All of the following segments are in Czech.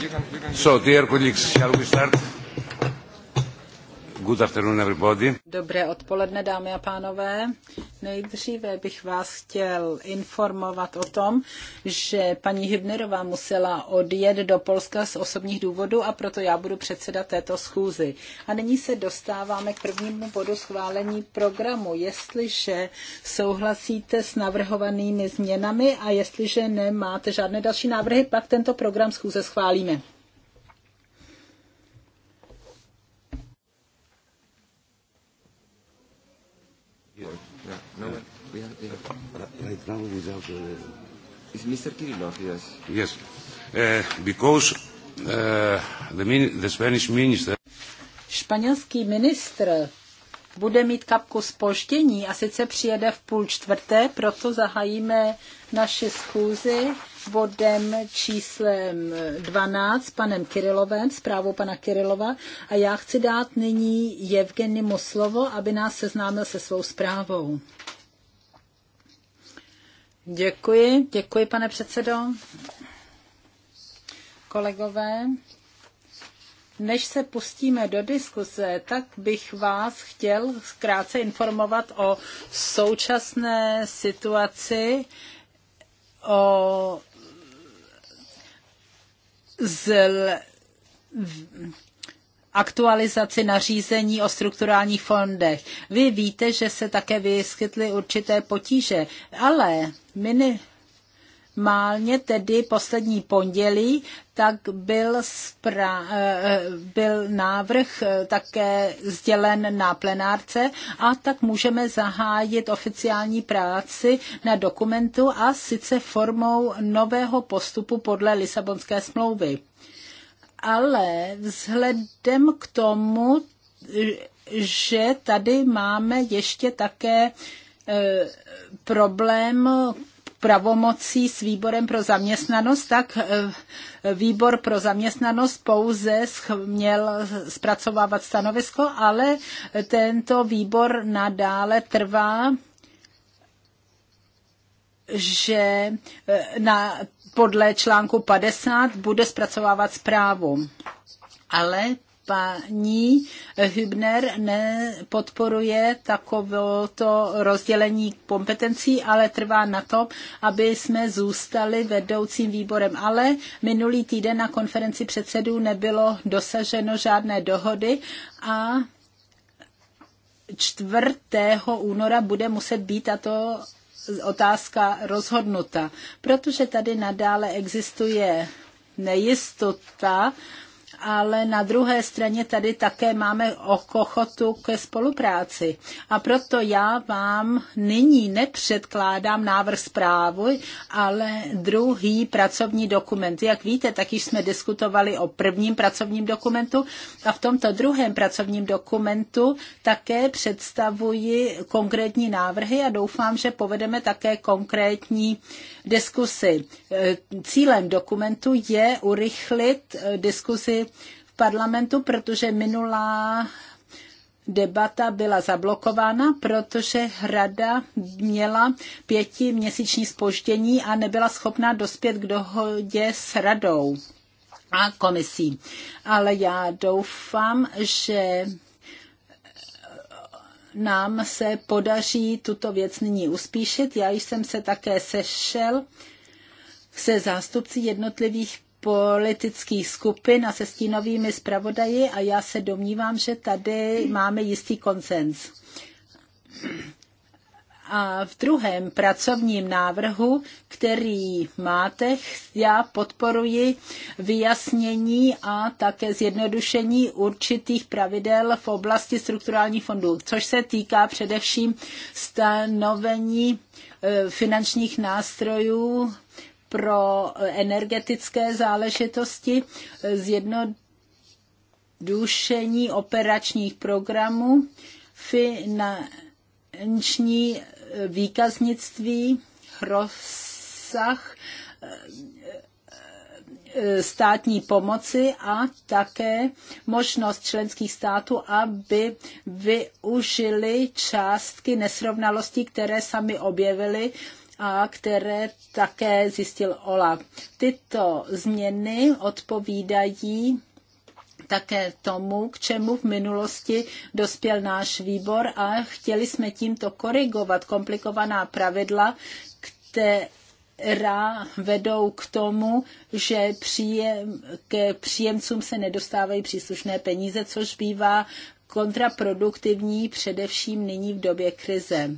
you can, you can... So, dear Good afternoon, everybody. Dobré odpoledne, dámy a pánové. Nejdříve bych vás chtěl informovat o tom, že paní Hybnerová musela odjet do Polska z osobních důvodů a proto já budu předseda této schůzi. A nyní se dostáváme k prvnímu bodu schválení programu. Jestliže souhlasíte s navrhovanými změnami a jestliže nemáte žádné další návrhy, pak tento program schůze schválíme. No We have, we have. Right now without... the. Uh, Is Mr. Kirillov, yes? Yes. Uh, because uh, the, the Spanish minister... Španělský ministr bude mít kapku spoždění a sice přijede v půl čtvrté, proto zahajíme naši schůzi bodem číslem 12 panem Kirilovem, zprávou pana Kirilova a já chci dát nyní Evgenimu slovo, aby nás seznámil se svou zprávou. Děkuji, děkuji, pane předsedo. Kolegové, než se pustíme do diskuse, tak bych vás chtěl krátce informovat o současné situaci, o zl, aktualizaci nařízení o strukturálních fondech. Vy víte, že se také vyskytly určité potíže, ale mini, Málně tedy poslední pondělí, tak byl, spra- eh, byl návrh eh, také sdělen na plenárce a tak můžeme zahájit oficiální práci na dokumentu a sice formou nového postupu podle Lisabonské smlouvy ale vzhledem k tomu, že tady máme ještě také e, problém pravomocí s výborem pro zaměstnanost, tak e, výbor pro zaměstnanost pouze měl zpracovávat stanovisko, ale tento výbor nadále trvá že e, na podle článku 50 bude zpracovávat zprávu. Ale paní Hübner nepodporuje takovéto rozdělení kompetencí, ale trvá na tom, aby jsme zůstali vedoucím výborem. Ale minulý týden na konferenci předsedů nebylo dosaženo žádné dohody a 4. února bude muset být tato otázka rozhodnuta, protože tady nadále existuje nejistota ale na druhé straně tady také máme okochotu ke spolupráci. A proto já vám nyní nepředkládám návrh zprávy, ale druhý pracovní dokument. Jak víte, tak již jsme diskutovali o prvním pracovním dokumentu a v tomto druhém pracovním dokumentu také představuji konkrétní návrhy a doufám, že povedeme také konkrétní diskusi. E, cílem dokumentu je urychlit e, diskusi v parlamentu, protože minulá debata byla zablokována, protože rada měla pětiměsíční spoždění a nebyla schopná dospět k dohodě s radou a komisí. Ale já doufám, že nám se podaří tuto věc nyní uspíšit. Já jsem se také sešel se zástupci jednotlivých politických skupin a se stínovými zpravodaji a já se domnívám, že tady máme jistý koncens. A v druhém pracovním návrhu, který máte, já podporuji vyjasnění a také zjednodušení určitých pravidel v oblasti strukturálních fondů, což se týká především stanovení e, finančních nástrojů pro energetické záležitosti, e, zjednodušení operačních programů, finanční výkaznictví, rozsah eh, eh, státní pomoci a také možnost členských států, aby využili částky nesrovnalostí, které sami objevili a které také zjistil OLAF. Tyto změny odpovídají také tomu, k čemu v minulosti dospěl náš výbor a chtěli jsme tímto korigovat komplikovaná pravidla, která vedou k tomu, že příjem, k příjemcům se nedostávají příslušné peníze, což bývá kontraproduktivní především nyní v době krize.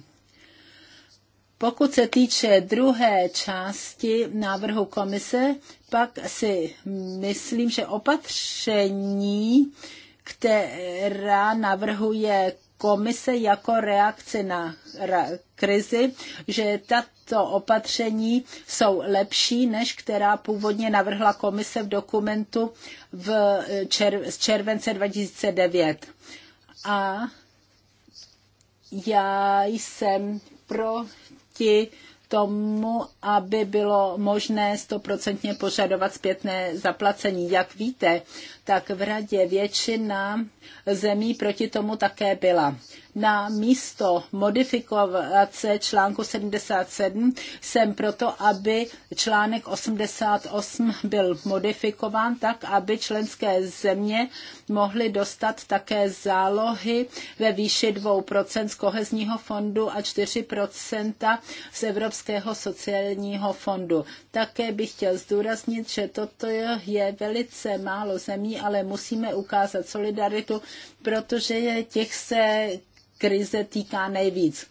Pokud se týče druhé části návrhu komise, pak si myslím, že opatření, která navrhuje komise jako reakce na krizi, že tato opatření jsou lepší, než která původně navrhla komise v dokumentu v čer- z července 2009. A já jsem pro proti tomu, aby bylo možné stoprocentně požadovat zpětné zaplacení. Jak víte, tak v radě většina zemí proti tomu také byla na místo modifikace článku 77 jsem proto, aby článek 88 byl modifikován tak, aby členské země mohly dostat také zálohy ve výši 2% z kohezního fondu a 4% z Evropského sociálního fondu. Také bych chtěl zdůraznit, že toto je velice málo zemí, ale musíme ukázat solidaritu, protože těch se krize týká nejvíc.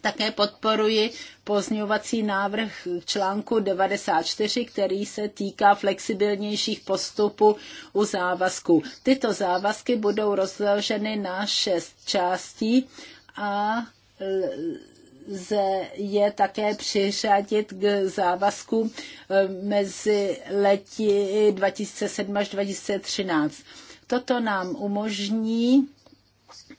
Také podporuji pozňovací návrh článku 94, který se týká flexibilnějších postupů u závazků. Tyto závazky budou rozloženy na šest částí a lze je také přiřadit k závazku eh, mezi leti 2007 až 2013. Toto nám umožní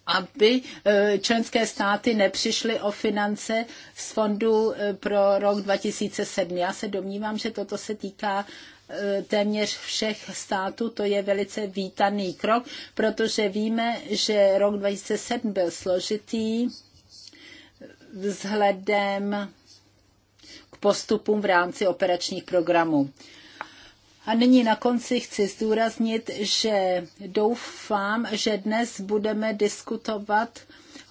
aby eh, členské státy nepřišly o finance z fondu eh, pro rok 2007. Já se domnívám, že toto se týká eh, téměř všech států. To je velice vítaný krok, protože víme, že rok 2007 byl složitý vzhledem k postupům v rámci operačních programů. A nyní na konci chci zdůraznit, že doufám, že dnes budeme diskutovat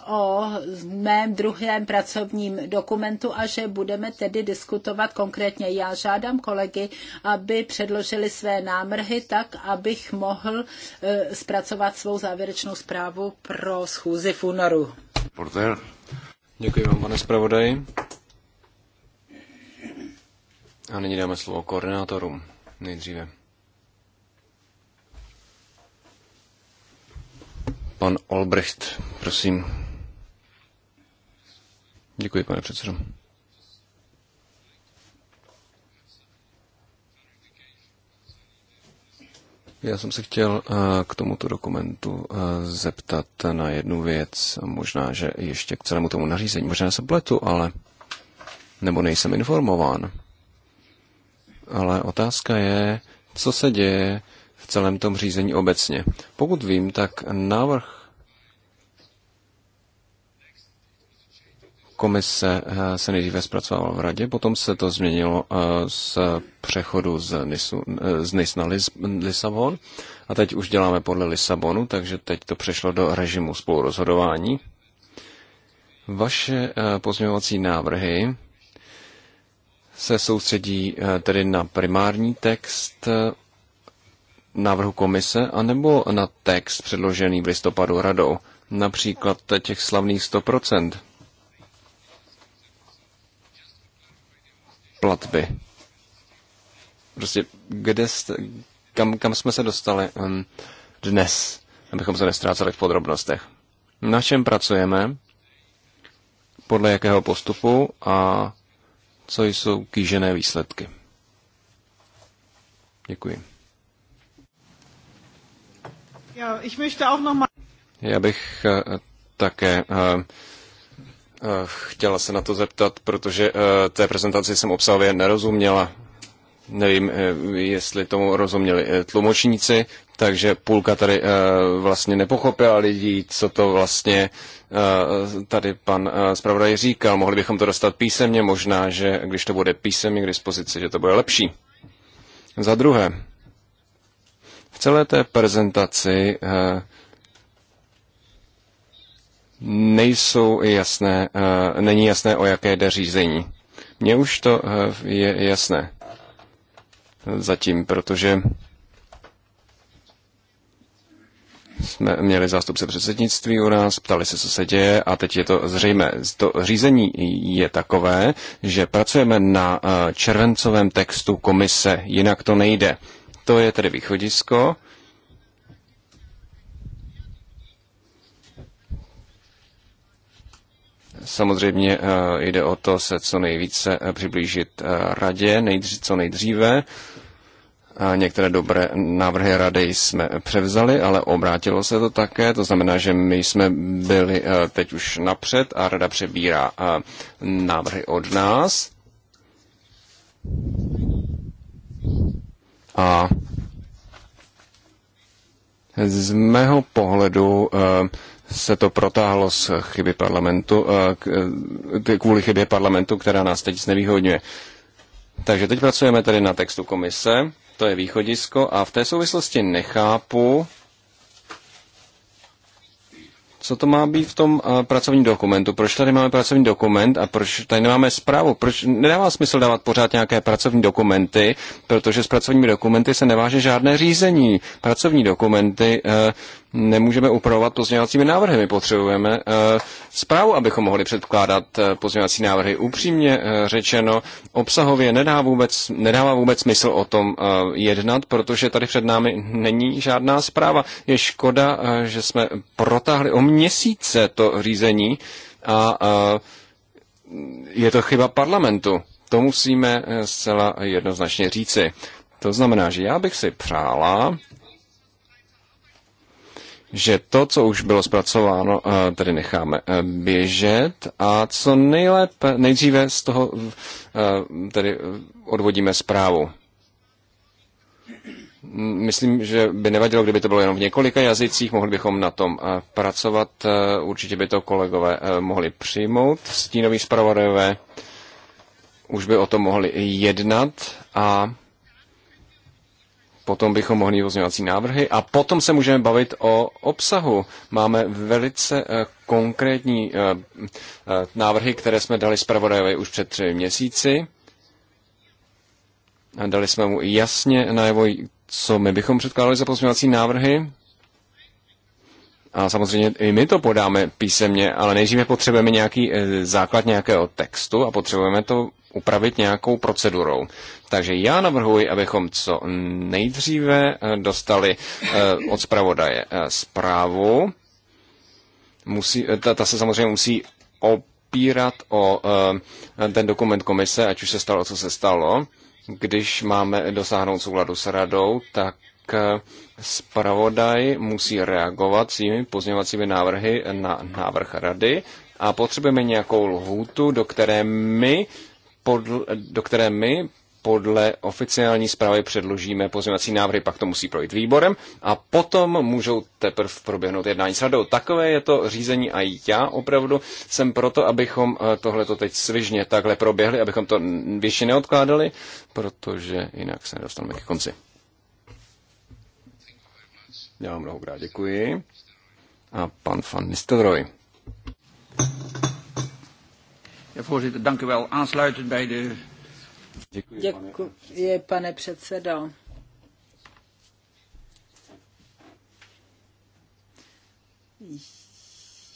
o mém druhém pracovním dokumentu a že budeme tedy diskutovat konkrétně. Já žádám kolegy, aby předložili své námrhy tak, abych mohl eh, zpracovat svou závěrečnou zprávu pro schůzi v únoru. Děkuji vám, pane zpravodaji. A nyní dáme slovo koordinátorům nejdříve. Pan Olbrecht, prosím. Děkuji, pane předsedo. Já jsem se chtěl eh, k tomuto dokumentu eh, zeptat na jednu věc, možná, že ještě k celému tomu nařízení. Možná se pletu, ale nebo nejsem informován. Ale otázka je, co se děje v celém tom řízení obecně. Pokud vím, tak návrh komise eh, se nejdříve zpracovával v radě, potom se to změnilo eh, z přechodu z, NISu, eh, z NIS na Lis, Lisabon a teď už děláme podle Lisabonu, takže teď to přešlo do režimu spolurozhodování. Vaše pozměňovací návrhy se soustředí eh, tedy na primární text eh, návrhu komise, anebo na text předložený v listopadu radou, například těch slavných 100% platby. Prostě kde jste, kam, kam jsme se dostali um, dnes, abychom se nestráceli v podrobnostech. Na čem pracujeme, podle jakého postupu a co jsou kýžené výsledky. Děkuji. Já bych eh, také eh, eh, chtěla se na to zeptat, protože té prezentaci jsem obsahově nerozuměla. Nevím, eh, jestli tomu rozuměli eh, tlumočníci, takže půlka tady eh, vlastně nepochopila lidí, co to vlastně tady pan zpravodaj říkal. Mohli bychom to dostat písemně, možná, že když to bude písemně k dispozici, že to bude lepší. Za druhé, v celé té prezentaci nejsou jasné, není jasné, o jaké jde řízení. Mně už to je jasné zatím, protože jsme měli zástupce předsednictví u nás, ptali se, co se děje a teď je to zřejmé. To řízení je takové, že pracujeme na eh, červencovém textu komise, jinak to nejde. To je tedy východisko Samozřejmě eh, jde o to se co nejvíce eh, přiblížit eh, radě, nejdřív, co nejdříve. A některé dobré návrhy rady jsme převzali, ale obrátilo se to také. To znamená, že my jsme byli teď už napřed a rada přebírá návrhy od nás. A z mého pohledu se to protáhlo z chyby parlamentu, eh, eh, kvůli chybě parlamentu, která nás teď znevýhodňuje. Takže teď pracujeme tady na textu komise, to je východisko a v té souvislosti nechápu, co to má být v tom eh, pracovním dokumentu. Proč tady máme pracovní dokument a proč tady nemáme zprávu? Proč nedává smysl dávat pořád nějaké pracovní dokumenty, protože s pracovními dokumenty se neváže žádné řízení. Pracovní dokumenty nemůžeme upravovat pozměňovacími návrhy. My potřebujeme eh, zprávu, abychom mohli předkládat eh, pozměňovací návrhy. Upřímně eh, řečeno, obsahově nedá vůbec, nedává vůbec smysl o tom jednat, protože tady před námi není žádná zpráva. Je škoda, že jsme protáhli o měsíce to řízení a je to chyba parlamentu. To musíme zcela jednoznačně říci. To znamená, že já bych si přála, že to, co už bylo zpracováno, eh, tedy necháme eh, běžet a co nejlépe, nejdříve z toho eh, tedy odvodíme zprávu. Myslím, že by nevadilo, kdyby to bylo jenom v několika jazycích, mohli bychom na tom pracovat. Určitě by to kolegové mohli přijmout, stínoví zpravodajové už by o tom mohli jednat a Potom bychom mohli pozměňovací návrhy a potom se můžeme bavit o obsahu. Máme velice eh, konkrétní eh, eh, návrhy, které jsme dali zpravodajovi už před třemi měsíci. dali jsme mu jasně najevo, co my bychom předkládali za pozměňovací návrhy. A samozřejmě i my to podáme písemně, ale nejdříve potřebujeme nějaký základ nějakého textu a potřebujeme to upravit nějakou procedurou. Takže já navrhuji, abychom co nejdříve eh, dostali eh, od zpravodaje eh, zprávu. Musí, ta, ta se samozřejmě musí opírat o ten dokument komise, ať už se stalo, co se stalo. Když máme dosáhnout souladu s radou, tak tak zpravodaj musí reagovat svými pozměňovacími návrhy na návrh rady a potřebujeme nějakou lhůtu, do které my podle, do které my podle oficiální zprávy předložíme pozměňovací návrhy, pak to musí projít výborem a potom můžou teprve proběhnout jednání s radou. Takové je to řízení a já opravdu jsem proto, abychom eh, tohleto teď svižně takhle proběhli, abychom to většině neodkládali, protože jinak se nedostaneme k konci. Já vám mnohokrát děkuji. A pan Van Nistelrooy voorzitter, dank u wel. Aansluitend bij de... Děkuji, pane předsedo.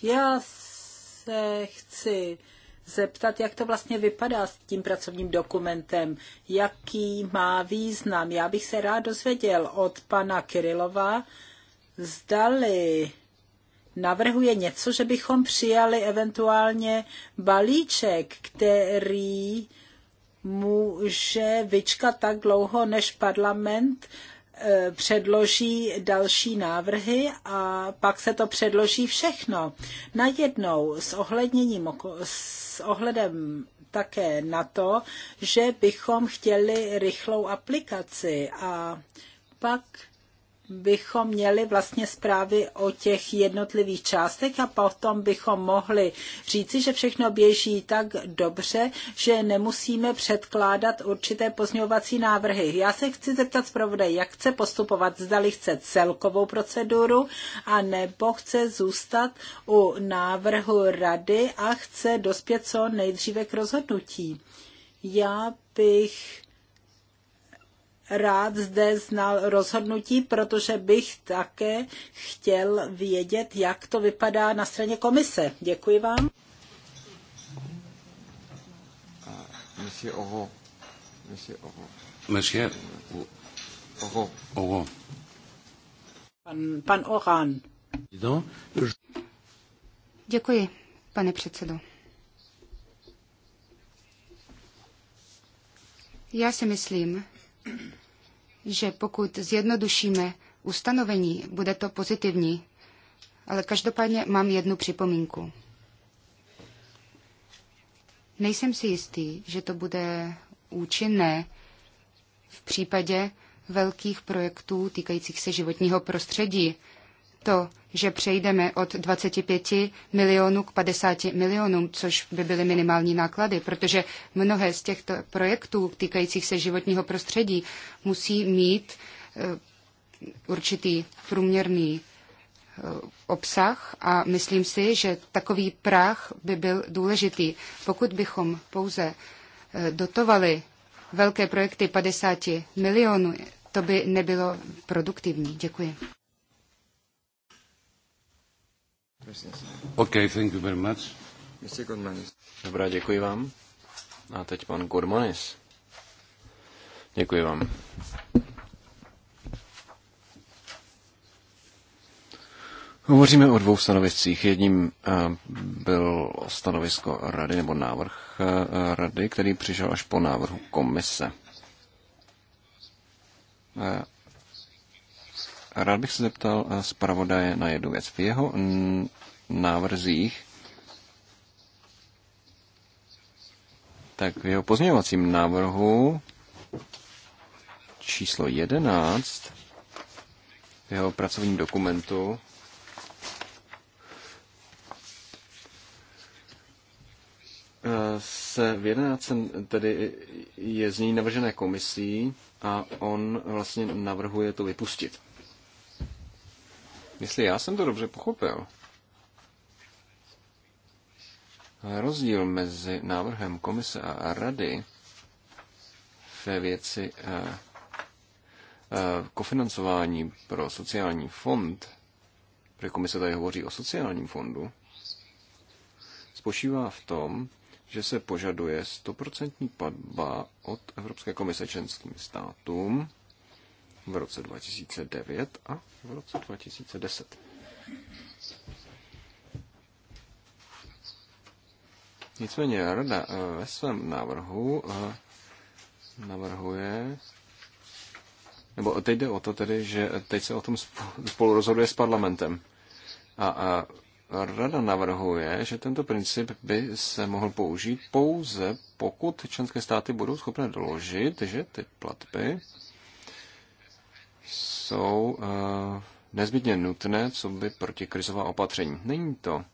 Já se chci zeptat, jak to vlastně vypadá s tím pracovním dokumentem, jaký má význam. Já bych se rád dozvěděl od pana Kirilova, zdali navrhuje něco, že bychom přijali eventuálně balíček, který může vyčkat tak dlouho, než parlament eh, předloží další návrhy a pak se to předloží všechno. Najednou s, ohledněním, s ohledem také na to, že bychom chtěli rychlou aplikaci a pak bychom měli vlastně zprávy o těch jednotlivých částech a potom bychom mohli říci, že všechno běží tak dobře, že nemusíme předkládat určité pozměňovací návrhy. Já se chci zeptat zpravodaj, jak chce postupovat, zdali chce celkovou proceduru a nebo chce zůstat u návrhu rady a chce dospět co nejdříve k rozhodnutí. Já bych rád zde znal rozhodnutí, protože bych také chtěl vědět, jak to vypadá na straně komise. Děkuji vám. Uh, monsieur Monsieur Pan, pan Oran. Děkuji, pane předsedo. Já si myslím, že pokud zjednodušíme ustanovení, bude to pozitivní. Ale každopádně mám jednu připomínku. Nejsem si jistý, že to bude účinné v případě velkých projektů týkajících se životního prostředí, to, že přejdeme od 25 milionů k 50 milionům, což by byly minimální náklady, protože mnohé z těchto projektů týkajících se životního prostředí musí mít eh, určitý průměrný eh, obsah a myslím si, že takový práh by byl důležitý. Pokud bychom pouze eh, dotovali velké projekty 50 milionů, to by nebylo produktivní. Děkuji. Okay, thank you very much. Mr. Godmanis. Dobrá, děkuji vám. A teď pan Godmanis. Děkuji vám. Hovoříme o dvou stanoviscích. Jedním eh, byl stanovisko rady nebo návrh eh, rady, který přišel až po návrhu komise. Eh, Rád bych se zeptal eh, zpravodaje na jednu věc. V jeho návrzích, tak v jeho pozměňovacím návrhu číslo 11 v jeho pracovním dokumentu eh, se v 11 tedy je z ní navržené komisí a on vlastně navrhuje to vypustit. Jestli já jsem to dobře pochopil, rozdíl mezi návrhem komise a rady ve věci eh, eh, kofinancování pro sociální fond, protože komise tady hovoří o sociálním fondu, spočívá v tom, že se požaduje 100% platba od Evropské komise členským státům v roce 2009 a v roce 2010. Nicméně Rada eh, ve svém návrhu eh, navrhuje, nebo teď jde o to tedy, že teď se o tom spolu rozhoduje s parlamentem. A, Rada navrhuje, že tento princip by se mohl použít pouze, pokud členské státy budou schopné doložit, že ty platby jsou eh, nezbytně nutné, co by protikrizová opatření. Není to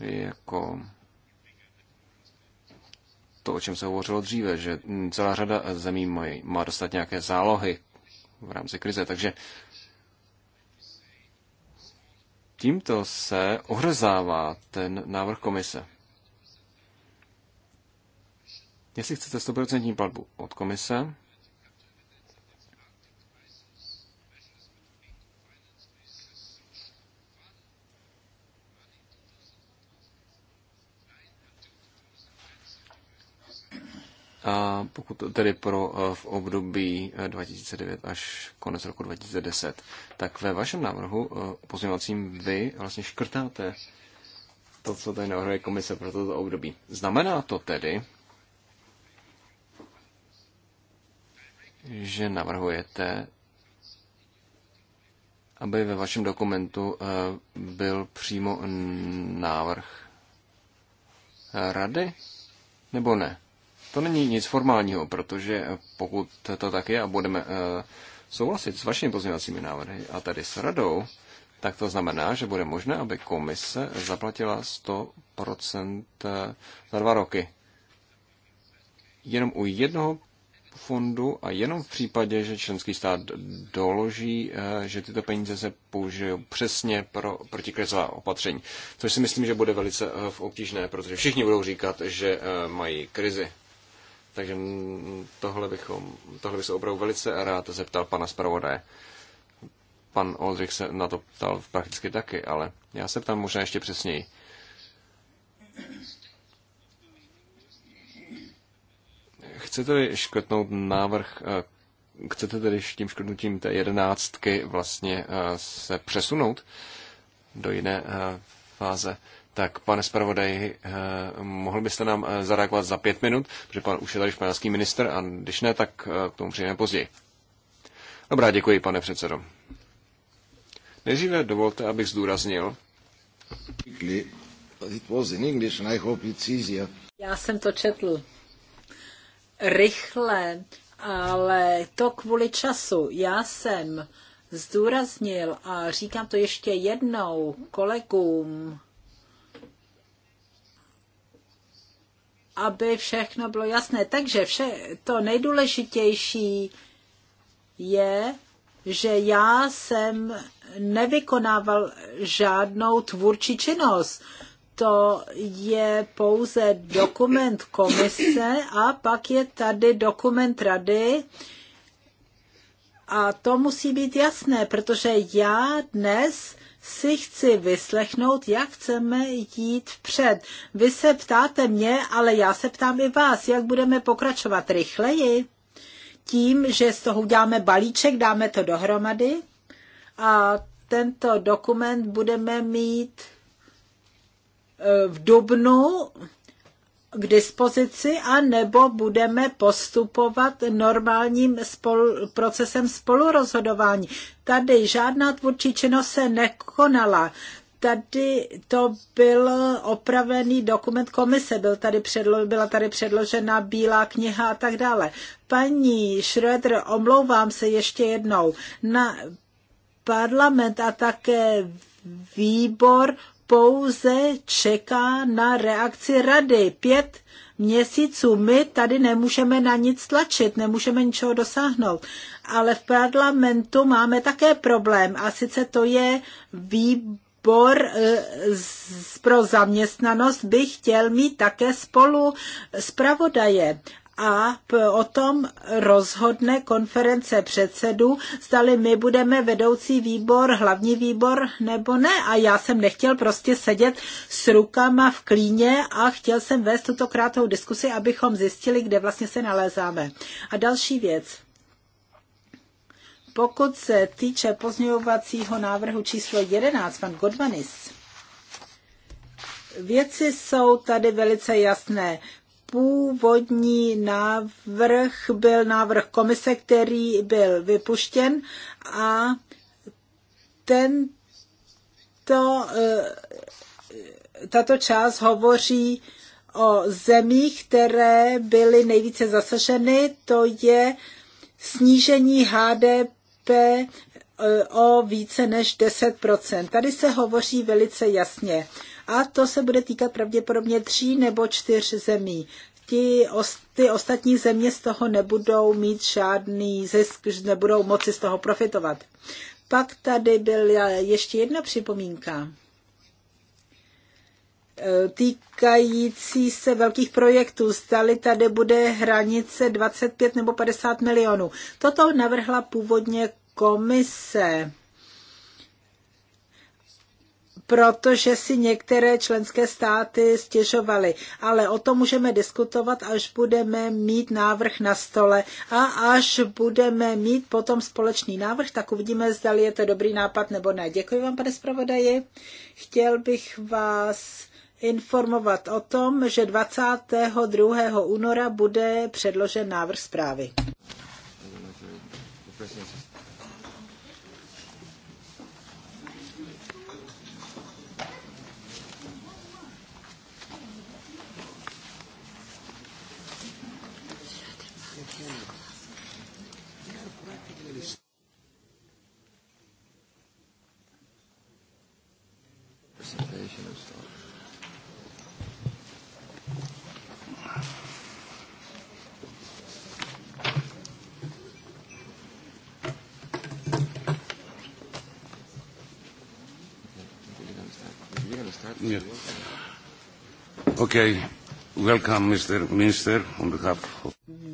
jako to, o čem se hovořilo dříve, že celá řada zemí mají, má dostat nějaké zálohy v rámci krize. Takže tímto se ohrzává ten návrh komise. Jestli chcete 100% platbu od komise, a pokud tedy pro eh, v období 2009 eh, až konec roku 2010, tak ve vašem návrhu eh, pozměňovacím vy vlastně škrtáte to, co tady navrhuje komise pro toto období. Znamená to tedy, že navrhujete, aby ve vašem dokumentu eh, byl přímo návrh rady, nebo ne? To není nic formálního, protože pokud to tak je a budeme eh, souhlasit s vašimi pozměňovacími návrhy a tady s radou, tak to znamená, že bude možné, aby komise zaplatila 100% eh, za dva roky. Jenom u jednoho fondu a jenom v případě, že členský stát doloží, eh, že tyto peníze se použijou přesně pro protikrizová opatření. Což si myslím, že bude velice eh, obtížné, protože všichni budou říkat, že eh, mají krizi. Takže tohle, bychom, tohle bych se opravdu velice rád zeptal pana zpravodaje. Pan Oldřich se na to ptal prakticky taky, ale já se ptám možná ještě přesněji. chcete tedy škrtnout návrh, eh, chcete tedy s tím škrtnutím té jedenáctky vlastně eh, se přesunout do jiné eh, fáze? Tak, pane zpravodaj, mohl byste nám zareagovat za pět minut, protože pan už je tady španělský minister a když ne, tak k tomu přijdeme později. Dobrá, děkuji, pane předsedo. Nejdříve dovolte, abych zdůraznil. Já jsem to četl rychle, ale to kvůli času. Já jsem zdůraznil a říkám to ještě jednou kolegům, aby všechno bylo jasné. Takže vše, to nejdůležitější je, že já jsem nevykonával žádnou tvůrčí činnost to je pouze dokument komise a pak je tady dokument rady. A to musí být jasné, protože já dnes si chci vyslechnout, jak chceme jít vpřed. Vy se ptáte mě, ale já se ptám i vás, jak budeme pokračovat rychleji tím, že z toho uděláme balíček, dáme to dohromady a tento dokument budeme mít Eh, v dubnu k dispozici a nebo budeme postupovat normálním spol- procesem spolurozhodování. Tady žádná tvůrčí činnost se nekonala. Tady to byl opravený dokument komise, byl tady předlo- byla tady předložena bílá kniha a tak dále. Paní Schröder, omlouvám se ještě jednou. Na parlament a také výbor pouze čeká na reakci rady. Pět měsíců my tady nemůžeme na nic tlačit, nemůžeme ničeho dosáhnout. Ale v parlamentu máme také problém a sice to je výbor výbor eh, pro zaměstnanost by chtěl mít také spolu zpravodaje a o tom rozhodne konference předsedů, zdali my budeme vedoucí výbor, hlavní výbor nebo ne. A já jsem nechtěl prostě sedět s rukama v klíně a chtěl jsem vést tuto krátkou diskusi, abychom zjistili, kde vlastně se nalézáme. A další věc. Pokud se týče pozměňovacího návrhu číslo 11, pan Godmanis, věci jsou tady velice jasné původní návrh byl návrh komise, který byl vypuštěn a tento, eh, tato část hovoří o zemích, které byly nejvíce zasaženy, to je snížení HDP eh, o více než 10%. Tady se hovoří velice jasně a to se bude týkat pravděpodobně tří nebo čtyř zemí. Ti, ty ostatní země z toho nebudou mít žádný zisk, nebudou moci z toho profitovat. Pak tady byla ještě jedna připomínka e, týkající se velkých projektů. Zdali tady bude hranice 25 nebo 50 milionů. Toto navrhla původně komise protože si některé členské státy stěžovaly. Ale o tom můžeme diskutovat, až budeme mít návrh na stole a až budeme mít potom společný návrh, tak uvidíme, zda je to dobrý nápad nebo ne. Děkuji vám, pane zpravodaji. Chtěl bych vás informovat o tom, že 22. února bude předložen návrh zprávy.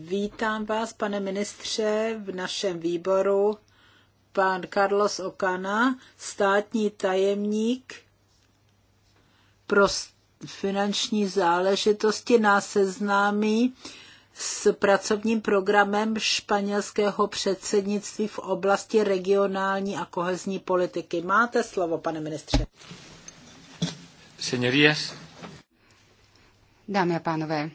Vítám vás, pane ministře, v našem výboru. Pan Carlos Okana, státní tajemník pro finanční záležitosti, nás seznámí s pracovním programem španělského předsednictví v oblasti regionální a kohezní politiky. Máte slovo, pane ministře. Señorías. Dámy a pánové,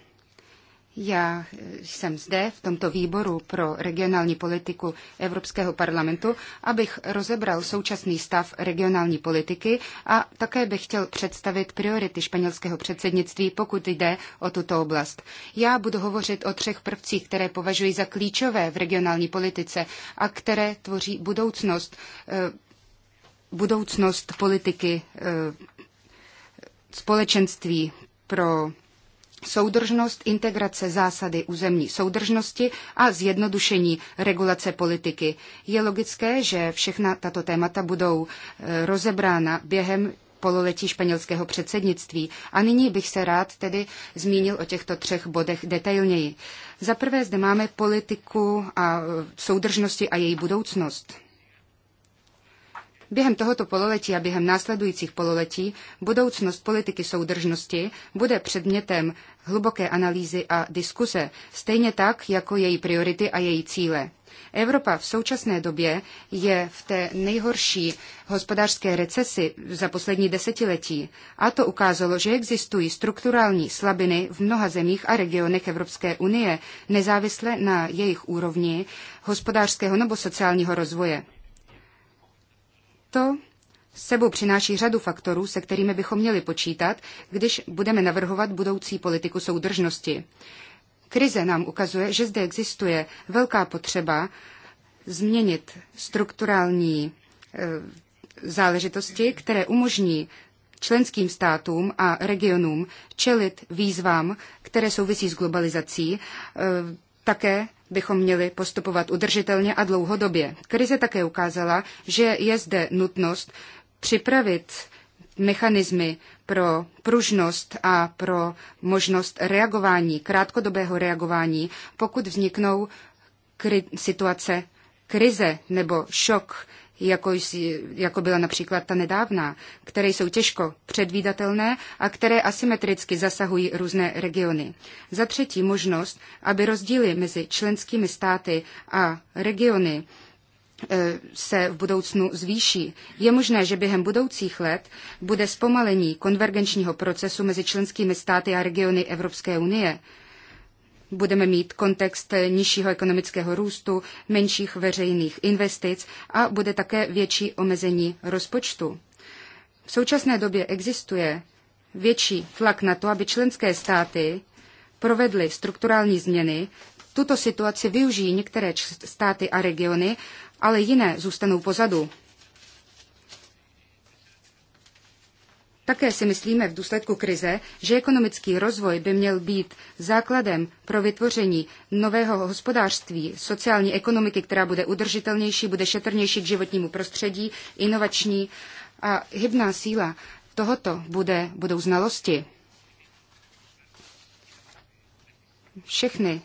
já jsem zde v tomto výboru pro regionální politiku Evropského parlamentu, abych rozebral současný stav regionální politiky a také bych chtěl představit priority španělského předsednictví, pokud jde o tuto oblast. Já budu hovořit o třech prvcích, které považuji za klíčové v regionální politice a které tvoří budoucnost eh, budoucnost politiky eh, společenství pro soudržnost, integrace zásady územní soudržnosti a zjednodušení regulace politiky. Je logické, že všechna tato témata budou eh, rozebrána během pololetí španělského předsednictví. A nyní bych se rád tedy zmínil o těchto třech bodech detailněji. Za prvé zde máme politiku a eh, soudržnosti a její budoucnost. Během tohoto pololetí a během následujících pololetí budoucnost politiky soudržnosti bude předmětem hluboké analýzy a diskuse, stejně tak jako její priority a její cíle. Evropa v současné době je v té nejhorší hospodářské recesi za poslední desetiletí a to ukázalo, že existují strukturální slabiny v mnoha zemích a regionech Evropské unie, nezávisle na jejich úrovni hospodářského nebo sociálního rozvoje. To sebou přináší řadu faktorů, se kterými bychom měli počítat, když budeme navrhovat budoucí politiku soudržnosti. Krize nám ukazuje, že zde existuje velká potřeba změnit strukturální e, záležitosti, které umožní členským státům a regionům čelit výzvám, které souvisí s globalizací, e, také bychom měli postupovat udržitelně a dlouhodobě. Krize také ukázala, že je zde nutnost připravit mechanismy pro pružnost a pro možnost reagování, krátkodobého reagování, pokud vzniknou kri- situace krize nebo šok, jako, jako byla například ta nedávná, které jsou těžko předvídatelné a které asymetricky zasahují různé regiony. Za třetí možnost, aby rozdíly mezi členskými státy a regiony e, se v budoucnu zvýší. Je možné, že během budoucích let bude zpomalení konvergenčního procesu mezi členskými státy a regiony Evropské unie budeme mít kontext nižšího ekonomického růstu, menších veřejných investic a bude také větší omezení rozpočtu. V současné době existuje větší tlak na to, aby členské státy provedly strukturální změny. Tuto situaci využijí některé státy a regiony, ale jiné zůstanou pozadu. Také si myslíme v důsledku krize, že ekonomický rozvoj by měl být základem pro vytvoření nového hospodářství, sociální ekonomiky, která bude udržitelnější, bude šetrnější k životnímu prostředí, inovační a hybná síla tohoto bude, budou znalosti. Všechny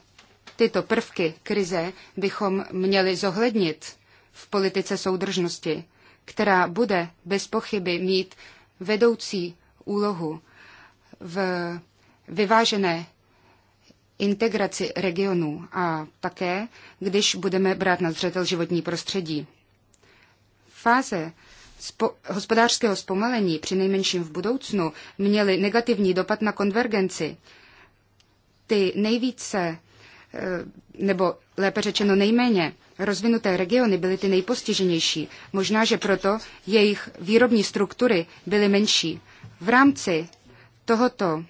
tyto prvky krize bychom měli zohlednit v politice soudržnosti, která bude bez pochyby mít vedoucí úlohu v vyvážené integraci regionů a také, když budeme brát na zřetel životní prostředí. Fáze spo- hospodářského zpomalení, nejmenším v budoucnu, měly negativní dopad na konvergenci. Ty nejvíce, eh, nebo lépe řečeno nejméně rozvinuté regiony byly ty nejpostiženější. Možná, že proto jejich výrobní struktury byly menší. V rámci tohoto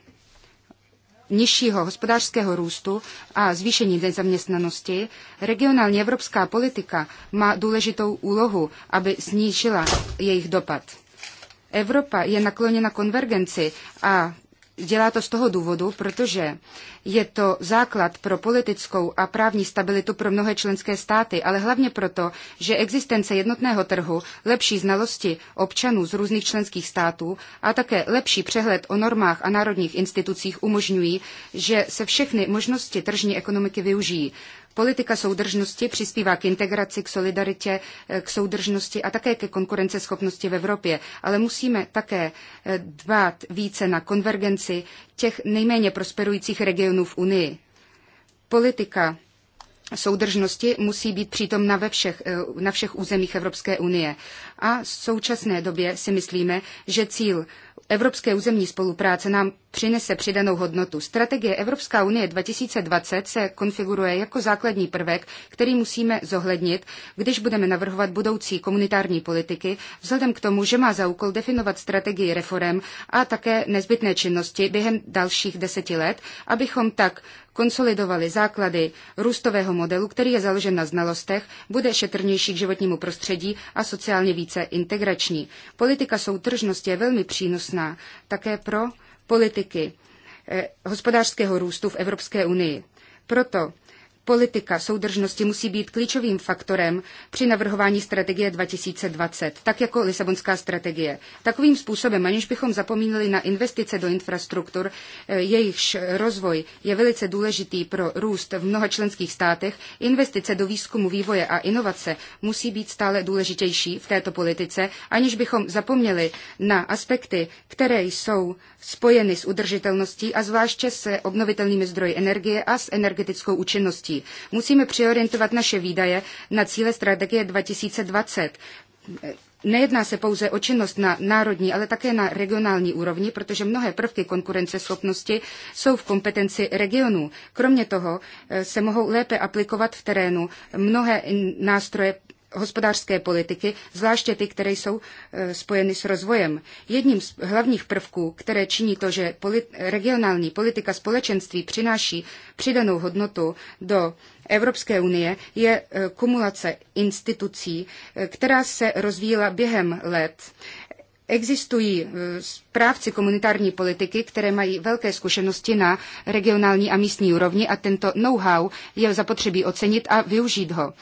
nižšího hospodářského růstu a zvýšení nezaměstnanosti, regionální evropská politika má důležitou úlohu, aby snížila jejich dopad. Evropa je nakloněna konvergenci a Dělá to z toho důvodu, protože je to základ pro politickou a právní stabilitu pro mnohé členské státy, ale hlavně proto, že existence jednotného trhu, lepší znalosti občanů z různých členských států a také lepší přehled o normách a národních institucích umožňují, že se všechny možnosti tržní ekonomiky využijí. Politika soudržnosti přispívá k integraci, k solidaritě, eh, k soudržnosti a také ke konkurenceschopnosti v Evropě, ale musíme také eh, dbát více na konvergenci těch nejméně prosperujících regionů v Unii. Politika soudržnosti musí být přítomna ve všech, eh, na všech územích Evropské unie. A v současné době si myslíme, že cíl Evropské územní spolupráce nám přinese přidanou hodnotu. Strategie Evropská unie 2020 se konfiguruje jako základní prvek, který musíme zohlednit, když budeme navrhovat budoucí komunitární politiky, vzhledem k tomu, že má za úkol definovat strategii reform a také nezbytné činnosti během dalších deseti let, abychom tak konsolidovali základy růstového modelu, který je založen na znalostech, bude šetrnější k životnímu prostředí a sociálně více integrační. Politika soutržnosti je velmi přínosná také pro politiky eh, hospodářského růstu v Evropské unii. Proto Politika soudržnosti musí být klíčovým faktorem při navrhování strategie 2020, tak jako Lisabonská strategie. Takovým způsobem, aniž bychom zapomínali na investice do infrastruktur, eh, jejichž rozvoj je velice důležitý pro růst v mnoha členských státech, investice do výzkumu, vývoje a inovace musí být stále důležitější v této politice, aniž bychom zapomněli na aspekty, které jsou spojeny s udržitelností a zvláště se obnovitelnými zdroji energie a s energetickou účinností činností. Musíme přeorientovat naše výdaje na cíle strategie 2020. Nejedná se pouze o činnost na národní, ale také na regionální úrovni, protože mnohé prvky konkurenceschopnosti jsou v kompetenci regionů. Kromě toho eh, se mohou lépe aplikovat v terénu mnohé nástroje hospodářské politiky, zvláště ty, které jsou e, spojeny s rozvojem. Jedním z hlavních prvků, které činí to, že polit, regionální politika společenství přináší přidanou hodnotu do Evropské unie, je e, kumulace institucí, e, která se rozvíjela během let. Existují správci komunitární politiky, které mají velké zkušenosti na regionální a místní úrovni a tento know-how je zapotřebí ocenit a využít ho.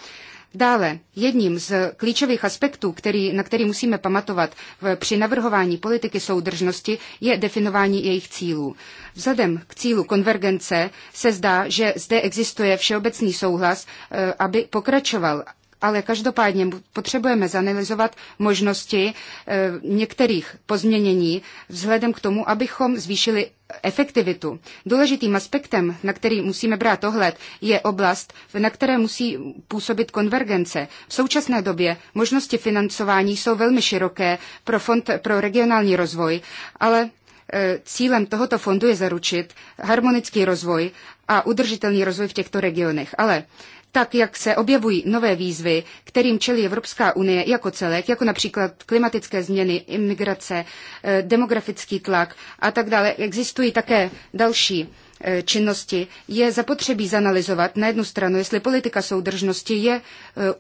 Dále, jedním z klíčových aspektů, který, na který musíme pamatovat v, při navrhování politiky soudržnosti, je definování jejich cílů. Vzhledem k cílu konvergence se zdá, že zde existuje všeobecný souhlas, eh, aby pokračoval ale každopádně potřebujeme zanalizovat možnosti eh, některých pozměnění vzhledem k tomu, abychom zvýšili efektivitu. Důležitým aspektem, na který musíme brát ohled, je oblast, na které musí působit konvergence. V současné době možnosti financování jsou velmi široké pro Fond pro regionální rozvoj, ale eh, cílem tohoto fondu je zaručit harmonický rozvoj a udržitelný rozvoj v těchto regionech. Ale tak jak se objevují nové výzvy, kterým čelí Evropská unie jako celek, jako například klimatické změny, imigrace, eh, demografický tlak a tak dále, existují také další Eh, činnosti je zapotřebí zanalizovat na jednu stranu, jestli politika soudržnosti je eh,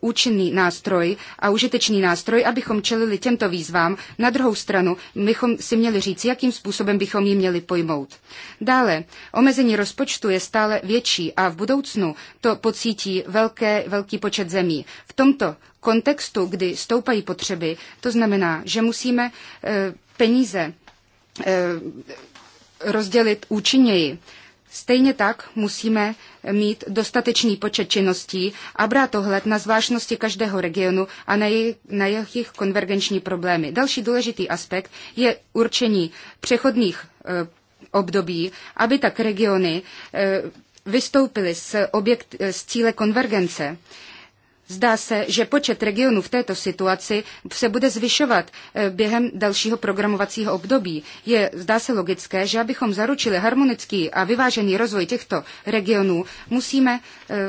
účinný nástroj a užitečný nástroj, abychom čelili těmto výzvám. Na druhou stranu bychom si měli říct, jakým způsobem bychom ji měli pojmout. Dále, omezení rozpočtu je stále větší a v budoucnu to pocítí velké, velký počet zemí. V tomto kontextu, kdy stoupají potřeby, to znamená, že musíme eh, peníze rozdělit účinněji. Stejně tak musíme mít dostatečný počet činností a brát ohled na zvláštnosti každého regionu a na, jej, na jejich konvergenční problémy. Další důležitý aspekt je určení přechodných e, období, aby tak regiony e, vystoupily z, objekt, z cíle konvergence. E, Zdá se, že počet regionů v této situaci se bude zvyšovat eh, během dalšího programovacího období. Je, zdá se logické, že abychom zaručili harmonický a vyvážený rozvoj těchto regionů, musíme eh,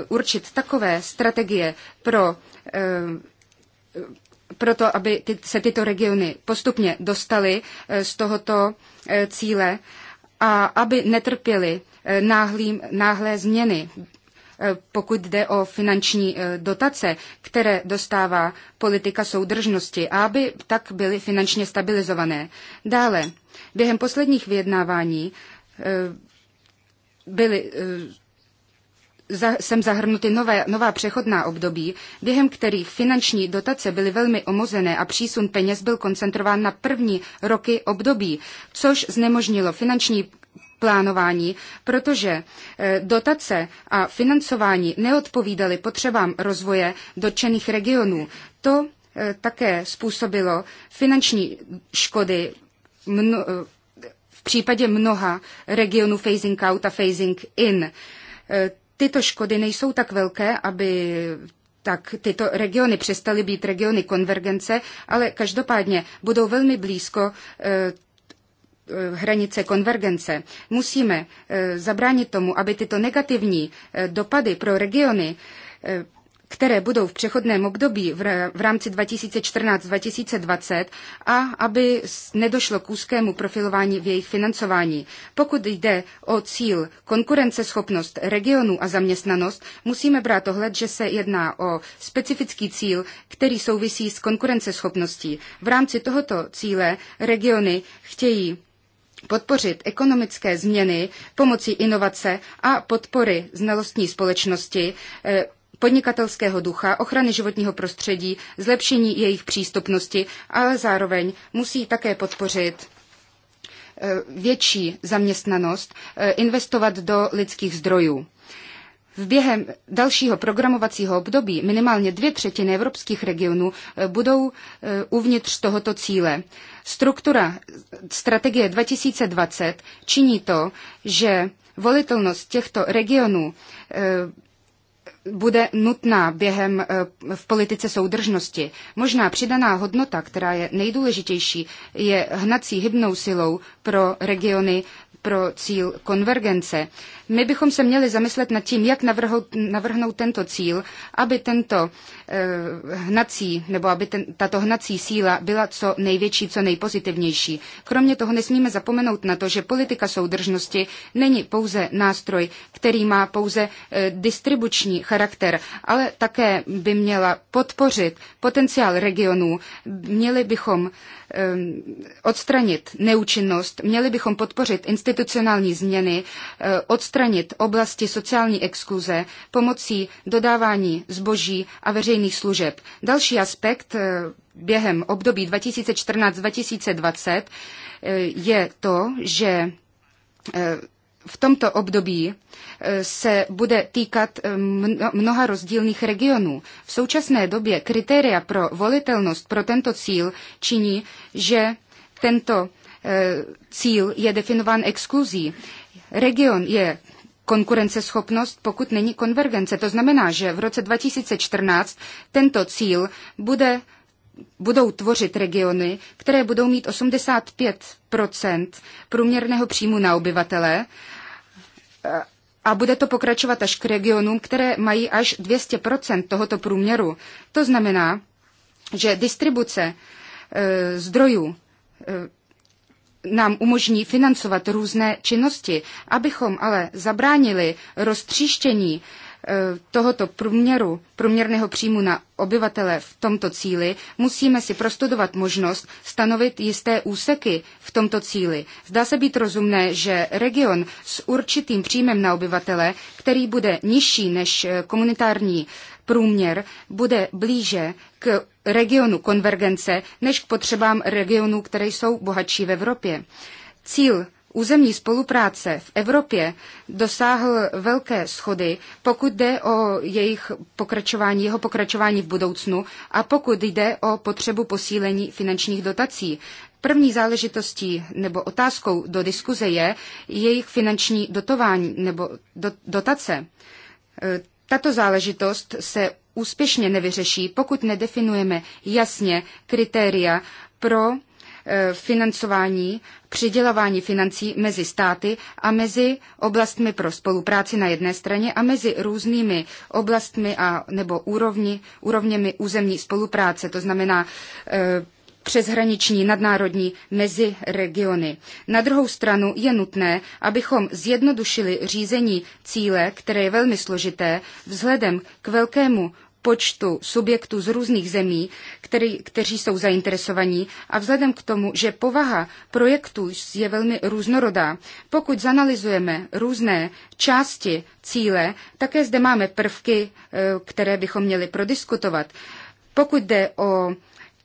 určit takové strategie pro eh, to, aby se tyto regiony postupně dostaly z tohoto cíle a aby netrpěly náhlým, náhlé změny Eh, pokud jde o finanční eh, dotace, které dostává politika soudržnosti, a aby tak byly finančně stabilizované. Dále, během posledních vyjednávání eh, byly za, sem zahrnuty nové, nová přechodná období, během kterých finanční dotace byly velmi omozené a přísun peněz byl koncentrován na první roky období, což znemožnilo finanční plánování, protože eh, dotace a financování neodpovídaly potřebám rozvoje dotčených regionů. To eh, také způsobilo finanční škody eh, v případě mnoha regionů phasing out a phasing in. Tyto škody nejsou tak velké, aby tak tyto regiony přestaly být regiony konvergence, ale každopádně budou velmi blízko Eh, hranice konvergence. Musíme eh, zabránit tomu, aby tyto negativní eh, dopady pro regiony které budou v přechodném období v rámci 2014-2020 a aby nedošlo k úzkému profilování v jejich financování. Pokud jde o cíl konkurenceschopnost regionů a zaměstnanost, musíme brát ohled, že se jedná o specifický cíl, který souvisí s konkurenceschopností. V rámci tohoto cíle regiony chtějí podpořit ekonomické změny pomocí inovace a podpory znalostní společnosti, eh, podnikatelského ducha, ochrany životního prostředí, zlepšení jejich přístupnosti, ale zároveň musí také podpořit eh, větší zaměstnanost, eh, investovat do lidských zdrojů. V Během dalšího programovacího období minimálně dvě třetiny evropských regionů eh, budou eh, uvnitř tohoto cíle. Struktura eh, strategie 2020 činí to, že volitelnost těchto regionů bude nutná během v politice soudržnosti. Možná přidaná hodnota, která je nejdůležitější, je hnací hybnou silou pro regiony pro cíl konvergence. My bychom se měli zamyslet nad tím, jak navrhnout, navrhnout tento cíl, aby tento Eh, hnací, nebo aby ten, tato hnací síla byla co největší, co nejpozitivnější. Kromě toho nesmíme zapomenout na to, že politika soudržnosti není pouze nástroj, který má pouze eh, distribuční charakter, ale také by měla podpořit potenciál regionů. Měli bychom eh, odstranit neúčinnost, měli bychom podpořit institucionální změny, odstranit oblasti sociální exkluze pomocí dodávání zboží a veřejných veřejných služeb. Další aspekt eh, během období 2014-2020 eh, je to, že eh, v tomto období se bude týkat mnoha rozdílných regionů. V současné době kritéria pro volitelnost pro tento cíl činí, že tento cíl je definován exkluzí. Region je konkurenceschopnost, pokud není konvergence. To znamená, že v roce 2014 tento cíl bude, budou tvořit regiony, které budou mít 85 průměrného příjmu na obyvatele a bude to pokračovat až k regionům, které mají až 200 tohoto průměru. To znamená, že distribuce e, zdrojů e, nám umožní financovat různé činnosti. Abychom ale zabránili roztříštění eh, tohoto průměru, průměrného příjmu na obyvatele v tomto cíli, musíme si prostudovat možnost stanovit jisté úseky v tomto cíli. Zdá se být rozumné, že region s určitým příjmem na obyvatele, který bude nižší než eh, komunitární průměr bude blíže k regionu konvergence než k potřebám regionů, které jsou bohatší v Evropě. Cíl Územní spolupráce v Evropě dosáhl velké schody, pokud jde o jejich pokračování, jeho pokračování v budoucnu a pokud jde o potřebu posílení finančních dotací. První záležitostí nebo otázkou do diskuze je jejich finanční dotování nebo dotace. Tato záležitost se úspěšně nevyřeší, pokud nedefinujeme jasně kritéria pro e, financování, přidělování financí mezi státy a mezi oblastmi pro spolupráci na jedné straně a mezi různými oblastmi a nebo úrovni, úrovněmi územní spolupráce, to znamená e, přeshraniční nadnárodní mezi regiony. Na druhou stranu je nutné, abychom zjednodušili řízení cíle, které je velmi složité, vzhledem k velkému počtu subjektů z různých zemí, který, kteří jsou zainteresovaní a vzhledem k tomu, že povaha projektů je velmi různorodá. Pokud zanalizujeme různé části cíle, také zde máme prvky, eh, které bychom měli prodiskutovat. Pokud jde o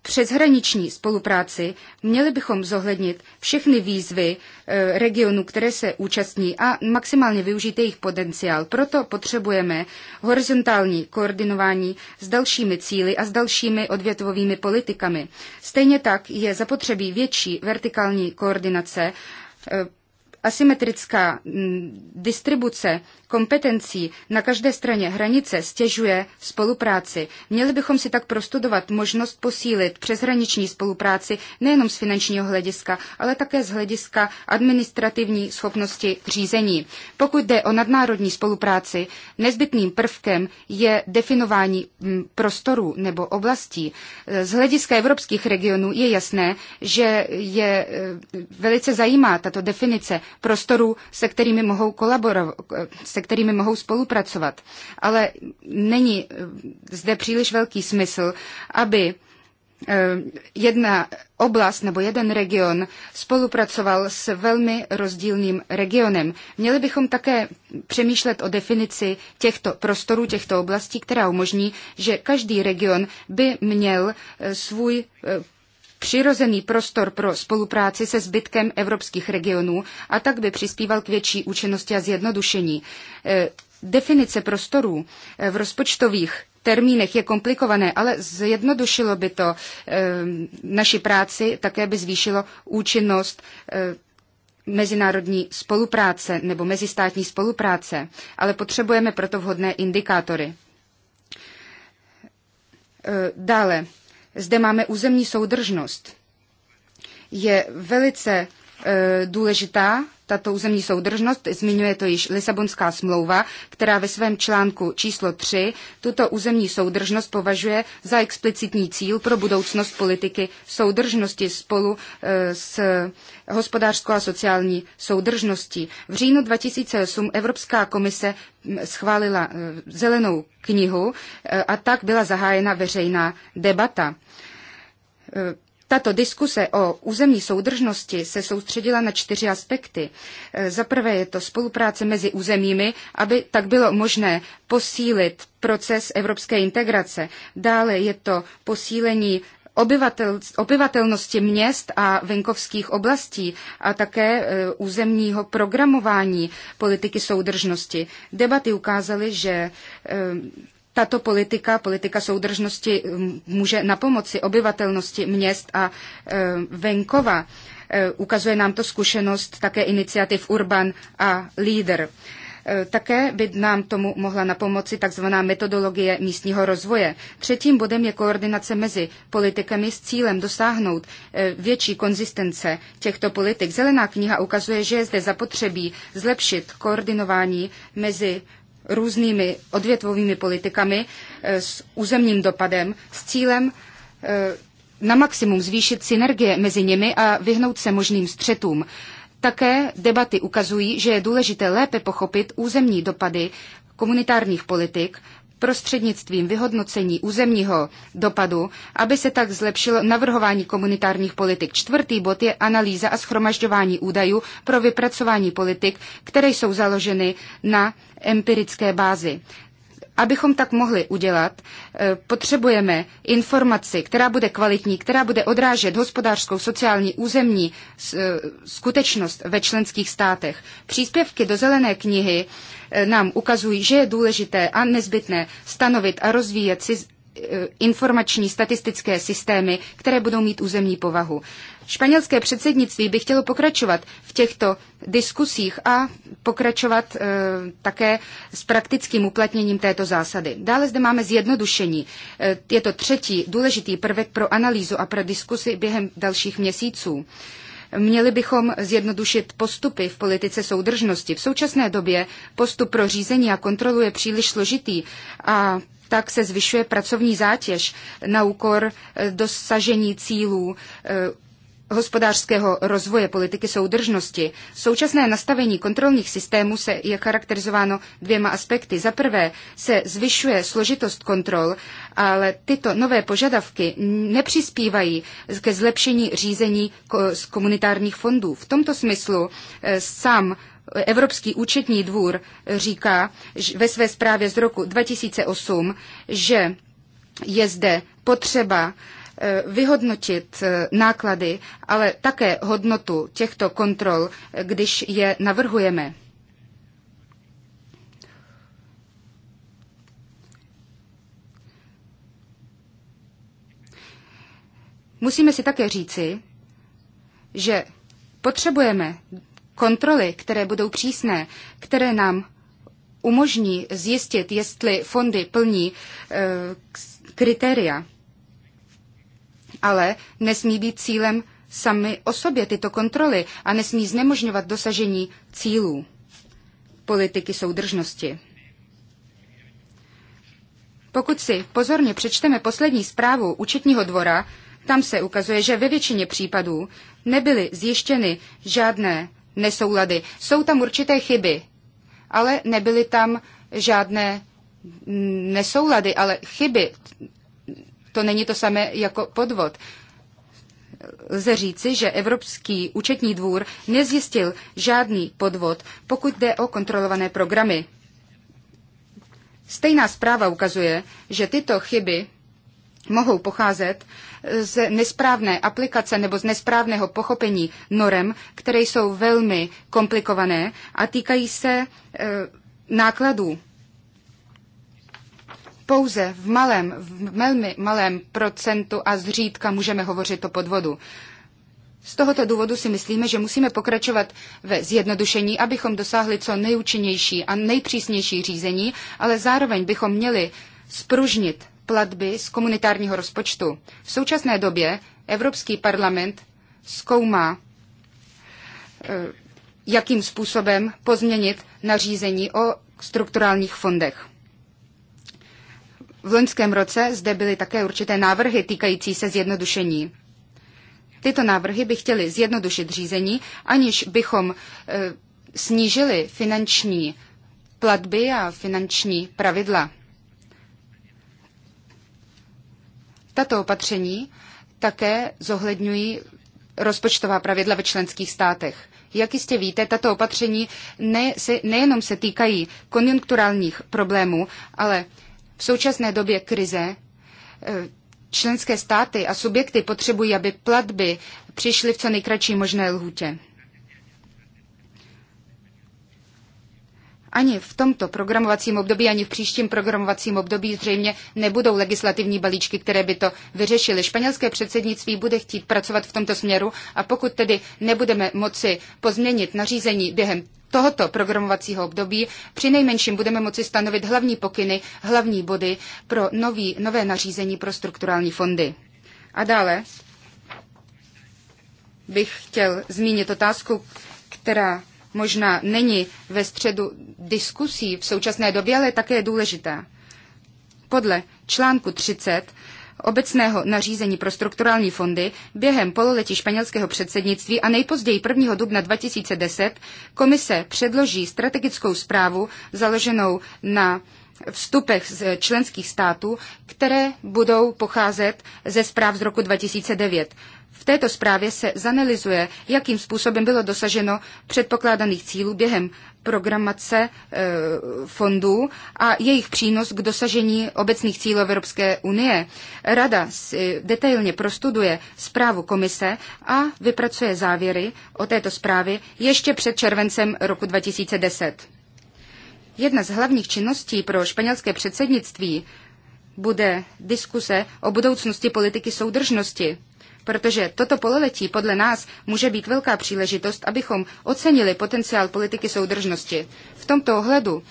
přeshraniční spolupráci měli bychom zohlednit všechny výzvy eh, regionů, které se účastní a maximálně využít jejich potenciál. Proto potřebujeme horizontální koordinování s dalšími cíly a s dalšími odvětvovými politikami. Stejně tak je zapotřebí větší vertikální koordinace eh, asymetrická mm, distribuce kompetencí na každé straně hranice stěžuje spolupráci. Měli bychom si tak prostudovat možnost posílit přeshraniční spolupráci nejenom z finančního hlediska, ale také z hlediska administrativní schopnosti k řízení. Pokud jde o nadnárodní spolupráci, nezbytným prvkem je definování mm, prostorů nebo oblastí. Z hlediska evropských regionů je jasné, že je e, velice zajímá tato definice prostorů, se kterými mohou kolaborovat, e, se kterými mohou spolupracovat. Ale není eh, zde příliš velký smysl, aby eh, jedna oblast nebo jeden region spolupracoval s velmi rozdílným regionem. Měli bychom také přemýšlet o definici těchto prostorů, těchto oblastí, která umožní, že každý region by měl eh, svůj přirozený prostor pro spolupráci se zbytkem evropských regionů a tak by přispíval k větší účinnosti a zjednodušení. E, definice prostorů e, v rozpočtových termínech je komplikované, ale zjednodušilo by to e, naši práci, také by zvýšilo účinnost mezinárodní spolupráce nebo mezistátní spolupráce, ale potřebujeme proto vhodné indikátory. Dále, zde máme územní soudržnost. Je velice eh, důležitá tato územní soudržnost, zmiňuje to již Lisabonská smlouva, která ve svém článku číslo 3 tuto územní soudržnost považuje za explicitní cíl pro budoucnost politiky soudržnosti spolu e, s hospodářskou a sociální soudržností. V říjnu 2008 Evropská komise schválila e, zelenou knihu e, a tak byla zahájena veřejná debata tato diskuse o územní soudržnosti se soustředila na čtyři aspekty. E, za prvé je to spolupráce mezi územími, aby tak bylo možné posílit proces evropské integrace. Dále je to posílení obyvatel, obyvatelnosti měst a venkovských oblastí a také e, územního programování politiky soudržnosti. Debaty ukázaly, že e, tato politika, politika soudržnosti, může na pomoci obyvatelnosti měst a e, venkova. E, ukazuje nám to zkušenost také iniciativ Urban a Leader. E, také by nám tomu mohla na pomoci tzv. metodologie místního rozvoje. Třetím bodem je koordinace mezi politikami s cílem dosáhnout větší konzistence těchto politik. Zelená kniha ukazuje, že je zde zapotřebí zlepšit koordinování mezi různými odvětvovými politikami e, s územním dopadem s cílem e, na maximum zvýšit synergie mezi nimi a vyhnout se možným střetům. Také debaty ukazují, že je důležité lépe pochopit územní dopady komunitárních politik prostřednictvím vyhodnocení územního dopadu, aby se tak zlepšilo navrhování komunitárních politik. Čtvrtý bod je analýza a schromažďování údajů pro vypracování politik, které jsou založeny na empirické bázi. Abychom tak mohli udělat, e, potřebujeme informaci, která bude kvalitní, která bude odrážet hospodářskou, sociální, územní e, skutečnost ve členských státech. Příspěvky do zelené knihy Eh, nám ukazují, že je důležité a nezbytné stanovit a rozvíjet si eh, informační statistické systémy, které budou mít územní povahu. Španělské předsednictví by chtělo pokračovat v těchto diskusích a pokračovat e, také s praktickým uplatněním této zásady. Dále zde máme zjednodušení. E, je to třetí důležitý prvek pro analýzu a pro diskusy během dalších měsíců. E, Měli bychom zjednodušit postupy v politice soudržnosti. V současné době postup pro řízení a kontrolu je příliš složitý a tak se zvyšuje pracovní zátěž na úkor dosažení cílů eh, hospodářského rozvoje politiky soudržnosti. Současné nastavení kontrolních systémů se je charakterizováno dvěma aspekty. Za prvé se zvyšuje složitost kontrol, ale tyto nové požadavky nepřispívají ke zlepšení řízení z komunitárních fondů. V tomto smyslu eh, sám Evropský účetní dvůr říká ve své zprávě z roku 2008, že je zde potřeba Eh, vyhodnotit eh, náklady, ale také hodnotu těchto kontrol, eh, když je navrhujeme. Musíme si také říci, že potřebujeme kontroly, které budou přísné, které nám umožní zjistit, jestli fondy plní e, kritéria ale nesmí být cílem sami o sobě tyto kontroly a nesmí znemožňovat dosažení cílů politiky soudržnosti. Pokud si pozorně přečteme poslední zprávu účetního dvora, tam se ukazuje, že ve většině případů nebyly zjištěny žádné nesoulady. Jsou tam určité chyby, ale nebyly tam žádné nesoulady, ale chyby to není to samé jako podvod. Lze říci, že Evropský účetní dvůr nezjistil žádný podvod, pokud jde o kontrolované programy. Stejná zpráva ukazuje, že tyto chyby mohou pocházet z nesprávné aplikace nebo z nesprávného pochopení norem, které jsou velmi komplikované a týkají se e, nákladů pouze v malém, v velmi malém procentu a zřídka můžeme hovořit o podvodu. Z tohoto důvodu si myslíme, že musíme pokračovat ve zjednodušení, abychom dosáhli co nejúčinnější a nejpřísnější řízení, ale zároveň bychom měli spružnit platby z komunitárního rozpočtu. V současné době Evropský parlament zkoumá, eh, jakým způsobem pozměnit nařízení o strukturálních fondech. V loňském roce zde byly také určité návrhy týkající se zjednodušení. Tyto návrhy by chtěly zjednodušit řízení, aniž bychom e, snížili finanční platby a finanční pravidla. Tato opatření také zohledňují rozpočtová pravidla ve členských státech. Jak jistě víte, tato opatření ne, se, nejenom se týkají konjunkturálních problémů, ale v současné době krize eh, členské státy a subjekty potřebují, aby platby přišly v co nejkratší možné lhůtě. ani v tomto programovacím období, ani v příštím programovacím období zřejmě nebudou legislativní balíčky, které by to vyřešily. Španělské předsednictví bude chtít pracovat v tomto směru a pokud tedy nebudeme moci pozměnit nařízení během tohoto programovacího období při nejmenším budeme moci stanovit hlavní pokyny, hlavní body pro nový, nové nařízení pro strukturální fondy. A dále bych chtěl zmínit otázku, která možná není ve středu diskusí v současné době, ale také je důležitá. Podle článku 30 obecného nařízení pro strukturální fondy během pololetí španělského předsednictví a nejpozději 1. dubna 2010 komise předloží strategickou zprávu založenou na vstupech z členských států, které budou pocházet ze zpráv z roku 2009 této zprávě se zanalizuje, jakým způsobem bylo dosaženo předpokládaných cílů během programace e, fondů a jejich přínos k dosažení obecných cílů Evropské unie. Rada si detailně prostuduje zprávu komise a vypracuje závěry o této zprávě ještě před červencem roku 2010. Jedna z hlavních činností pro španělské předsednictví bude diskuse o budoucnosti politiky soudržnosti protože toto pololetí podle nás může být velká příležitost, abychom ocenili potenciál politiky soudržnosti. V tomto ohledu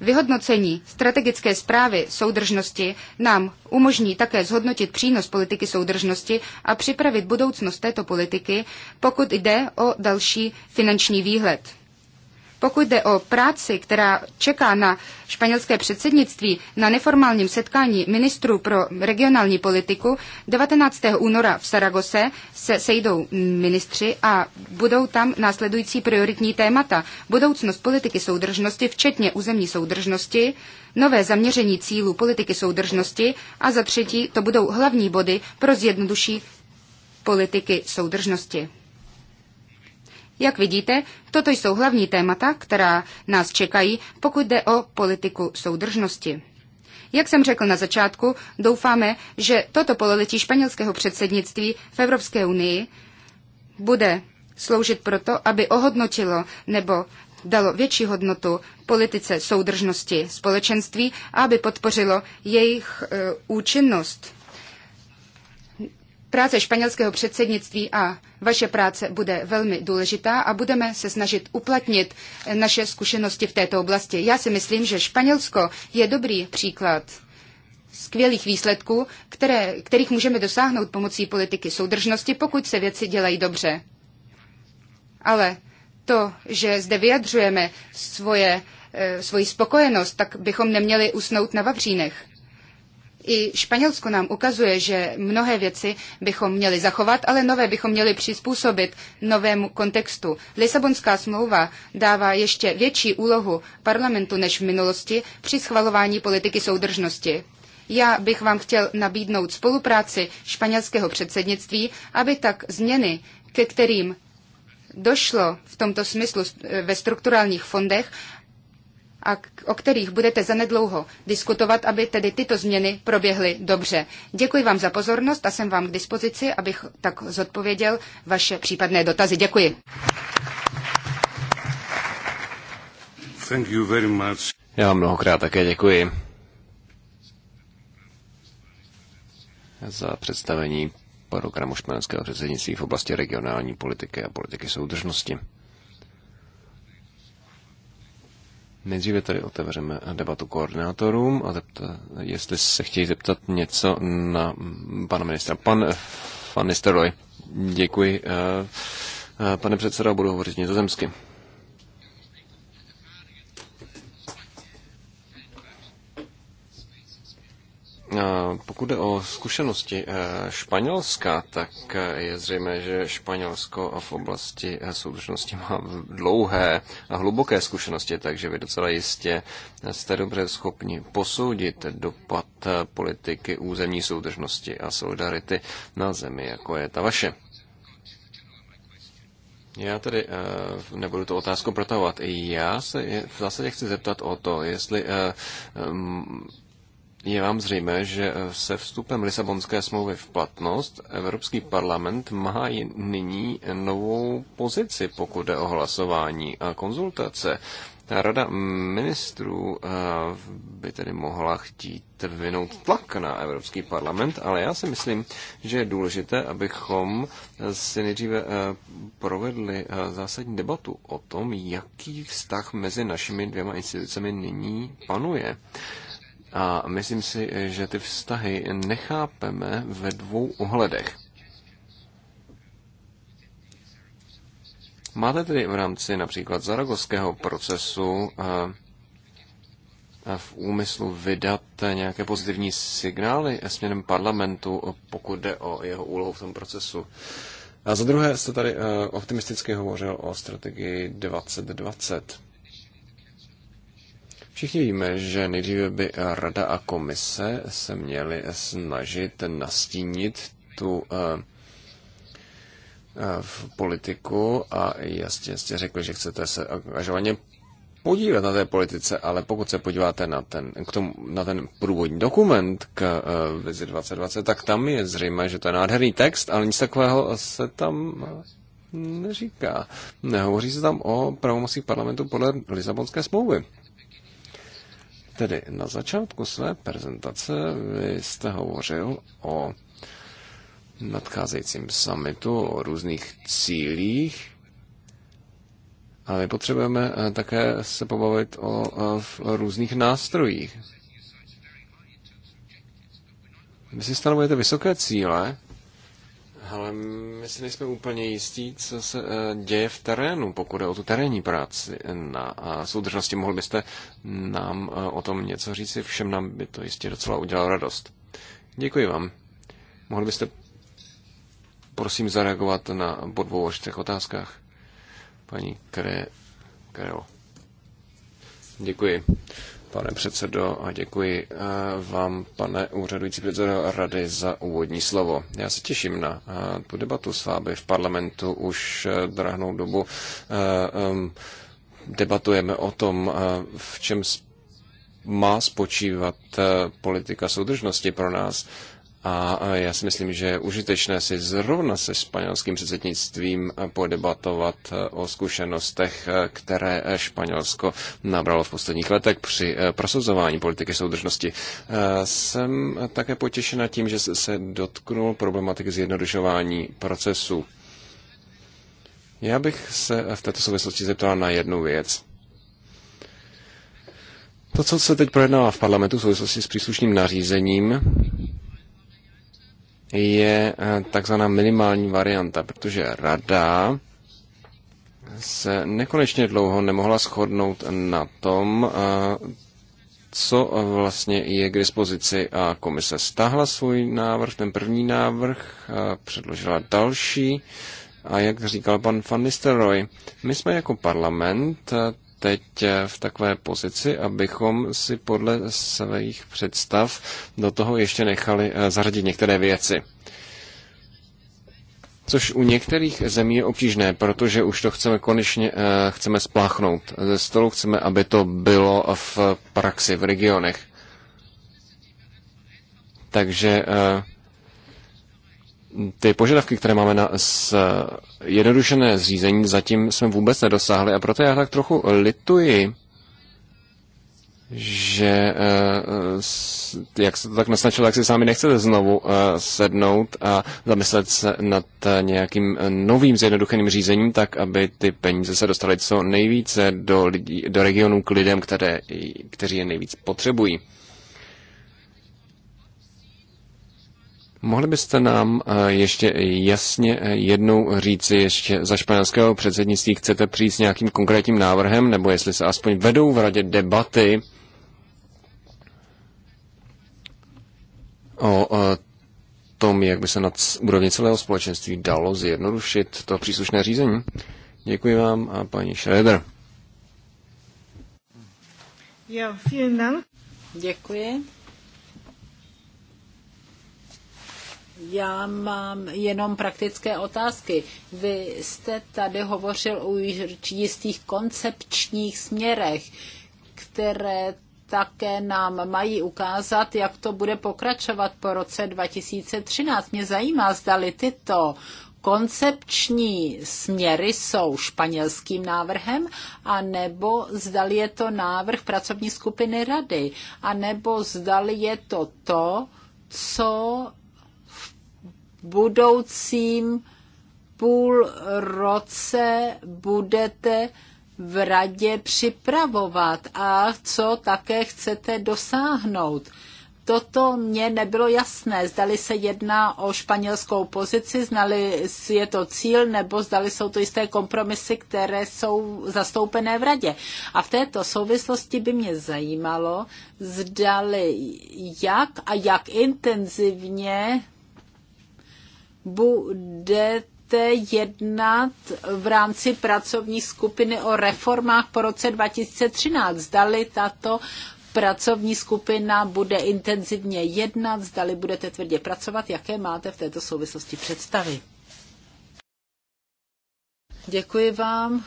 Vyhodnocení strategické zprávy soudržnosti nám umožní také zhodnotit přínos politiky soudržnosti a připravit budoucnost této politiky, pokud jde o další finanční výhled. Pokud jde o práci, která čeká na španělské předsednictví na neformálním setkání ministrů pro regionální politiku, 19. února v Saragose se sejdou ministři a budou tam následující prioritní témata. Budoucnost politiky soudržnosti, včetně územní soudržnosti, nové zaměření cílů politiky soudržnosti a za třetí to budou hlavní body pro zjednodušení politiky soudržnosti. Jak vidíte, toto jsou hlavní témata, která nás čekají, pokud jde o politiku soudržnosti. Jak jsem řekl na začátku, doufáme, že toto pololetí španělského předsednictví v Evropské unii bude sloužit proto, aby ohodnotilo nebo dalo větší hodnotu politice soudržnosti společenství a aby podpořilo jejich e, účinnost. Práce španělského předsednictví a vaše práce bude velmi důležitá a budeme se snažit uplatnit naše zkušenosti v této oblasti. Já si myslím, že Španělsko je dobrý příklad skvělých výsledků, které, kterých můžeme dosáhnout pomocí politiky soudržnosti, pokud se věci dělají dobře. Ale to, že zde vyjadřujeme svoje, eh, svoji spokojenost, tak bychom neměli usnout na vavřínech. I Španělsko nám ukazuje, že mnohé věci bychom měli zachovat, ale nové bychom měli přizpůsobit novému kontextu. Lisabonská smlouva dává ještě větší úlohu parlamentu než v minulosti při schvalování politiky soudržnosti. Já bych vám chtěl nabídnout spolupráci španělského předsednictví, aby tak změny, ke kterým došlo v tomto smyslu ve strukturálních fondech, a o kterých budete zanedlouho diskutovat, aby tedy tyto změny proběhly dobře. Děkuji vám za pozornost a jsem vám k dispozici, abych tak zodpověděl vaše případné dotazy. Děkuji. Thank you very much. Já vám mnohokrát také děkuji za představení programu španělského předsednictví v oblasti regionální politiky a politiky soudržnosti. Nejdříve tady otevřeme debatu koordinátorům a zeptat, jestli se chtějí zeptat něco na pana ministra. Pan, pan Nisteroj, děkuji. Eh, eh, pane předsedo, budu hovořit nizozemsky. Eh, pokud jde o zkušenosti eh, Španělska, tak eh, je zřejmé, že Španělsko v oblasti soudržnosti má dlouhé a hluboké zkušenosti, takže vy docela jistě jste dobře schopni posoudit dopad politiky územní soudržnosti a solidarity na zemi, jako je ta vaše. Já tedy nebudu tu otázku protahovat. Já se v zásadě chci zeptat o to, jestli je vám zřejmé, že eh, se vstupem Lisabonské smlouvy v platnost Evropský parlament má nyní novou pozici, pokud jde o hlasování a konzultace. Rada ministrů eh, by tedy mohla chtít vynout tlak na Evropský parlament, ale já si myslím, že je důležité, abychom si nejdříve eh, provedli zásadní debatu o tom, jaký vztah mezi našimi dvěma institucemi nyní panuje. A myslím si, že ty vztahy nechápeme ve dvou ohledech. Máte tedy v rámci například zaragoského procesu eh, v úmyslu vydat nějaké pozitivní signály směrem parlamentu, pokud jde o jeho úlohu v tom procesu? A za druhé jste tady eh, optimisticky hovořil o strategii 2020. Všichni víme, že nejdříve by Rada a Komise se měly snažit nastínit tu eh, eh, v politiku a jasně jste řekli, že chcete se angažovaně podívat na té politice, ale pokud se podíváte na ten, k tomu, na ten průvodní dokument k uh, vizi 2020, tak tam je zřejmé, že to je nádherný text, ale nic takového se tam neříká. Nehovoří se tam o pravomocích parlamentu podle Lisabonské smlouvy. Tedy na začátku své prezentace vy jste hovořil o nadcházejícím summitu, o různých cílích, ale my potřebujeme eh, také se pobavit o, o eh, různých nástrojích. Vy si stanovujete vysoké cíle, ale my si nejsme úplně jistí, co se eh, děje v terénu, pokud je o tu terénní práci na eh, soudržnosti. Mohl byste nám eh, o tom něco říci? Všem nám by to jistě docela udělalo radost. Děkuji vám. Mohl byste prosím zareagovat na po dvou až třech otázkách? Paní Kre... Kreo. Děkuji pane předsedo, a děkuji eh, vám, pane úřadující předsedo rady, za úvodní slovo. Já se těším na eh, tu debatu s vámi v parlamentu už eh, drahnou dobu. Debatujeme o tom, v čem má spočívat politika soudržnosti pro nás a já si myslím, že je užitečné si zrovna se španělským předsednictvím podebatovat e, o zkušenostech, e, které e, Španělsko nabralo v posledních letech při prosazování politiky soudržnosti. Jsem také potěšena tím, že se dotknul problematiky zjednodušování procesu. Já bych se v této souvislosti zeptal na jednu věc. To, co se teď projednává v parlamentu v souvislosti s příslušným nařízením, je eh, takzvaná minimální varianta, protože rada se nekonečně dlouho nemohla shodnout na tom, eh, co vlastně je k dispozici a komise stáhla svůj návrh, ten první návrh, eh, předložila další a jak říkal pan van Nistelrooy, my jsme jako parlament teď eh, v takové pozici, abychom si podle svých představ do toho ještě nechali eh, zařadit některé věci. Což u některých zemí je obtížné, protože už to chceme konečně eh, chceme spláchnout. Ze stolu chceme, aby to bylo v praxi, v regionech. Takže ty požadavky, které máme na eh, jednodušené zřízení, zatím jsme vůbec nedosáhli a proto já tak trochu lituji, že eh, jak se to tak naznačilo, jak si sami nechcete znovu eh, sednout a zamyslet se nad nějakým novým zjednodušeným řízením, tak aby ty peníze se dostaly co nejvíce do, lidí, do regionů k lidem, které, kteří je nejvíc potřebují. Mohli byste nám eh, ještě jasně eh, jednou říci, ještě za španělského předsednictví chcete přijít s nějakým konkrétním návrhem, nebo jestli se aspoň vedou v radě debaty o eh, tom, jak by se na úrovni celého společenství dalo zjednodušit to příslušné řízení. Děkuji vám a paní Schroeder. Děkuji. já mám jenom praktické otázky. Vy jste tady hovořil o jistých koncepčních směrech, které také nám mají ukázat, jak to bude pokračovat po roce 2013. Mě zajímá, zdali tyto koncepční směry jsou španělským návrhem, a nebo zdali je to návrh pracovní skupiny rady, a nebo zdali je to to, co budoucím půl roce budete v radě připravovat a co také chcete dosáhnout. Toto mně nebylo jasné. Zdali se jedná o španělskou pozici, znali je to cíl, nebo zdali jsou to jisté kompromisy, které jsou zastoupené v radě. A v této souvislosti by mě zajímalo, zdali jak a jak intenzivně budete jednat v rámci pracovní skupiny o reformách po roce 2013. Zdali tato pracovní skupina bude intenzivně jednat, zdali budete tvrdě pracovat, jaké máte v této souvislosti představy. Děkuji vám.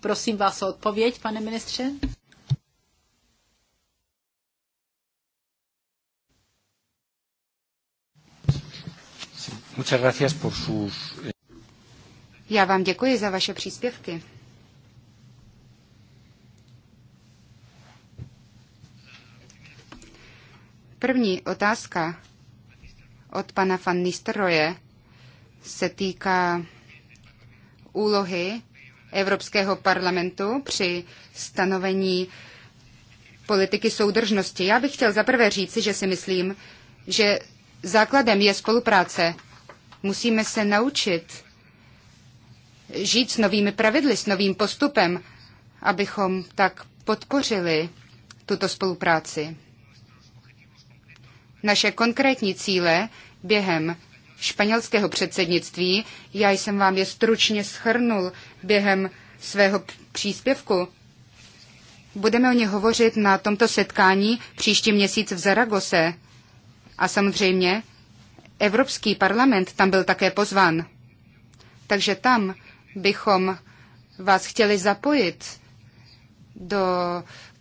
Prosím vás o odpověď, pane ministře. Muchas gracias por sus... Já vám děkuji za vaše příspěvky. První otázka od pana van Nistroje se týká úlohy Evropského parlamentu při stanovení politiky soudržnosti. Já bych chtěl zaprvé říci, že si myslím, že základem je spolupráce Musíme se naučit žít s novými pravidly, s novým postupem, abychom tak podpořili tuto spolupráci. Naše konkrétní cíle během španělského předsednictví, já jsem vám je stručně schrnul během svého příspěvku, Budeme o ně hovořit na tomto setkání příští měsíc v Zaragose. A samozřejmě Evropský parlament tam byl také pozván. Takže tam bychom vás chtěli zapojit do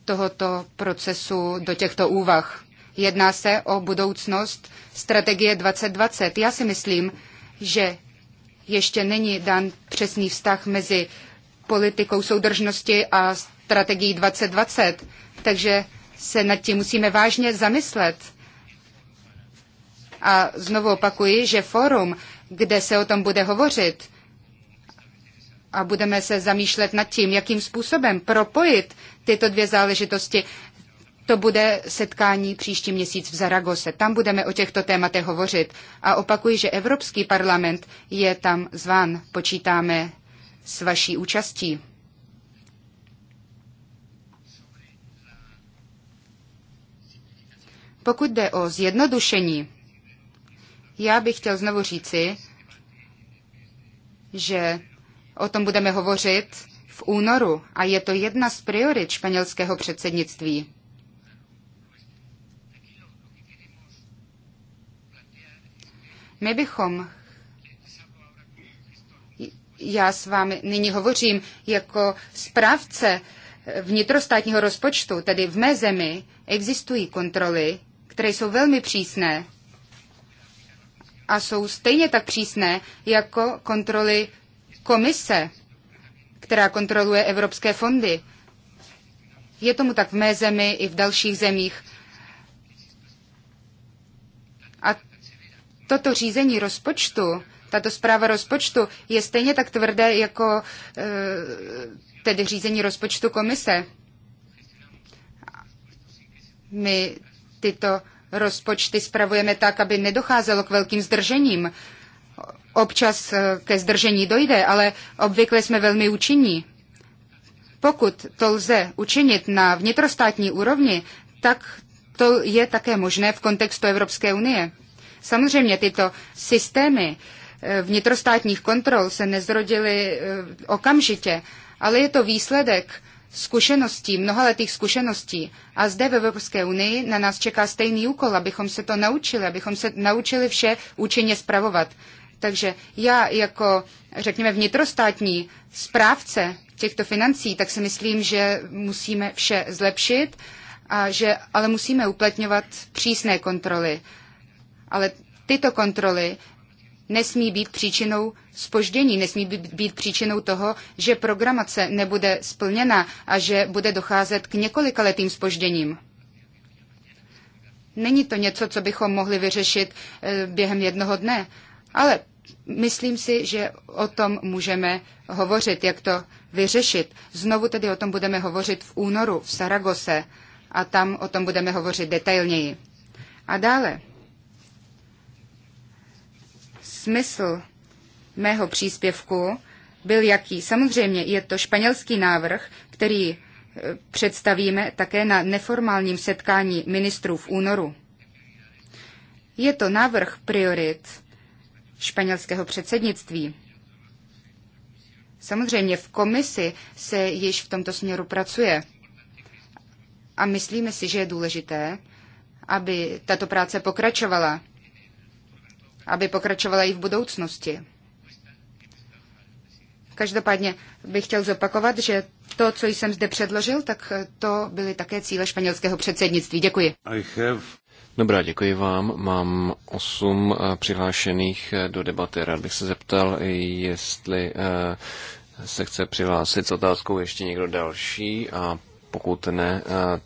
tohoto procesu, do těchto úvah. Jedná se o budoucnost strategie 2020. Já si myslím, že ještě není dán přesný vztah mezi politikou soudržnosti a strategií 2020, takže se nad tím musíme vážně zamyslet a znovu opakuji, že forum, kde se o tom bude hovořit a budeme se zamýšlet nad tím, jakým způsobem propojit tyto dvě záležitosti, to bude setkání příští měsíc v Zaragoze. Tam budeme o těchto tématech hovořit. A opakuji, že Evropský parlament je tam zván. Počítáme s vaší účastí. Pokud jde o zjednodušení, já bych chtěl znovu říci, že o tom budeme hovořit v únoru a je to jedna z priorit španělského předsednictví. My bychom já s vámi nyní hovořím jako správce vnitrostátního rozpočtu, tedy v mé zemi, existují kontroly, které jsou velmi přísné a jsou stejně tak přísné jako kontroly komise, která kontroluje evropské fondy. Je tomu tak v mé zemi i v dalších zemích. A toto řízení rozpočtu, tato zpráva rozpočtu je stejně tak tvrdé jako e, tedy řízení rozpočtu komise. My tyto rozpočty spravujeme tak, aby nedocházelo k velkým zdržením. Občas eh, ke zdržení dojde, ale obvykle jsme velmi účinní. Pokud to lze učinit na vnitrostátní úrovni, tak to je také možné v kontextu Evropské unie. Samozřejmě tyto systémy eh, vnitrostátních kontrol se nezrodily eh, okamžitě, ale je to výsledek zkušeností, mnohaletých zkušeností. A zde ve Evropské unii na nás čeká stejný úkol, abychom se to naučili, abychom se naučili vše účinně spravovat. Takže já jako, řekněme, vnitrostátní správce těchto financí, tak si myslím, že musíme vše zlepšit, a že, ale musíme uplatňovat přísné kontroly. Ale tyto kontroly nesmí být příčinou spoždění, nesmí být příčinou toho, že programace nebude splněna a že bude docházet k několika letým spožděním. Není to něco, co bychom mohli vyřešit eh, během jednoho dne, ale myslím si, že o tom můžeme hovořit, jak to vyřešit. Znovu tedy o tom budeme hovořit v únoru v Saragose a tam o tom budeme hovořit detailněji. A dále Smysl mého příspěvku byl jaký? Samozřejmě je to španělský návrh, který e, představíme také na neformálním setkání ministrů v únoru. Je to návrh priorit španělského předsednictví. Samozřejmě v komisi se již v tomto směru pracuje. A myslíme si, že je důležité, aby tato práce pokračovala aby pokračovala i v budoucnosti. Každopádně bych chtěl zopakovat, že to, co jsem zde předložil, tak to byly také cíle španělského předsednictví. Děkuji. Dobrá, děkuji vám. Mám osm eh, přihlášených eh, do debaty. Rád bych se zeptal, jestli eh, se chce přihlásit s otázkou ještě někdo další a pokud ne,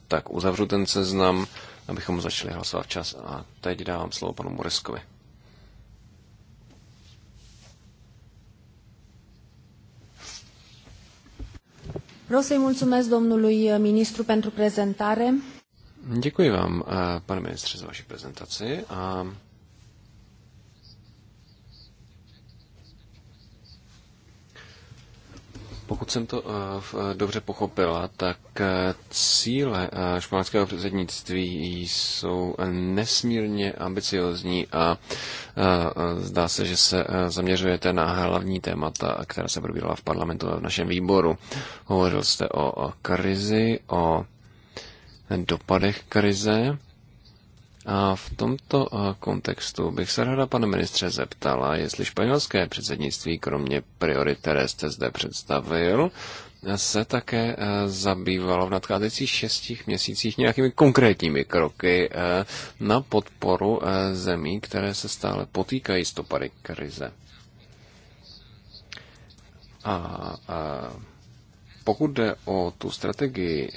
tak uzavřu ten seznam, abychom začali hlasovat čas. A teď dávám slovo panu Moreskovi. Vreau să-i mulțumesc domnului eh, ministru pentru prezentare. Děkuji vám, eh, pane ministře, za vaši prezentaci Pokud jsem to eh, eh, dobře pochopila, tak eh, cíle španělského předsednictví jsou nesmírně ambiciozní a zdá se, že se zaměřujete na hlavní témata, která se probírala v parlamentu a v našem výboru. Hovořil jste o krizi, o dopadech krize a v tomto kontextu bych se ráda, pane ministře, zeptala, jestli španělské předsednictví, kromě priorit, které jste zde představil, se také e, zabývalo v nadcházejících šestích měsících nějakými konkrétními kroky e, na podporu e, zemí, které se stále potýkají s topary krize. A pokud jde o tu strategii,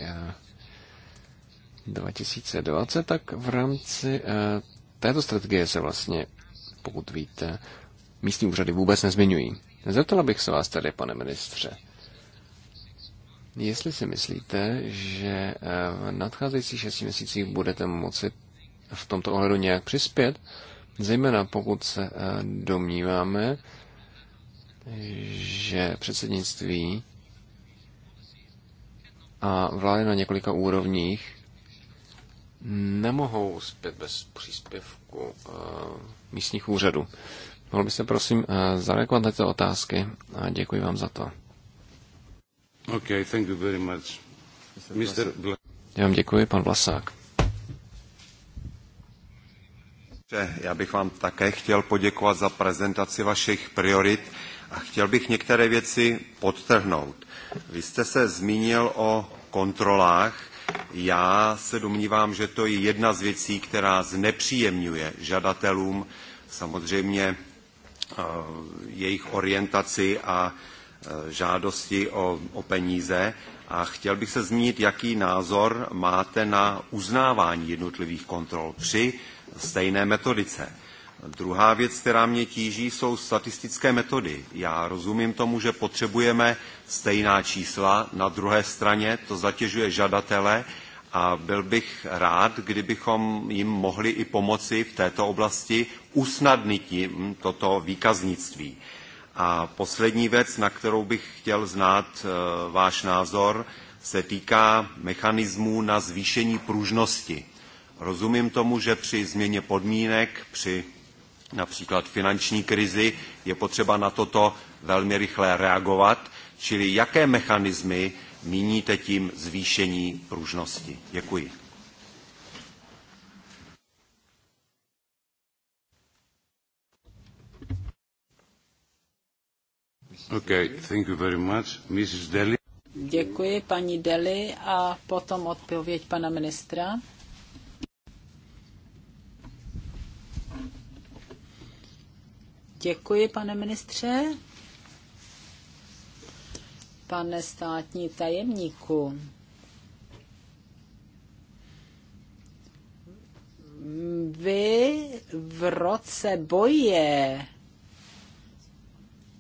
2020, tak v rámci eh, této strategie se vlastně, pokud víte, místní úřady vůbec nezmiňují. Zeptala bych se vás tady, pane ministře, jestli si myslíte, že eh, v nadcházejících šesti měsících budete moci v tomto ohledu nějak přispět, zejména pokud se eh, domníváme, že předsednictví a vlády na několika úrovních nemohou uspět bez příspěvku eh, místních úřadů. Mohl byste prosím eh, zareagovat na tyto otázky a děkuji vám za to. Okay, thank you very much. Mr. Já vám děkuji, pan Vlasák. Já bych vám také chtěl poděkovat za prezentaci vašich priorit a chtěl bych některé věci podtrhnout. Vy jste se zmínil o kontrolách já se domnívám, že to je jedna z věcí, která znepříjemňuje žadatelům samozřejmě eh, jejich orientaci a eh, žádosti o, o peníze. A chtěl bych se zmínit, jaký názor máte na uznávání jednotlivých kontrol při stejné metodice. Druhá věc, která mě tíží, jsou statistické metody. Já rozumím tomu, že potřebujeme stejná čísla, na druhé straně to zatěžuje žadatele a byl bych rád, kdybychom jim mohli i pomoci v této oblasti usnadnit jim toto výkaznictví. A poslední věc, na kterou bych chtěl znát eh, váš názor, se týká mechanismů na zvýšení pružnosti. Rozumím tomu, že při změně podmínek, při například finanční krizi, je potřeba na toto velmi rychle reagovat, čili jaké mechanismy míníte tím zvýšení pružnosti. Děkuji. Okay, thank you very much. Mrs. Deli. Děkuji paní Deli a potom odpověď pana ministra. Děkuji, pane ministře. Pane státní tajemníku, vy v roce boje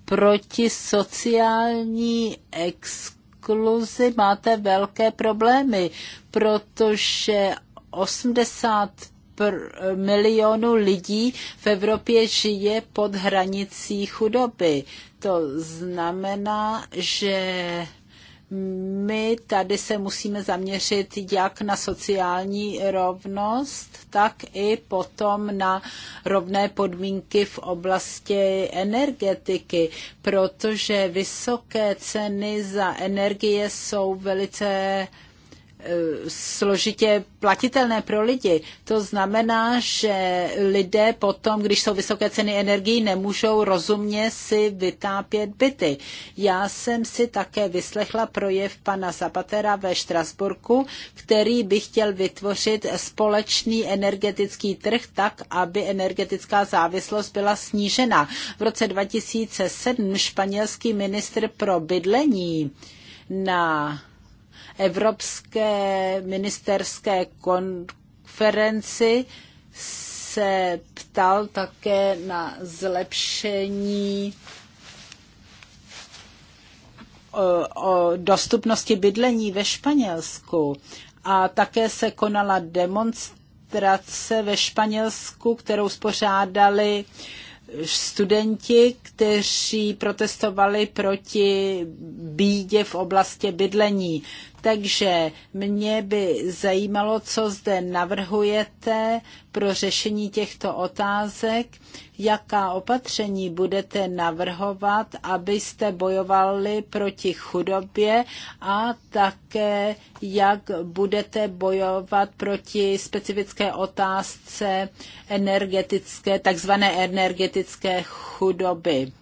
proti sociální exkluzi máte velké problémy, protože pr- milionu lidí v Evropě žije pod hranicí chudoby. To znamená, že my tady se musíme zaměřit jak na sociální rovnost, tak i potom na rovné podmínky v oblasti energetiky, protože vysoké ceny za energie jsou velice Eh, složitě platitelné pro lidi. To znamená, že lidé potom, když jsou vysoké ceny energií, nemůžou rozumně si vytápět byty. Já jsem si také vyslechla projev pana Zapatera ve Štrasburku, který by chtěl vytvořit společný energetický trh tak, aby energetická závislost byla snížena. V roce 2007 španělský ministr pro bydlení na Evropské ministerské konferenci se ptal také na zlepšení e, o dostupnosti bydlení ve Španělsku a také se konala demonstrace ve Španělsku, kterou spořádali studenti, kteří protestovali proti bídě v oblasti bydlení. Takže mě by zajímalo, co zde navrhujete pro řešení těchto otázek, jaká opatření budete navrhovat, abyste bojovali proti chudobě a také, jak budete bojovat proti specifické otázce energetické, takzvané energetické chudoby.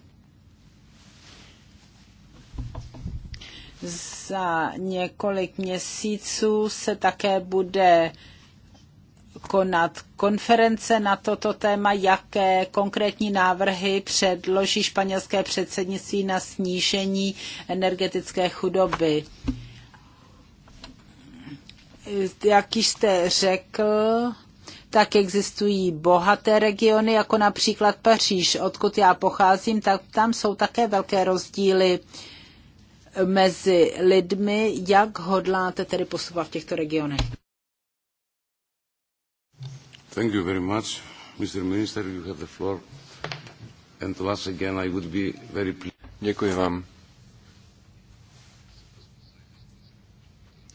Z za několik měsíců se také bude konat konference na toto téma, jaké konkrétní návrhy předloží španělské předsednictví na snížení energetické chudoby. Jak již jste řekl, tak existují bohaté regiony, jako například Paříž, odkud já pocházím, tak tam jsou také velké rozdíly uh, mezi lidmi. Jak hodláte tedy posouvat v těchto regionech? Thank you very much. Mr. Minister, you have the floor. And once again, I would be very pleased. Děkuji vám.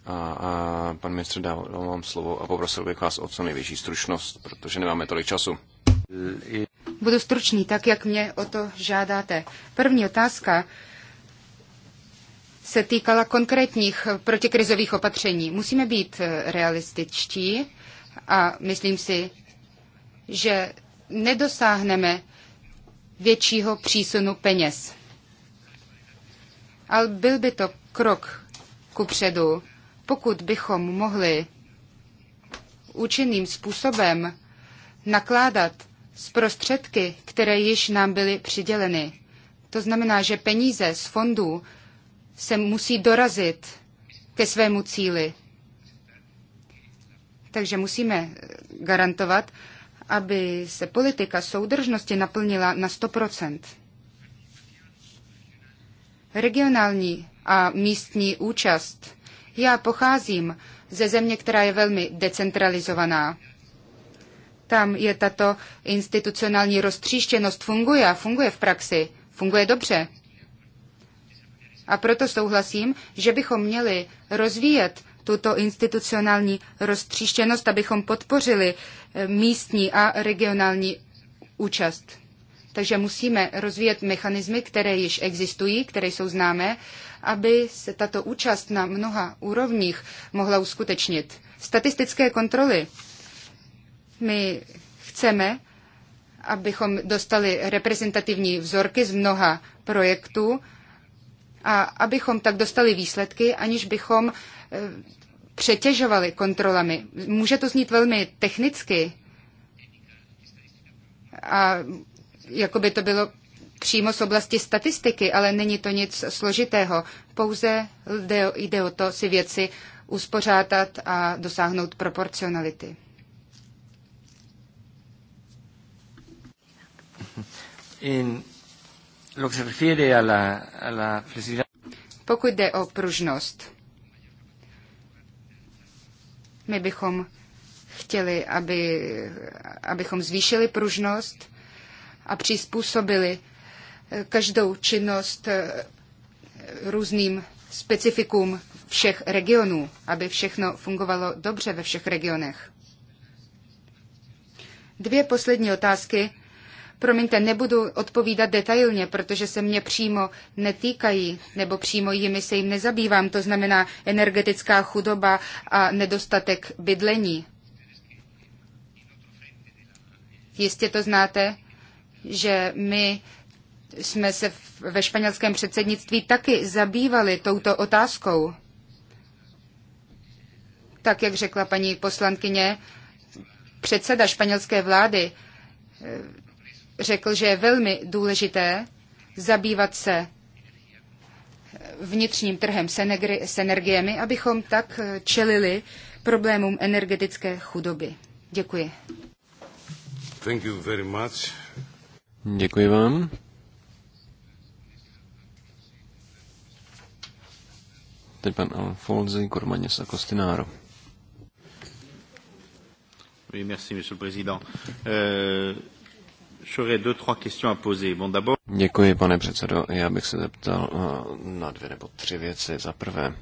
A, a pan ministr dal vám slovo a poprosil bych vás o co nejvyšší stručnost, protože nemáme tolik času. Budu stručný, tak jak mě o to žádáte. První otázka se týkala konkrétních protikrizových opatření. Musíme být eh, realističtí a myslím si, že nedosáhneme většího přísunu peněz. Ale byl by to krok ku předu, pokud bychom mohli účinným způsobem nakládat z prostředky, které již nám byly přiděleny. To znamená, že peníze z fondů se musí dorazit ke svému cíli. Takže musíme garantovat, aby se politika soudržnosti naplnila na 100%. Regionální a místní účast. Já pocházím ze země, která je velmi decentralizovaná. Tam je tato institucionální roztříštěnost funguje a funguje v praxi. Funguje dobře. A proto souhlasím, že bychom měli rozvíjet tuto institucionální roztříštěnost, abychom podpořili eh, místní a regionální účast. Takže musíme rozvíjet mechanismy, které již existují, které jsou známé, aby se tato účast na mnoha úrovních mohla uskutečnit. Statistické kontroly. My chceme, abychom dostali reprezentativní vzorky z mnoha projektů a abychom tak dostali výsledky, aniž bychom eh, přetěžovali kontrolami. Může to znít velmi technicky a jako by to bylo přímo z oblasti statistiky, ale není to nic složitého. Pouze jde, jde o to si věci uspořádat a dosáhnout proporcionality. In pokud jde o pružnost, my bychom chtěli, aby, abychom zvýšili pružnost a přizpůsobili eh, každou činnost eh, různým specifikům všech regionů, aby všechno fungovalo dobře ve všech regionech. Dvě poslední otázky Promiňte, nebudu odpovídat detailně, protože se mě přímo netýkají, nebo přímo jimi se jim nezabývám, to znamená energetická chudoba a nedostatek bydlení. Jistě to znáte, že my jsme se ve španělském předsednictví taky zabývali touto otázkou. Tak, jak řekla paní poslankyně, předseda španělské vlády řekl, že je velmi důležité zabývat se vnitřním trhem s, energi- s energiemi, abychom tak eh, čelili problémům energetické chudoby. Děkuji. Thank you very much. Děkuji vám. Teď pan Alfonzi Gormaněs a Kostináro. Oui, merci, monsieur le président. Euh... Děkuji, pane předsedo. Já bych se zeptal eh, na dvě nebo tři věci. Za prvé,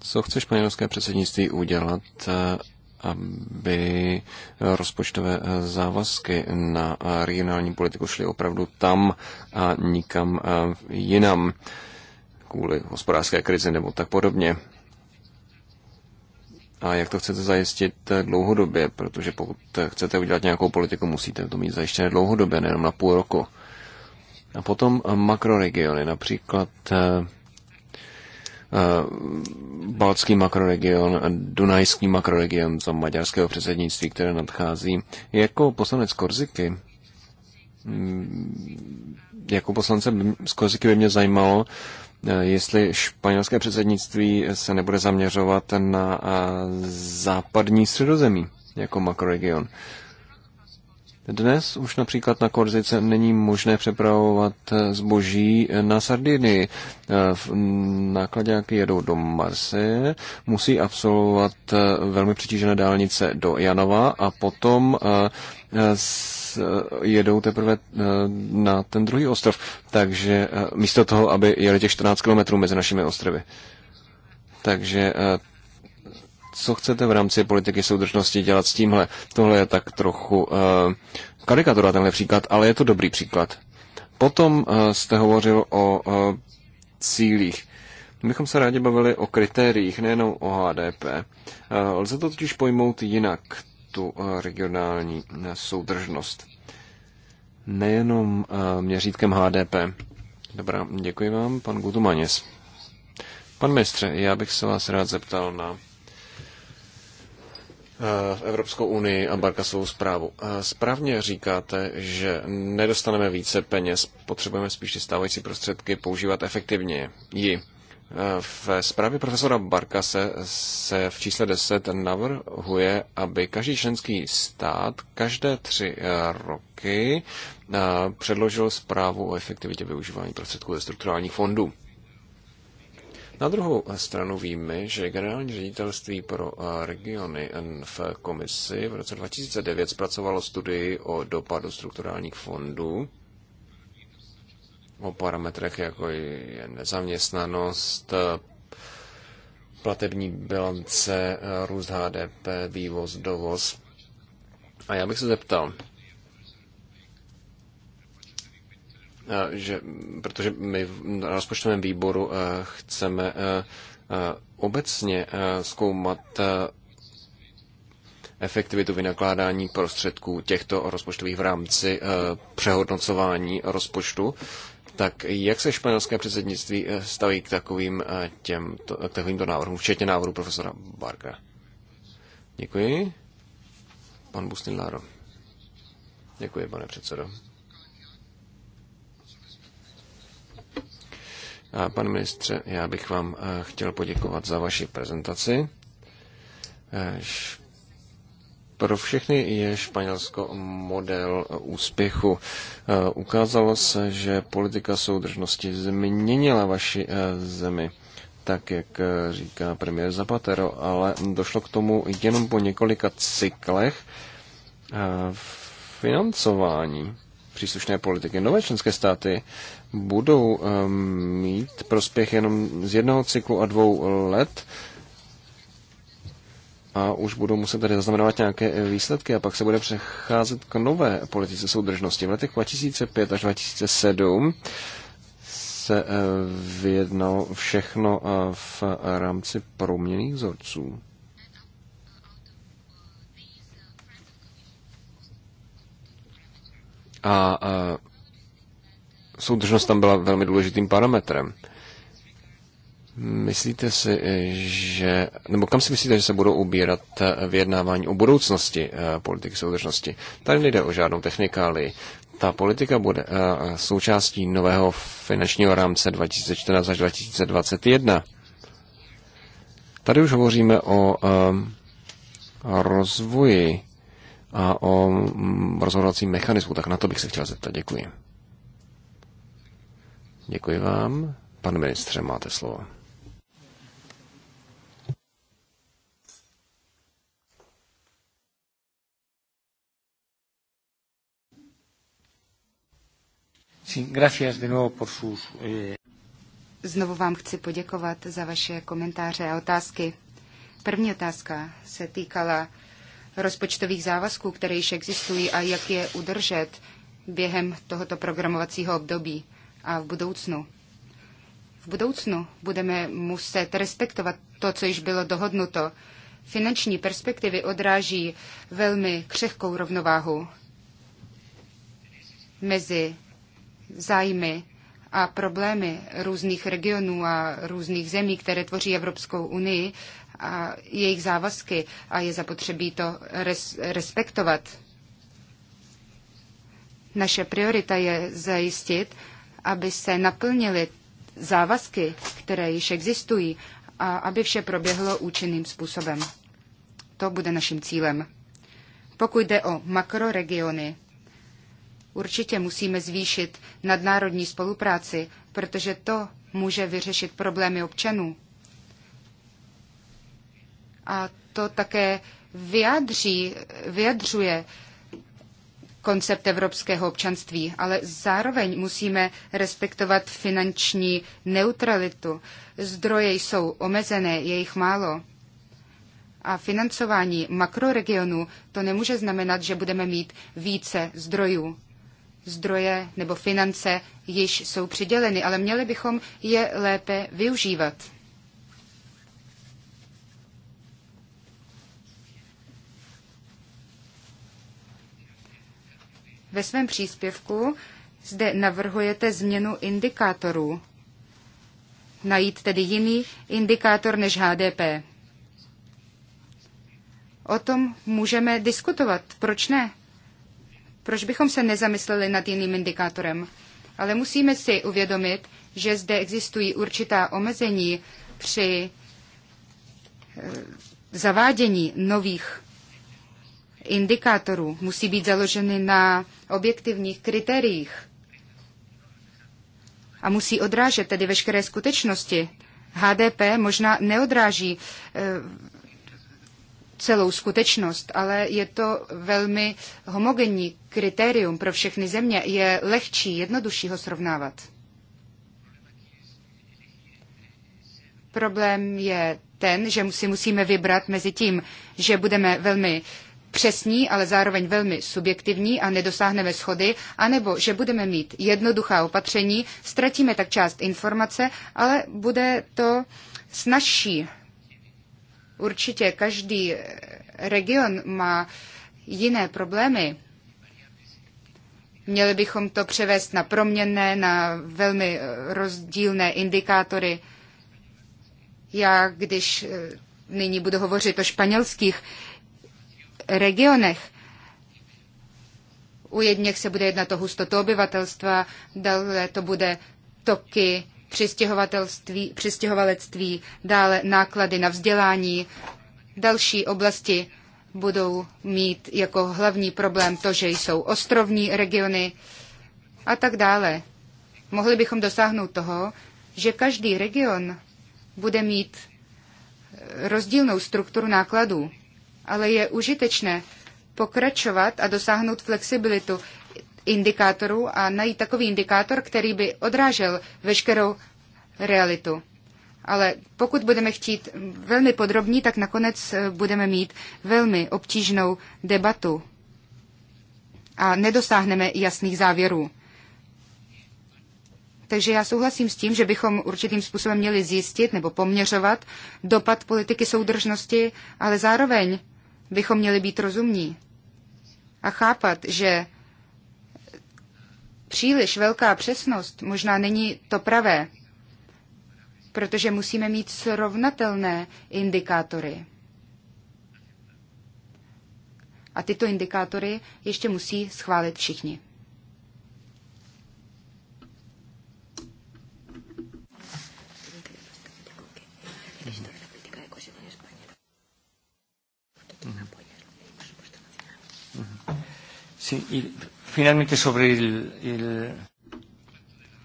co chce španělské předsednictví udělat, eh, aby rozpočtové eh, závazky na regionální politiku šly opravdu tam a nikam jinam kvůli hospodářské krizi nebo tak podobně. A jak to chcete zajistit eh, dlouhodobě? Protože pokud eh, chcete udělat nějakou politiku, musíte to mít zajištěné dlouhodobě, nejenom na půl roku. A potom eh, makroregiony, například Balcký makroregion, Dunajský makroregion za maďarského předsednictví, které nadchází. Jako poslanec Korziky, mm, jako poslance z Korziky by mě zajímalo, Eh, jestli španělské předsednictví se nebude zaměřovat na eh, západní středozemí jako makroregion. Dnes už například na Korzice není možné přepravovat eh, zboží na Sardinii. Nákladáky jedou do Marseille, musí absolvovat velmi přetížené dálnice do Janova a potom Eh, jedou teprve eh, na ten druhý ostrov. Takže eh, místo toho, aby jeli těch 14 kilometrů mezi našimi ostrovy. Takže co chcete v rámci politiky soudržnosti dělat s tímhle? Tohle je tak trochu karikatura tenhle příklad, ale je to dobrý příklad. Potom jste hovořil o cílích. My bychom se rádi bavili o kritériích, nejenom o HDP. Lze to totiž pojmout jinak tu eh, regionální eh, soudržnost. Nejenom eh, měřítkem HDP. Dobrá, děkuji vám, pan Gutumaněs. Pan mistře, já bych se vás rád zeptal na v Evropskou unii a Barkasovou zprávu. Správně říkáte, že nedostaneme více peněz, potřebujeme spíš ty stávající prostředky používat efektivně. Ji. V zprávě profesora Barka se, se v čísle 10 navrhuje, aby každý členský stát každé tři eh, roky eh, předložil zprávu o efektivitě využívání prostředků ze strukturálních fondů. Na druhou stranu víme, že generální ředitelství pro eh, regiony v komisi v roce 2009 zpracovalo studii o dopadu strukturálních fondů o parametrech, jako je nezaměstnanost, platební bilance, růst HDP, vývoz, dovoz. A já bych se zeptal, že, protože my v rozpočtovém výboru eh, chceme eh, eh, obecně zkoumat efektivitu vynakládání prostředků těchto rozpočtových v rámci přehodnocování rozpočtu. Tak jak se španělské předsednictví eh, staví k takovým eh, těm, k eh, takovýmto návrhům, včetně návrhu profesora Barga? Děkuji. Pan Bustinláro. Děkuji, pane předsedo. A pane ministře, já bych vám chtěl poděkovat za vaši prezentaci. Pro všechny je Španělsko model úspěchu. E, ukázalo se, že politika soudržnosti změnila vaši e, zemi tak jak e, říká premiér Zapatero, ale došlo k tomu jenom po několika cyklech financování příslušné politiky. Nové členské státy budou mít prospěch jenom z jednoho cyklu a dvou let a už budou muset tady zaznamenávat nějaké výsledky a pak se bude přecházet k nové politice soudržnosti. V letech 2005 až 2007 se eh, vyjednalo všechno eh, v rámci proměných vzorců. A eh, soudržnost tam byla velmi důležitým parametrem. Myslíte si, že, nebo kam si myslíte, že se budou ubírat eh, vyjednávání o budoucnosti eh, politiky soudržnosti? Tady nejde o žádnou technikáli. Ta politika bude eh, součástí nového finančního rámce 2014 až 2021. Tady už hovoříme o rozvoji a o mm, rozhodovacím mechanismu, tak na to bych se chtěl zeptat. Děkuji. Děkuji vám. Pane ministře, máte slovo. gracias de nuevo por sus... Eh... Znovu vám chci poděkovat za vaše komentáře a otázky. První otázka se týkala rozpočtových závazků, které již existují a jak je udržet během tohoto programovacího období a v budoucnu. V budoucnu budeme muset respektovat to, co již bylo dohodnuto. Finanční perspektivy odráží velmi křehkou rovnováhu mezi zájmy a problémy různých regionů a různých zemí, které tvoří Evropskou unii a jejich závazky a je zapotřebí to res, respektovat. Naše priorita je zajistit, aby se naplnily závazky, které již existují a aby vše proběhlo účinným způsobem. To bude naším cílem. Pokud jde o makroregiony, Určitě musíme zvýšit nadnárodní spolupráci, protože to může vyřešit problémy občanů. A to také vyjadří, vyjadřuje koncept evropského občanství, ale zároveň musíme respektovat finanční neutralitu. Zdroje jsou omezené, je jich málo. A financování makroregionu to nemůže znamenat, že budeme mít více zdrojů zdroje nebo finance již jsou přiděleny, ale měli bychom je lépe využívat. Ve svém příspěvku zde navrhujete změnu indikátorů. Najít tedy jiný indikátor než HDP. O tom můžeme diskutovat. Proč ne? Proč bychom se nezamysleli nad jiným indikátorem? Ale musíme si uvědomit, že zde existují určitá omezení při eh, zavádění nových indikátorů. Musí být založeny na objektivních kritériích a musí odrážet tedy veškeré skutečnosti. HDP možná neodráží eh, celou skutečnost, ale je to velmi homogenní kritérium pro všechny země je lehčí, jednodušší ho srovnávat. Problém je ten, že si musíme vybrat mezi tím, že budeme velmi přesní, ale zároveň velmi subjektivní a nedosáhneme schody, anebo že budeme mít jednoduchá opatření, ztratíme tak část informace, ale bude to snažší. Určitě každý region má jiné problémy. Měli bychom to převést na proměnné, na velmi eh, rozdílné indikátory. Já, když eh, nyní budu hovořit o španělských regionech, u jedněch se bude jednat o hustotu obyvatelstva, dále to bude toky přistěhovatelství, přistěhovalectví, dále náklady na vzdělání, další oblasti budou mít jako hlavní problém to, že jsou ostrovní regiony a tak dále. Mohli bychom dosáhnout toho, že každý region bude mít eh, rozdílnou strukturu nákladů, ale je užitečné pokračovat a dosáhnout flexibilitu indikátorů a najít takový indikátor, který by odrážel veškerou realitu. Ale pokud budeme chtít velmi podrobní, tak nakonec eh, budeme mít velmi obtížnou debatu a nedosáhneme jasných závěrů. Takže já souhlasím s tím, že bychom určitým způsobem měli zjistit nebo poměřovat dopad politiky soudržnosti, ale zároveň bychom měli být rozumní a chápat, že příliš velká přesnost možná není to pravé protože musíme mít srovnatelné indikátory. A tyto indikátory ještě musí schválit všichni.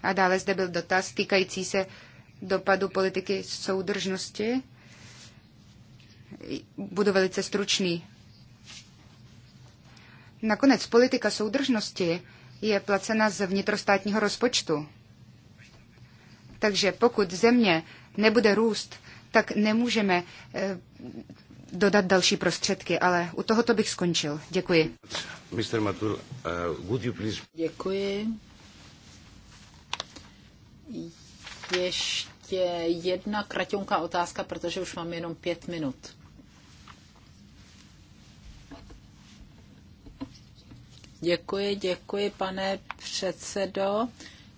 A dále zde byl dotaz týkající se dopadu politiky soudržnosti. Budu velice stručný. Nakonec politika soudržnosti je placena z vnitrostátního rozpočtu. Takže pokud země nebude růst, tak nemůžeme eh, dodat další prostředky, ale u tohoto bych skončil. Děkuji. Mr. Matur, uh, eh, would you please... Děkuji. Ještě ještě jedna kratonká otázka, protože už mám jenom pět minut. Děkuji, děkuji, pane předsedo.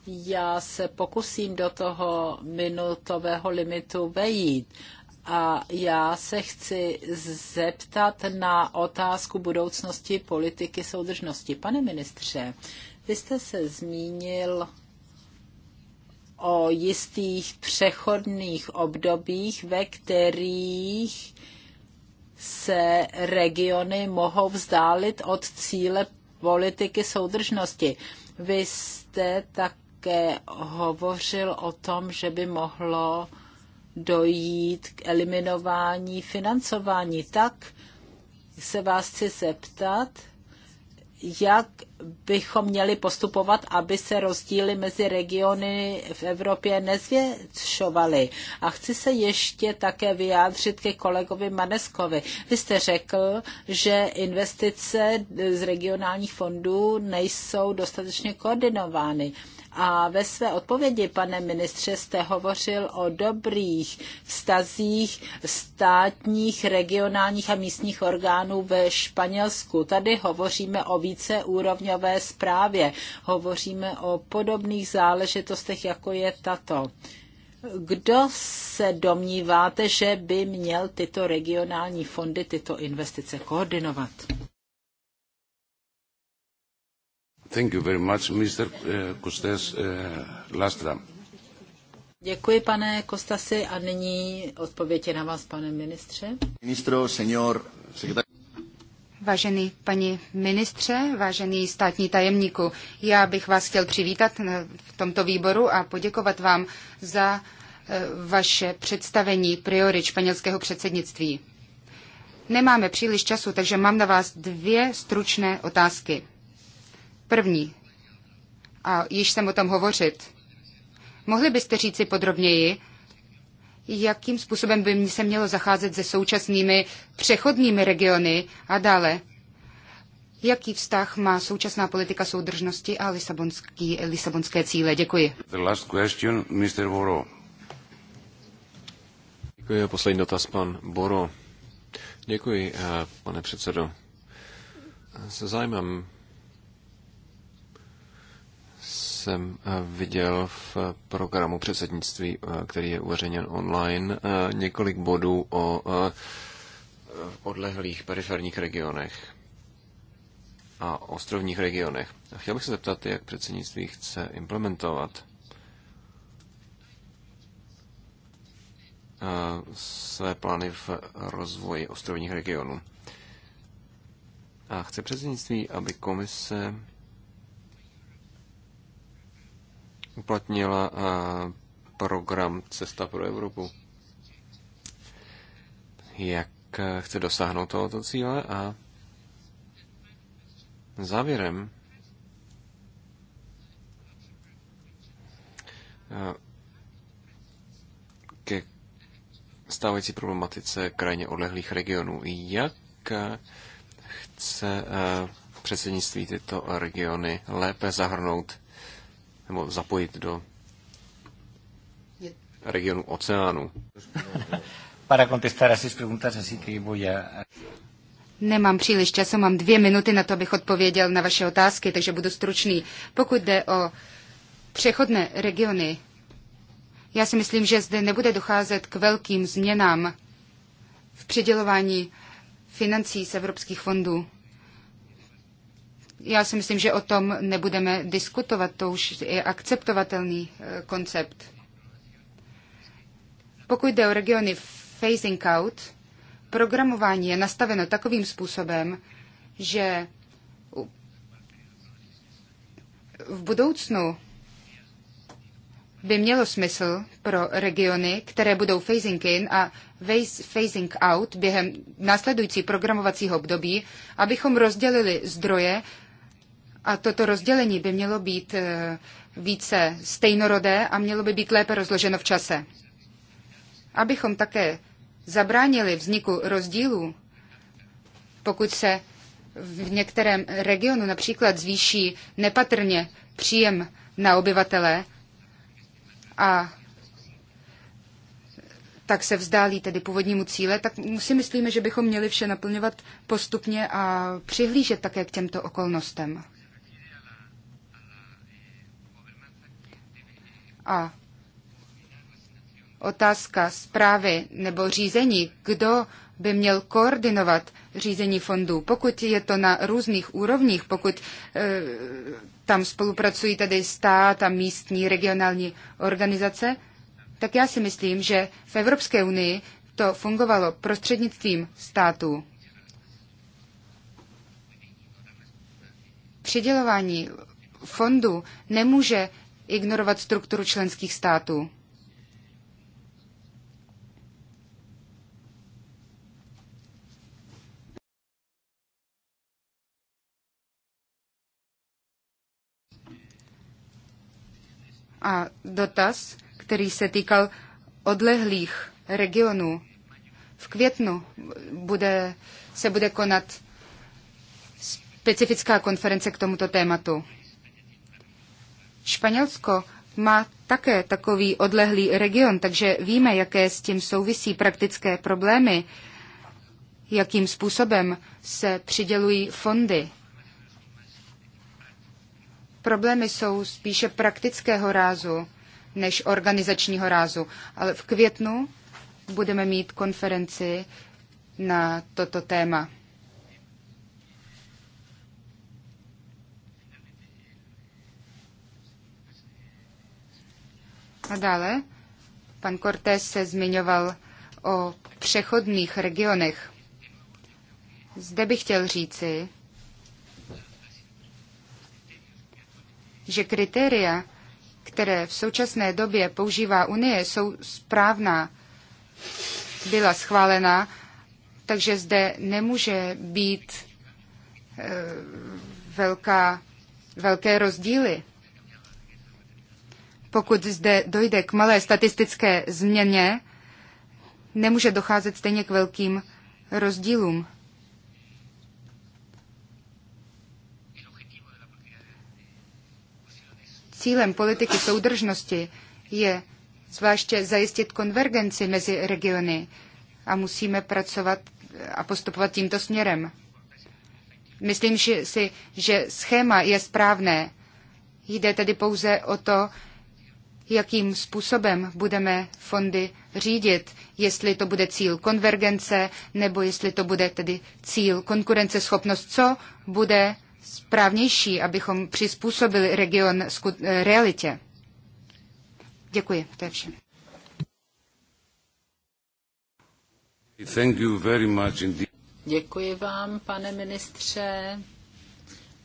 Já se pokusím do toho minutového limitu vejít. A já se chci zeptat na otázku budoucnosti politiky soudržnosti. Pane ministře, vy jste se zmínil o jistých přechodných obdobích, ve kterých se regiony mohou vzdálit od cíle politiky soudržnosti. Vy jste také hovořil o tom, že by mohlo dojít k eliminování financování. Tak se vás chci zeptat, jak bychom měli postupovat, aby se rozdíly mezi regiony v Evropě nezvětšovaly. A chci se ještě také vyjádřit ke kolegovi Maneskovi. Vy jste řekl, že investice z regionálních fondů nejsou dostatečně koordinovány. A ve své odpovědi, pane ministře, jste hovořil o dobrých vztazích státních, regionálních a místních orgánů ve Španělsku. Tady hovoříme o víceúrovňové správě. Hovoříme o podobných záležitostech, jako je tato. Kdo se domníváte, že by měl tyto regionální fondy, tyto investice koordinovat? Thank you very much, Mr. Eh, eh, Lastra. Děkuji, pane Kostasi, a nyní odpověď na vás, pane ministře. Ministro, senior, sekretar... Vážený paní ministře, vážený státní tajemníku, já bych vás chtěl přivítat eh, v tomto výboru a poděkovat vám za vaše představení priorit španělského předsednictví. Nemáme příliš času, takže mám na vás dvě stručné otázky. První, a již jsem o tom hovořit, mohli byste říci podrobněji, jakým způsobem by se mělo zacházet se současnými přechodními regiony a dále? Jaký vztah má současná politika soudržnosti a lisabonský, lisabonské cíle? Děkuji. The last question, Mr. Boro. Děkuji. Poslední dotaz, pan Boro. Děkuji, eh, pane předsedo. Se zájmem jsem eh, viděl v programu předsednictví, eh, který je uveřejněn online, eh, několik bodů o odlehlých periferních regionech a ostrovních regionech. A chtěl bych se zeptat, jak předsednictví chce implementovat své plány v rozvoji ostrovních regionů. A chce předsednictví, aby komise uplatnila eh, program Cesta pro Evropu. Jak eh, chce dosáhnout tohoto cíle a závěrem eh, ke stávající problematice krajně odlehlých regionů. Jak chce předsednictví tyto regiony lépe zahrnout nebo zapojit do regionu oceánu. Para contestar a preguntas, así que voy a... Nemám příliš času, mám dvě minuty na to, abych odpověděl na vaše otázky, takže budu stručný. Pokud jde o přechodné regiony, já si myslím, že zde nebude docházet k velkým změnám v přidělování financí z evropských fondů já si myslím, že o tom nebudeme diskutovat, to už je akceptovatelný eh, koncept. Pokud jde o regiony phasing out, programování je nastaveno takovým způsobem, že v budoucnu by mělo smysl pro regiony, které budou phasing in a phasing out během následující programovacího období, abychom rozdělili zdroje a toto rozdělení by mělo být eh, více stejnorodé a mělo by být lépe rozloženo v čase. Abychom také zabránili vzniku rozdílů, pokud se v některém regionu například zvýší nepatrně příjem na obyvatele a tak se vzdálí tedy původnímu cíle, tak si myslíme, že bychom měli vše naplňovat postupně a přihlížet také k těmto okolnostem. A otázka zprávy nebo řízení, kdo by měl koordinovat řízení fondů. Pokud je to na různých úrovních, pokud e, tam spolupracují tedy stát a místní regionální organizace, tak já si myslím, že v Evropské unii to fungovalo prostřednictvím států. Přidělování fondů nemůže ignorovat strukturu členských států. A dotaz, který se týkal odlehlých regionů. V květnu bude, se bude konat specifická konference k tomuto tématu. Španělsko má také takový odlehlý region, takže víme, jaké s tím souvisí praktické problémy, jakým způsobem se přidělují fondy. Problémy jsou spíše praktického rázu než organizačního rázu, ale v květnu budeme mít konferenci na toto téma. A dále pan Cortés se zmiňoval o přechodných regionech. Zde bych chtěl říci, že kritéria, které v současné době používá Unie, jsou správná, byla schválena, takže zde nemůže být e, velká, velké rozdíly. Pokud zde dojde k malé statistické změně, nemůže docházet stejně k velkým rozdílům. Cílem politiky soudržnosti je zvláště zajistit konvergenci mezi regiony a musíme pracovat a postupovat tímto směrem. Myslím si, že schéma je správné. Jde tedy pouze o to, jakým způsobem budeme fondy řídit, jestli to bude cíl konvergence, nebo jestli to bude tedy cíl konkurenceschopnost, co bude správnější, abychom přizpůsobili region eh, realitě. Děkuji, to je vše. Děkuji vám, pane ministře,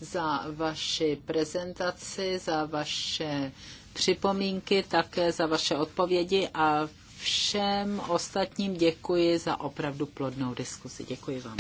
za vaši prezentaci, za vaše připomínky, také za vaše odpovědi a všem ostatním děkuji za opravdu plodnou diskusi. Děkuji vám.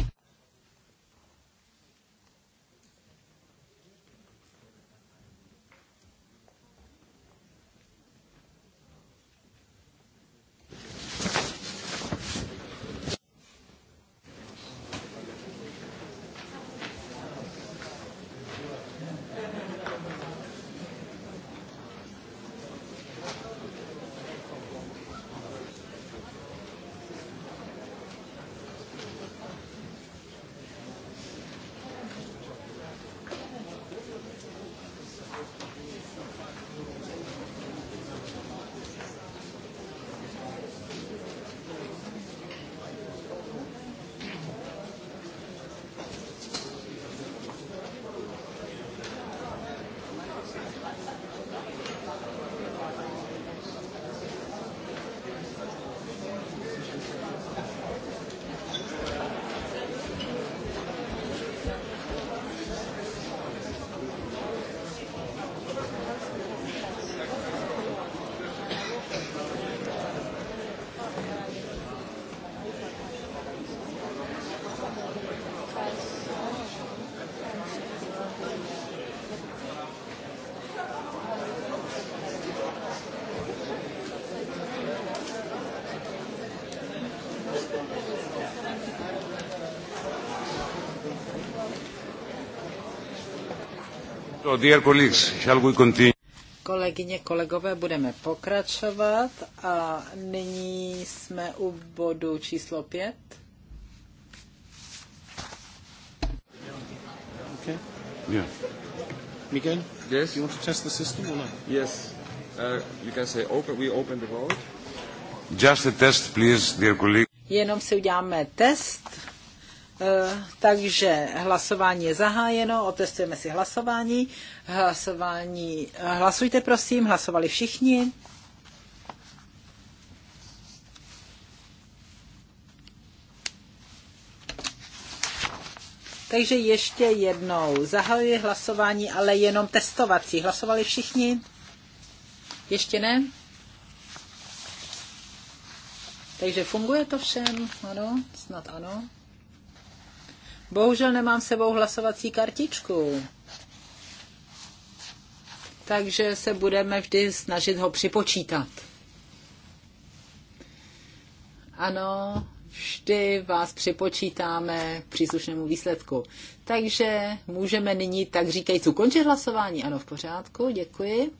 Kolegyně, kolegové, budeme pokračovat a nyní jsme u bodu číslo pět. Okay. Yeah. Miguel? Yes? You want to test the system or not? Yes. Uh, you can say open, we open the vote. Just a test, please, dear colleague. Jenom si uděláme test. Eh, takže hlasování je zahájeno, otestujeme si hlasování. hlasování. Eh, hlasujte prosím, hlasovali všichni. Takže ještě jednou zahajuji hlasování, ale jenom testovací. Hlasovali všichni? Ještě ne? Takže funguje to všem? Ano, snad ano. Bohužel nemám sebou hlasovací kartičku. Takže se budeme vždy snažit ho připočítat. Ano, vždy vás připočítáme k příslušnému výsledku. Takže můžeme nyní, tak říkajíc, ukončit hlasování. Ano, v pořádku, děkuji.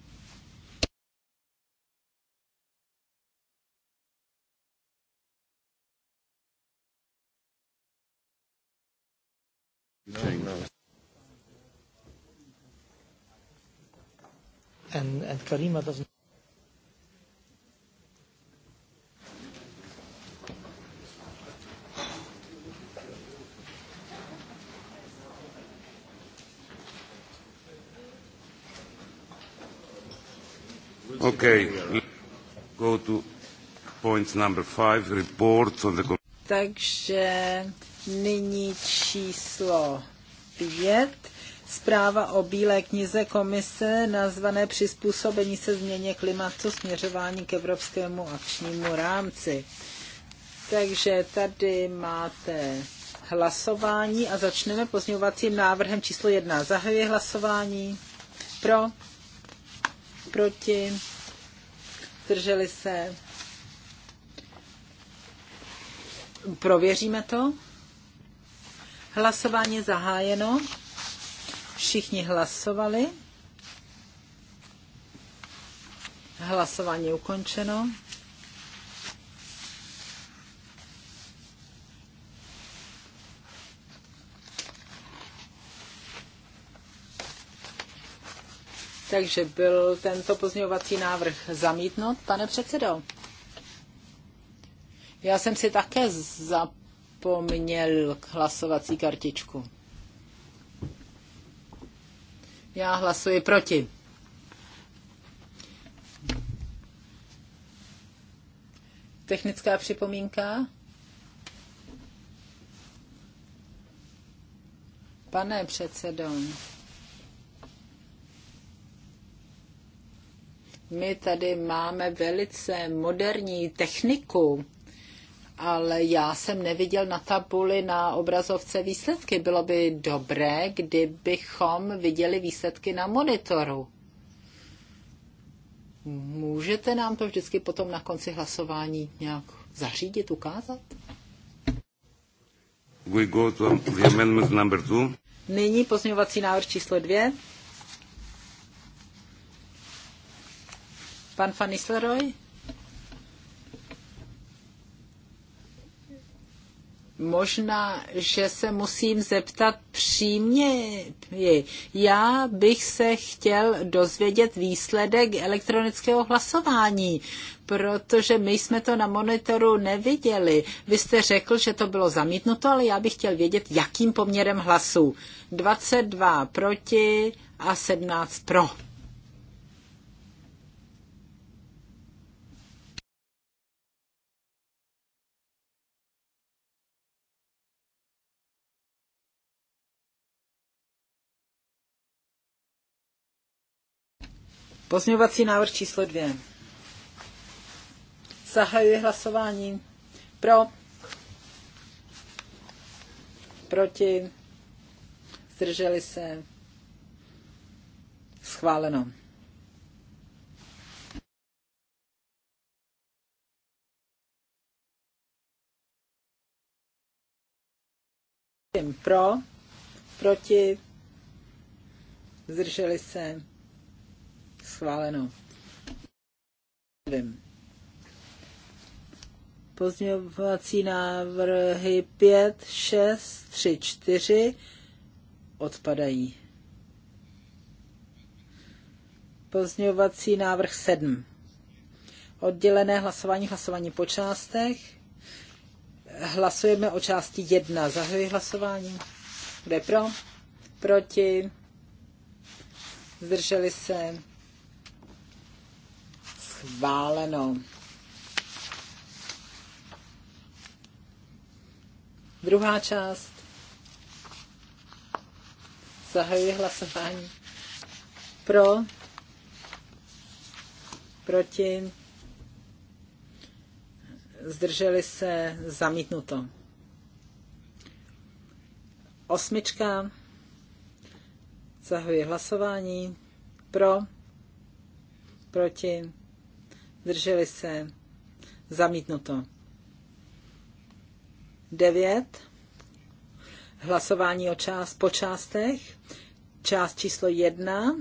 No, no. And, and Karima doesn't... Okay. Go to point number five, report on the... Takže Nyní číslo 5. Zpráva o Bílé knize komise nazvané Přizpůsobení se změně klimatu směřování k evropskému akčnímu rámci. Takže tady máte hlasování a začneme pozměňovacím návrhem číslo 1. Zahajuji hlasování. Pro, proti, zdrželi se. Prověříme to. Hlasování zahájeno. Všichni hlasovali. Hlasování ukončeno. Takže byl tento pozměňovací návrh zamítnut, pane předsedo? Já jsem si také zapomněl k hlasovací kartičku. Já hlasuji proti. Technická připomínka? Pane předsedo, my tady máme velice moderní techniku ale já jsem neviděl na tabuli na obrazovce výsledky. Bylo by dobré, kdybychom viděli výsledky na monitoru. Můžete nám to vždycky potom na konci hlasování nějak zařídit, ukázat? We go to the amendment number two. Nyní pozměňovací návrh číslo dvě. Pan Van Nistelrooy? Možná, že se musím zeptat přímě. Já bych se chtěl dozvědět výsledek elektronického hlasování, protože my jsme to na monitoru neviděli. Vy jste řekl, že to bylo zamítnuto, ale já bych chtěl vědět, jakým poměrem hlasů. 22 proti a 17 pro. Pozměňovací návrh číslo dvě. Zahajuji hlasování. Pro. Proti. Zdrželi se. Schváleno. Pro, proti, zdrželi se schváleno. Nevím. Pozměňovací návrhy 5, 6, 3, 4 odpadají. Pozměňovací návrh 7. Oddělené hlasování, hlasování po částech. Hlasujeme o části 1. Zahajuji hlasování. Kde pro? Proti? Zdrželi se? schváleno. Druhá část. Zahajuji hlasování. Pro. Proti. Zdrželi se zamítnuto. Osmička. Zahajuji hlasování. Pro. Proti zdrželi se, zamítnuto. 9. Hlasování o část, po částech. Část číslo 1.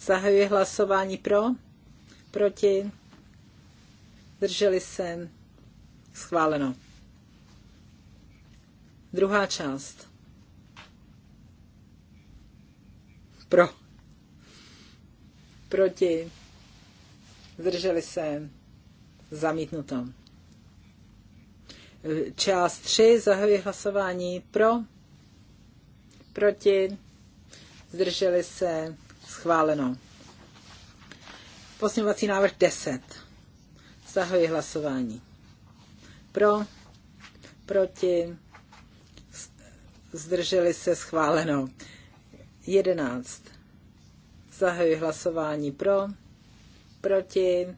Zahajuje hlasování pro, proti, zdrželi se, schváleno. Druhá část. Pro. Proti zdrželi se, zamítnuto. Část 3, zahajuje hlasování pro, proti, zdrželi se, schváleno. Posměvací návrh 10. Zahajuje hlasování. Pro, proti, zdrželi se, schváleno. 11. Zahajuje hlasování pro, proti,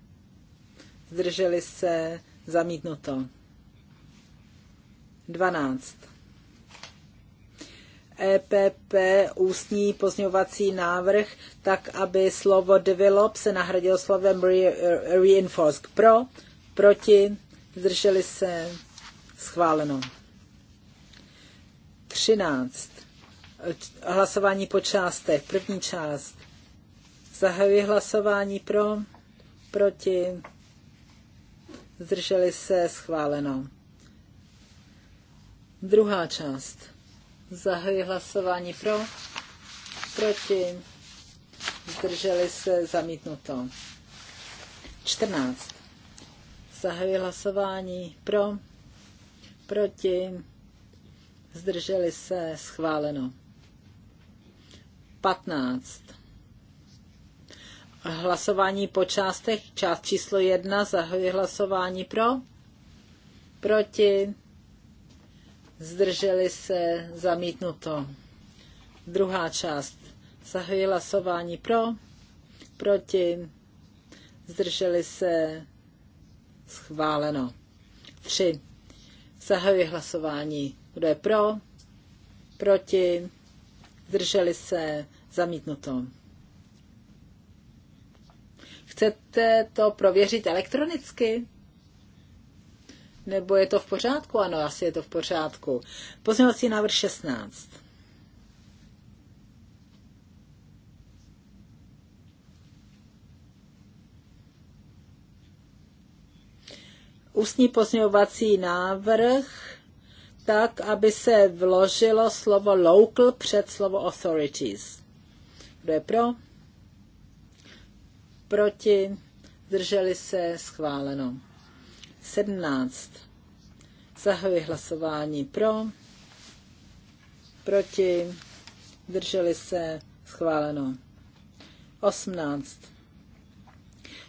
zdrželi se, zamítnuto. 12. EPP ústní pozňovací návrh, tak aby slovo develop se nahradilo slovem re, reinforce. Pro, proti, zdrželi se, schváleno. 13. Hlasování po částech. První část Zahajuji hlasování pro, proti, zdrželi se, schváleno. Druhá část. Zahajuji hlasování pro, proti, zdrželi se, zamítnuto. 14. Zahajuji hlasování pro, proti, zdrželi se, schváleno. 15 hlasování po částech. Část číslo jedna zahajuji hlasování pro, proti, zdrželi se, zamítnuto. Druhá část zahajuji hlasování pro, proti, zdrželi se, schváleno. Tři. Zahajuji hlasování. Kdo je pro? Proti? Zdrželi se? Zamítnuto. Chcete to prověřit elektronicky? Nebo je to v pořádku? Ano, asi je to v pořádku. Pozměňovací návrh 16. Ústní pozměňovací návrh tak, aby se vložilo slovo local před slovo authorities. Kdo je pro? proti, zdrželi se, schváleno. 17. Zahajuji hlasování pro, proti, zdrželi se, schváleno. 18.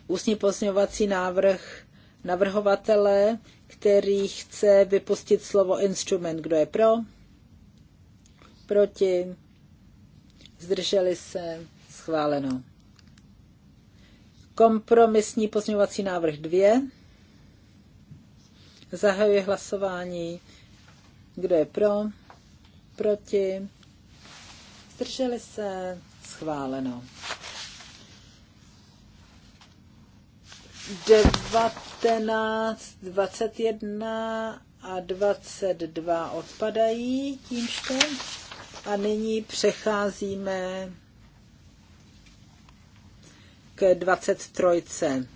Ústní pozměňovací návrh navrhovatele, který chce vypustit slovo instrument. Kdo je pro? Proti? Zdrželi se? Schváleno. Kompromisní pozměňovací návrh 2. Zahajuji hlasování. Kdo je pro? Proti? Zdrželi se? Schváleno. 19, 21 a 22 odpadají tímto. A nyní přecházíme k 23.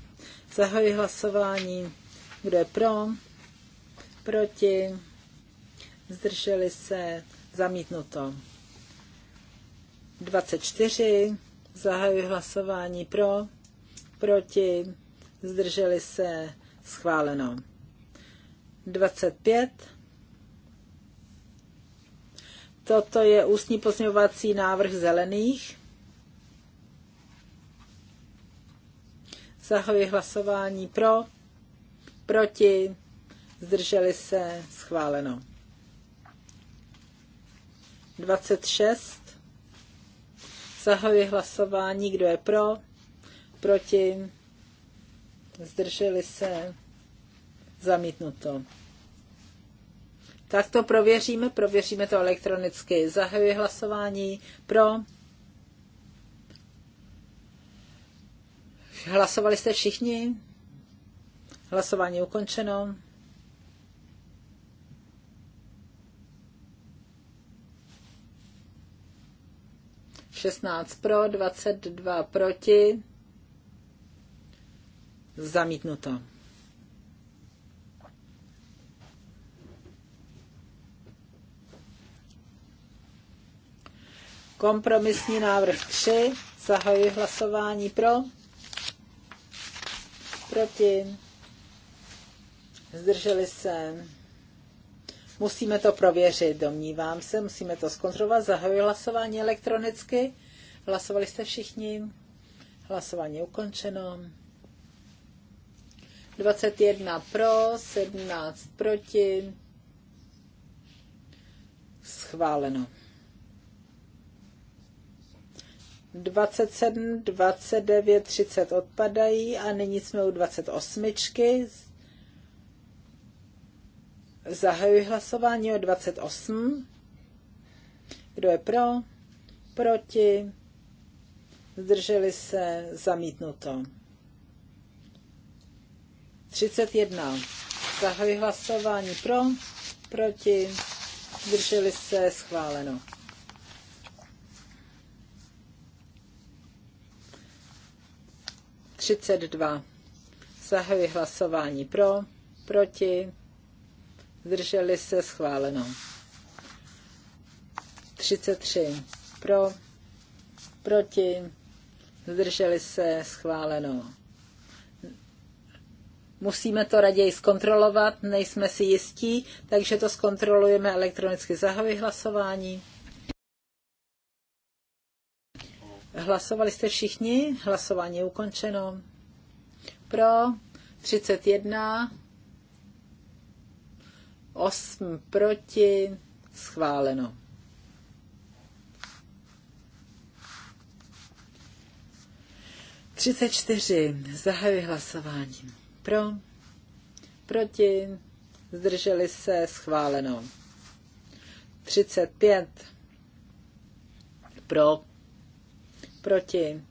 Zahoji hlasování. Kdo je pro? Proti? Zdrželi se? Zamítnuto. 24. Zahajuji hlasování pro, proti, zdrželi se, schváleno. 25. Toto je ústní pozměňovací návrh zelených. Zahajuji hlasování pro, proti, zdrželi se, schváleno. 26. Zahajuji hlasování, kdo je pro, proti, zdrželi se, zamítnuto. Tak to prověříme, prověříme to elektronicky. Zahajuji hlasování pro, Hlasovali jste všichni? Hlasování ukončeno. Šestnáct pro, dvacet dva proti. Zamítnuto. Kompromisní návrh 3. Zahajuji hlasování pro proti, zdrželi se. Musíme to prověřit, domnívám se, musíme to zkontrolovat. Zahajuji hlasování elektronicky. Hlasovali jste všichni. Hlasování ukončeno. 21 pro, 17 proti. Schváleno. 27, 29, 30 odpadají a nyní jsme u 28. Zahajuji hlasování o 28. Kdo je pro? Proti? Zdrželi se? Zamítnuto. 31. Zahajuji hlasování pro? Proti? Zdrželi se? Schváleno. 32. Zahajuji hlasování pro, proti, zdrželi se, schváleno. 33. Pro, proti, zdrželi se, schváleno. Musíme to raději zkontrolovat, nejsme si jistí, takže to zkontrolujeme elektronicky. Zahajuji hlasování. Hlasovali jste všichni? Hlasování je ukončeno. Pro 31, 8 proti, schváleno. Třicet čtyři. Zahajuji hlasování. Pro, proti, zdrželi se, schváleno. Třicet pět. Pro, Proti.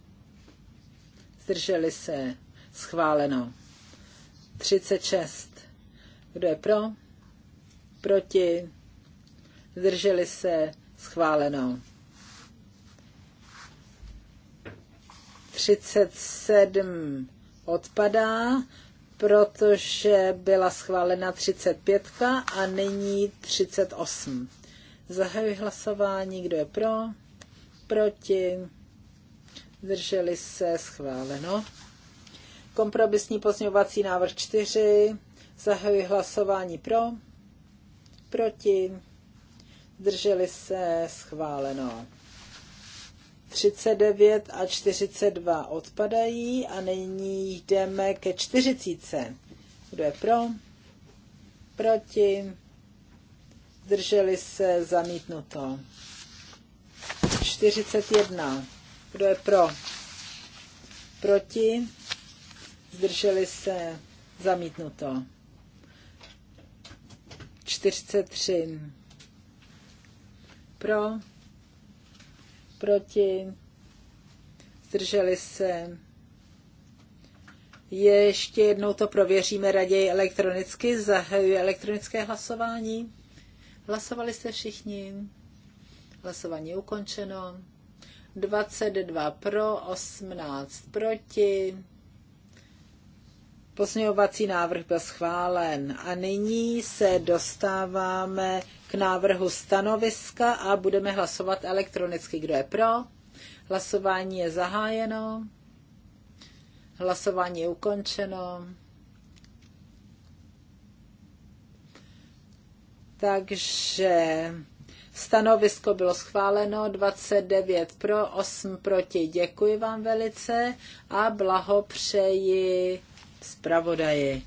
Zdrželi se. Schváleno. 36. Kdo je pro? Proti. Zdrželi se. Schváleno. 37 odpadá, protože byla schválena 35 a nyní 38. Zahajuji hlasování, kdo je pro, proti, zdrželi se, schváleno. Kompromisní pozměňovací návrh 4, zahajuji hlasování pro, proti, zdrželi se, schváleno. 39 a 42 odpadají a nyní jdeme ke 40. Kdo je pro? Proti? Zdrželi se zamítnuto. 41. Kdo je pro? Proti? Zdrželi se? Zamítnuto. 43. Pro? Proti? Zdrželi se? Ještě jednou to prověříme raději elektronicky. Zahajuji elektronické hlasování. Hlasovali jste všichni. Hlasování ukončeno. 22 pro, 18 proti. Pozměňovací návrh byl schválen a nyní se dostáváme k návrhu stanoviska a budeme hlasovat elektronicky. Kdo je pro? Hlasování je zahájeno. Hlasování je ukončeno. Takže Stanovisko bylo schváleno 29 pro, 8 proti. Děkuji vám velice a blahopřeji zpravodaji.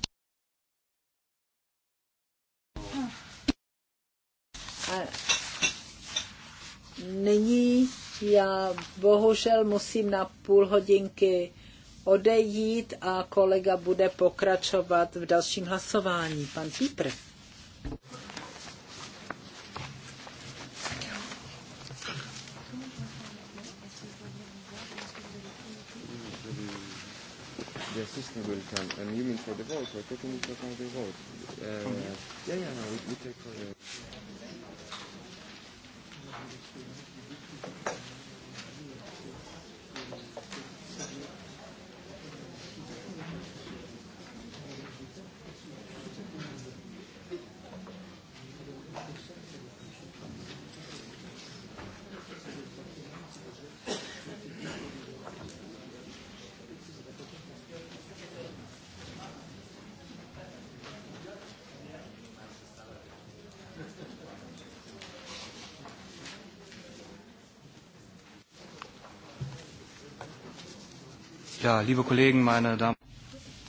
A nyní já bohužel musím na půl hodinky odejít a kolega bude pokračovat v dalším hlasování. Pan Pípr. the system will come. And you mean for the vote, for taking into account the vote? Uh, oh, yeah, yeah, no, we, we take for the...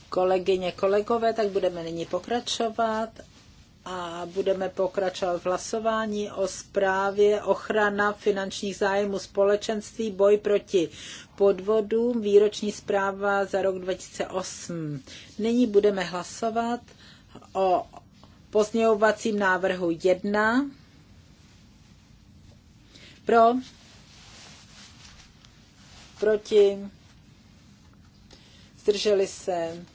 Kolegyně, kolegové, tak budeme nyní pokračovat a budeme pokračovat v hlasování o zprávě ochrana finančních zájmů společenství, boj proti podvodům, výroční zpráva za rok 2008. Nyní budeme hlasovat o pozměňovacím návrhu 1. Pro, proti, zdrželi se,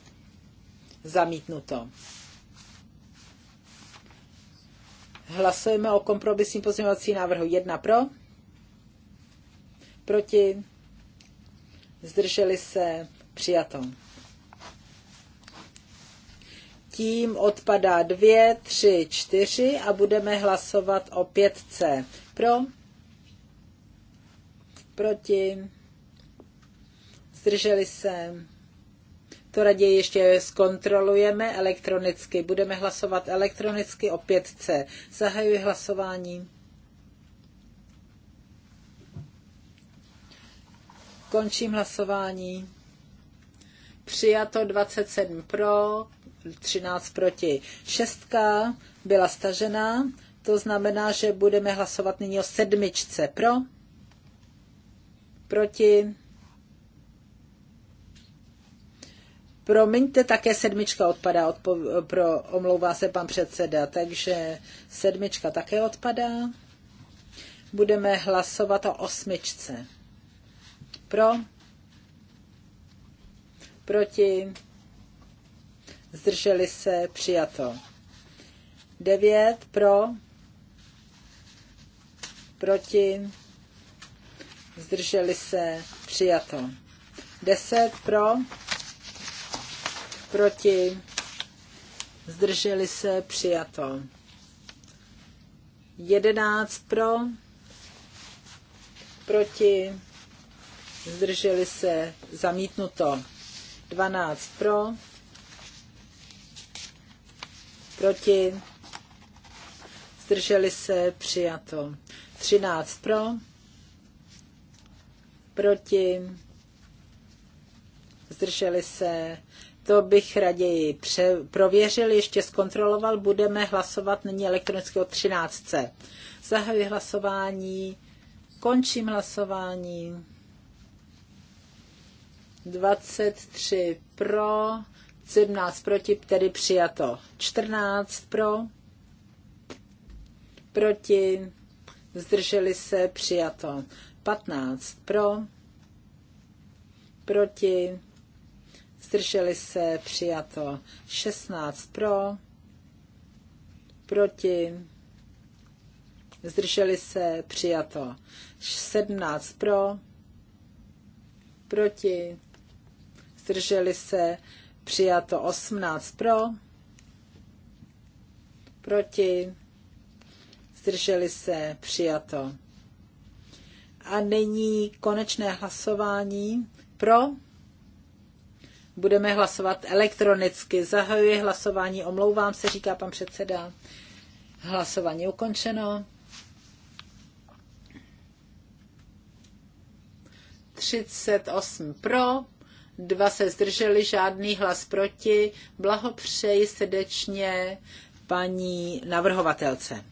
zamítnuto. Hlasujeme o kompromisním pozměňovací návrhu 1 pro, proti, zdrželi se, přijato. Tím odpadá 2, 3, 4 a budeme hlasovat o 5C. Pro, proti, zdrželi se, to raději ještě zkontrolujeme elektronicky. Budeme hlasovat elektronicky o pětce. Zahajuji hlasování. Končím hlasování. Přijato 27 pro, 13 proti. Šestka byla stažená, to znamená, že budeme hlasovat nyní o sedmičce pro, proti, Promiňte, také sedmička odpadá, odpo, pro, omlouvá se pan předseda, takže sedmička také odpadá. Budeme hlasovat o osmičce. Pro, proti, zdrželi se, přijato. Devět pro, proti, zdrželi se, přijato. Deset pro, proti, zdrželi se, přijato. 11 pro, proti, zdrželi se, zamítnuto. 12 pro, proti, zdrželi se, přijato. 13 pro, proti, zdrželi se, to bych raději pře- prověřil, ještě zkontroloval. Budeme hlasovat nyní elektronicky o 13. Zahajuji hlasování, končím hlasování. 23 pro, 17 proti, tedy přijato. 14 pro, proti, zdrželi se, přijato. 15 pro, proti, zdrželi se, přijato 16 pro, proti, zdrželi se, přijato 17 pro, proti, zdrželi se, přijato 18 pro, proti, zdrželi se, přijato. A nyní konečné hlasování pro Budeme hlasovat elektronicky. Zahajuji hlasování. Omlouvám se, říká pan předseda. Hlasování ukončeno. 38 pro, dva se zdrželi, žádný hlas proti. Blahopřeji srdečně paní navrhovatelce.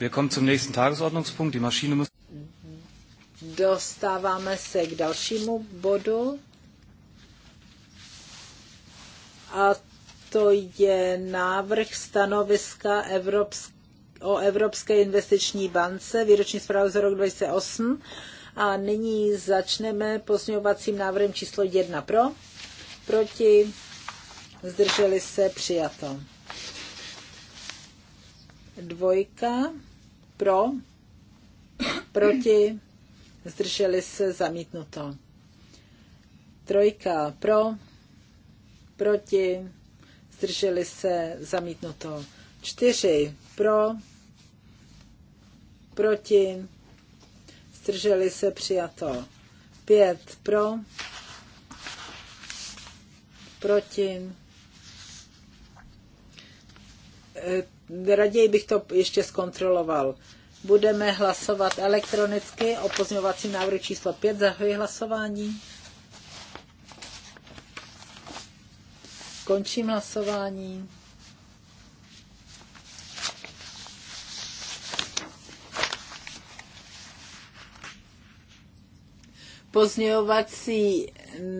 Wir kommen zum nächsten Tagesordnungspunkt. Die Maschine muss... Dostáváme se k dalšímu bodu. A to je návrh stanoviska Evropské, o Evropské investiční bance, výroční zpráva za rok 2008. A nyní začneme pozměňovacím návrhem číslo 1 pro, proti, zdrželi se, přijato. Dvojka pro? Proti? Zdrželi se zamítnuto. Trojka pro, proti, zdrželi se zamítnuto. Čtyři pro, proti, zdrželi se přijato. Pět pro, proti, raději bych to ještě zkontroloval. Budeme hlasovat elektronicky o pozměňovacím návrhu číslo 5. Zahajuji hlasování. Končím hlasování. Pozměňovací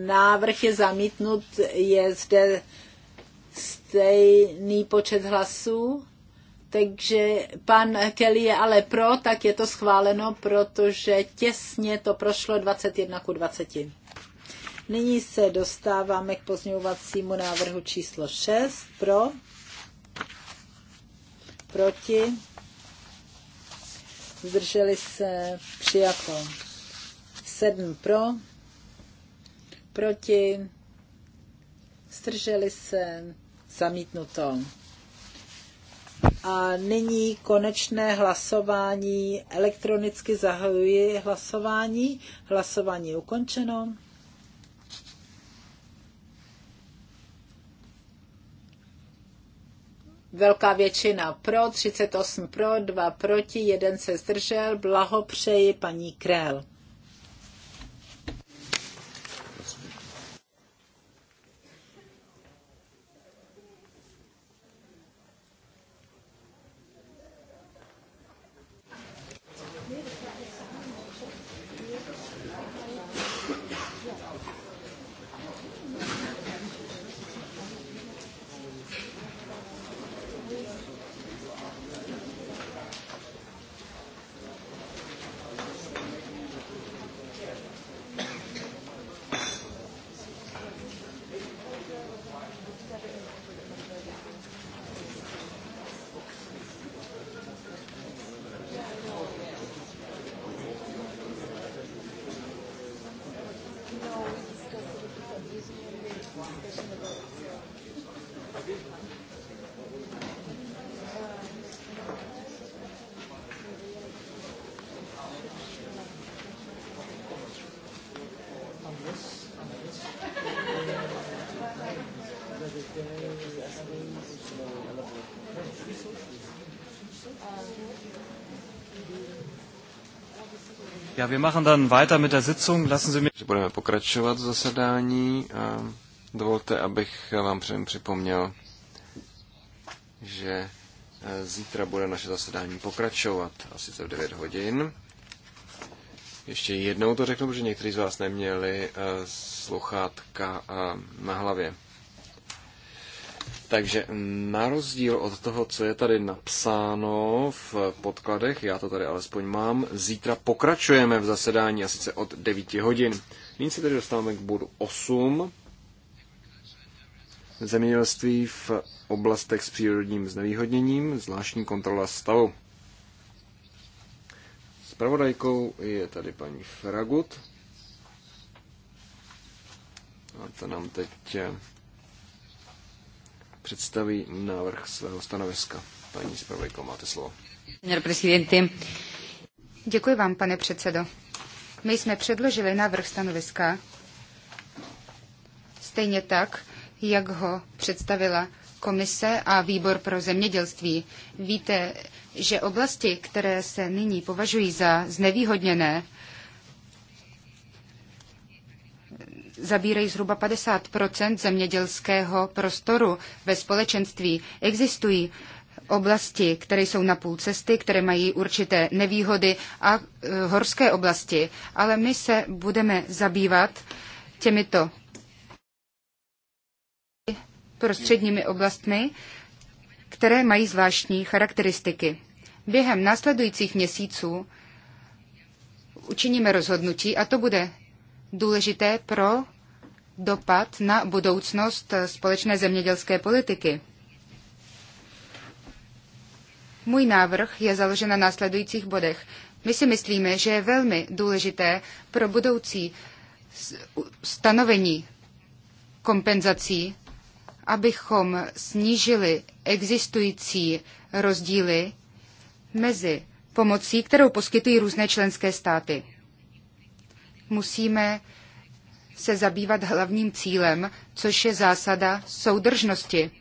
návrh je zamítnut, je zde stejný počet hlasů. Takže pan Kelly je ale pro, tak je to schváleno, protože těsně to prošlo 21 ku 20. Nyní se dostáváme k pozměňovacímu návrhu číslo 6. Pro, proti, zdrželi se přijato. 7 pro, proti, zdrželi se zamítnuto. A nyní konečné hlasování. Elektronicky zahajuji hlasování. Hlasování je ukončeno. Velká většina pro, 38 pro, 2 proti, 1 se zdržel. Blahopřeji paní Krell. Ja, wir machen dann weiter mit der Sitzung. Lassen Sie mich... Budeme pokračovat v zasedání a dovolte, abych vám předem připomněl, že e, zítra bude naše zasedání pokračovat, asi v 9 hodin. Ještě jednou to řeknu, protože někteří z vás neměli e, sluchátka e, na hlavě. Takže na rozdíl od toho, co je tady napsáno v podkladech, já to tady alespoň mám, zítra pokračujeme v zasedání a sice od 9 hodin. Nyní se tedy dostáváme k bodu 8. Zemědělství v oblastech s přírodním znevýhodněním, zvláštní kontrola stavu. Spravodajkou je tady paní Fragut. A to nám teď představí návrh svého stanoviska. Paní zpravodajko, máte slovo. Děkuji vám, pane předsedo. My jsme předložili návrh stanoviska stejně tak, jak ho představila komise a výbor pro zemědělství. Víte, že oblasti, které se nyní považují za znevýhodněné, zabírají zhruba 50 zemědělského prostoru ve společenství. Existují oblasti, které jsou na půl cesty, které mají určité nevýhody a e, horské oblasti, ale my se budeme zabývat těmito prostředními oblastmi, které mají zvláštní charakteristiky. Během následujících měsíců učiníme rozhodnutí a to bude důležité pro dopad na budoucnost společné zemědělské politiky. Můj návrh je založen na následujících bodech. My si myslíme, že je velmi důležité pro budoucí stanovení kompenzací, abychom snížili existující rozdíly mezi pomocí, kterou poskytují různé členské státy musíme se zabývat hlavním cílem, což je zásada soudržnosti.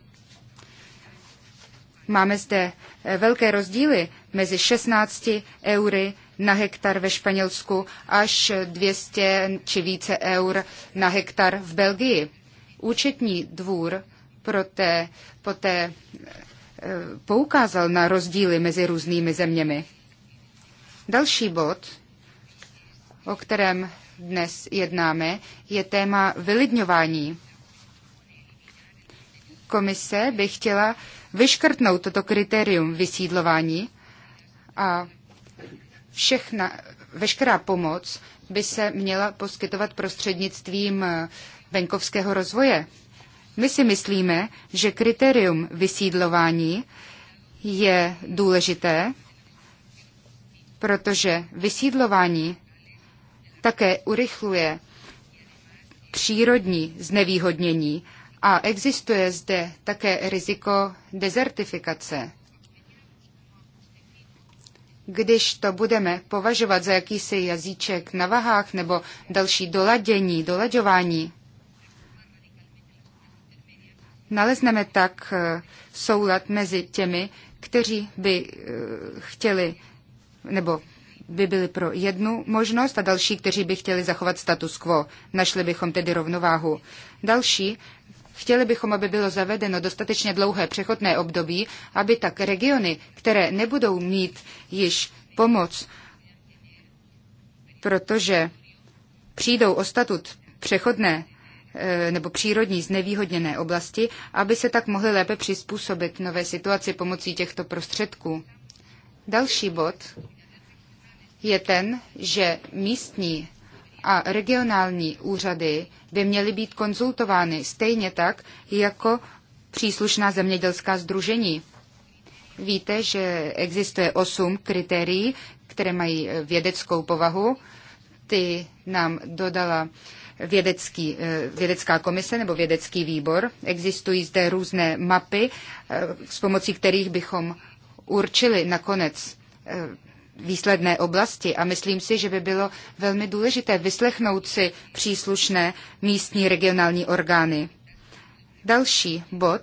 Máme zde eh, velké rozdíly mezi 16 eury na hektar ve Španělsku až 200 či více eur na hektar v Belgii. Účetní dvůr proté, poté eh, poukázal na rozdíly mezi různými zeměmi. Další bod o kterém dnes jednáme, je téma vylidňování. Komise by chtěla vyškrtnout toto kritérium vysídlování a všechna, veškerá pomoc by se měla poskytovat prostřednictvím venkovského rozvoje. My si myslíme, že kritérium vysídlování je důležité, protože vysídlování také urychluje přírodní znevýhodnění a existuje zde také riziko dezertifikace. Když to budeme považovat za jakýsi jazyček na vahách nebo další doladění, dolaďování, nalezneme tak eh, soulad mezi těmi, kteří by eh, chtěli nebo by byli pro jednu možnost a další, kteří by chtěli zachovat status quo. Našli bychom tedy rovnováhu. Další, chtěli bychom, aby bylo zavedeno dostatečně dlouhé přechodné období, aby tak regiony, které nebudou mít již pomoc, protože přijdou o statut přechodné eh, nebo přírodní znevýhodněné oblasti, aby se tak mohly lépe přizpůsobit nové situaci pomocí těchto prostředků. Další bod, je ten, že místní a regionální úřady by měly být konzultovány stejně tak, jako příslušná zemědělská združení. Víte, že existuje osm kritérií, které mají eh, vědeckou povahu. Ty nám dodala vědecký, eh, vědecká komise nebo vědecký výbor. Existují zde různé mapy, eh, s pomocí kterých bychom určili nakonec výsledné oblasti a myslím si, že by bylo velmi důležité vyslechnout si příslušné místní regionální orgány. Další bod,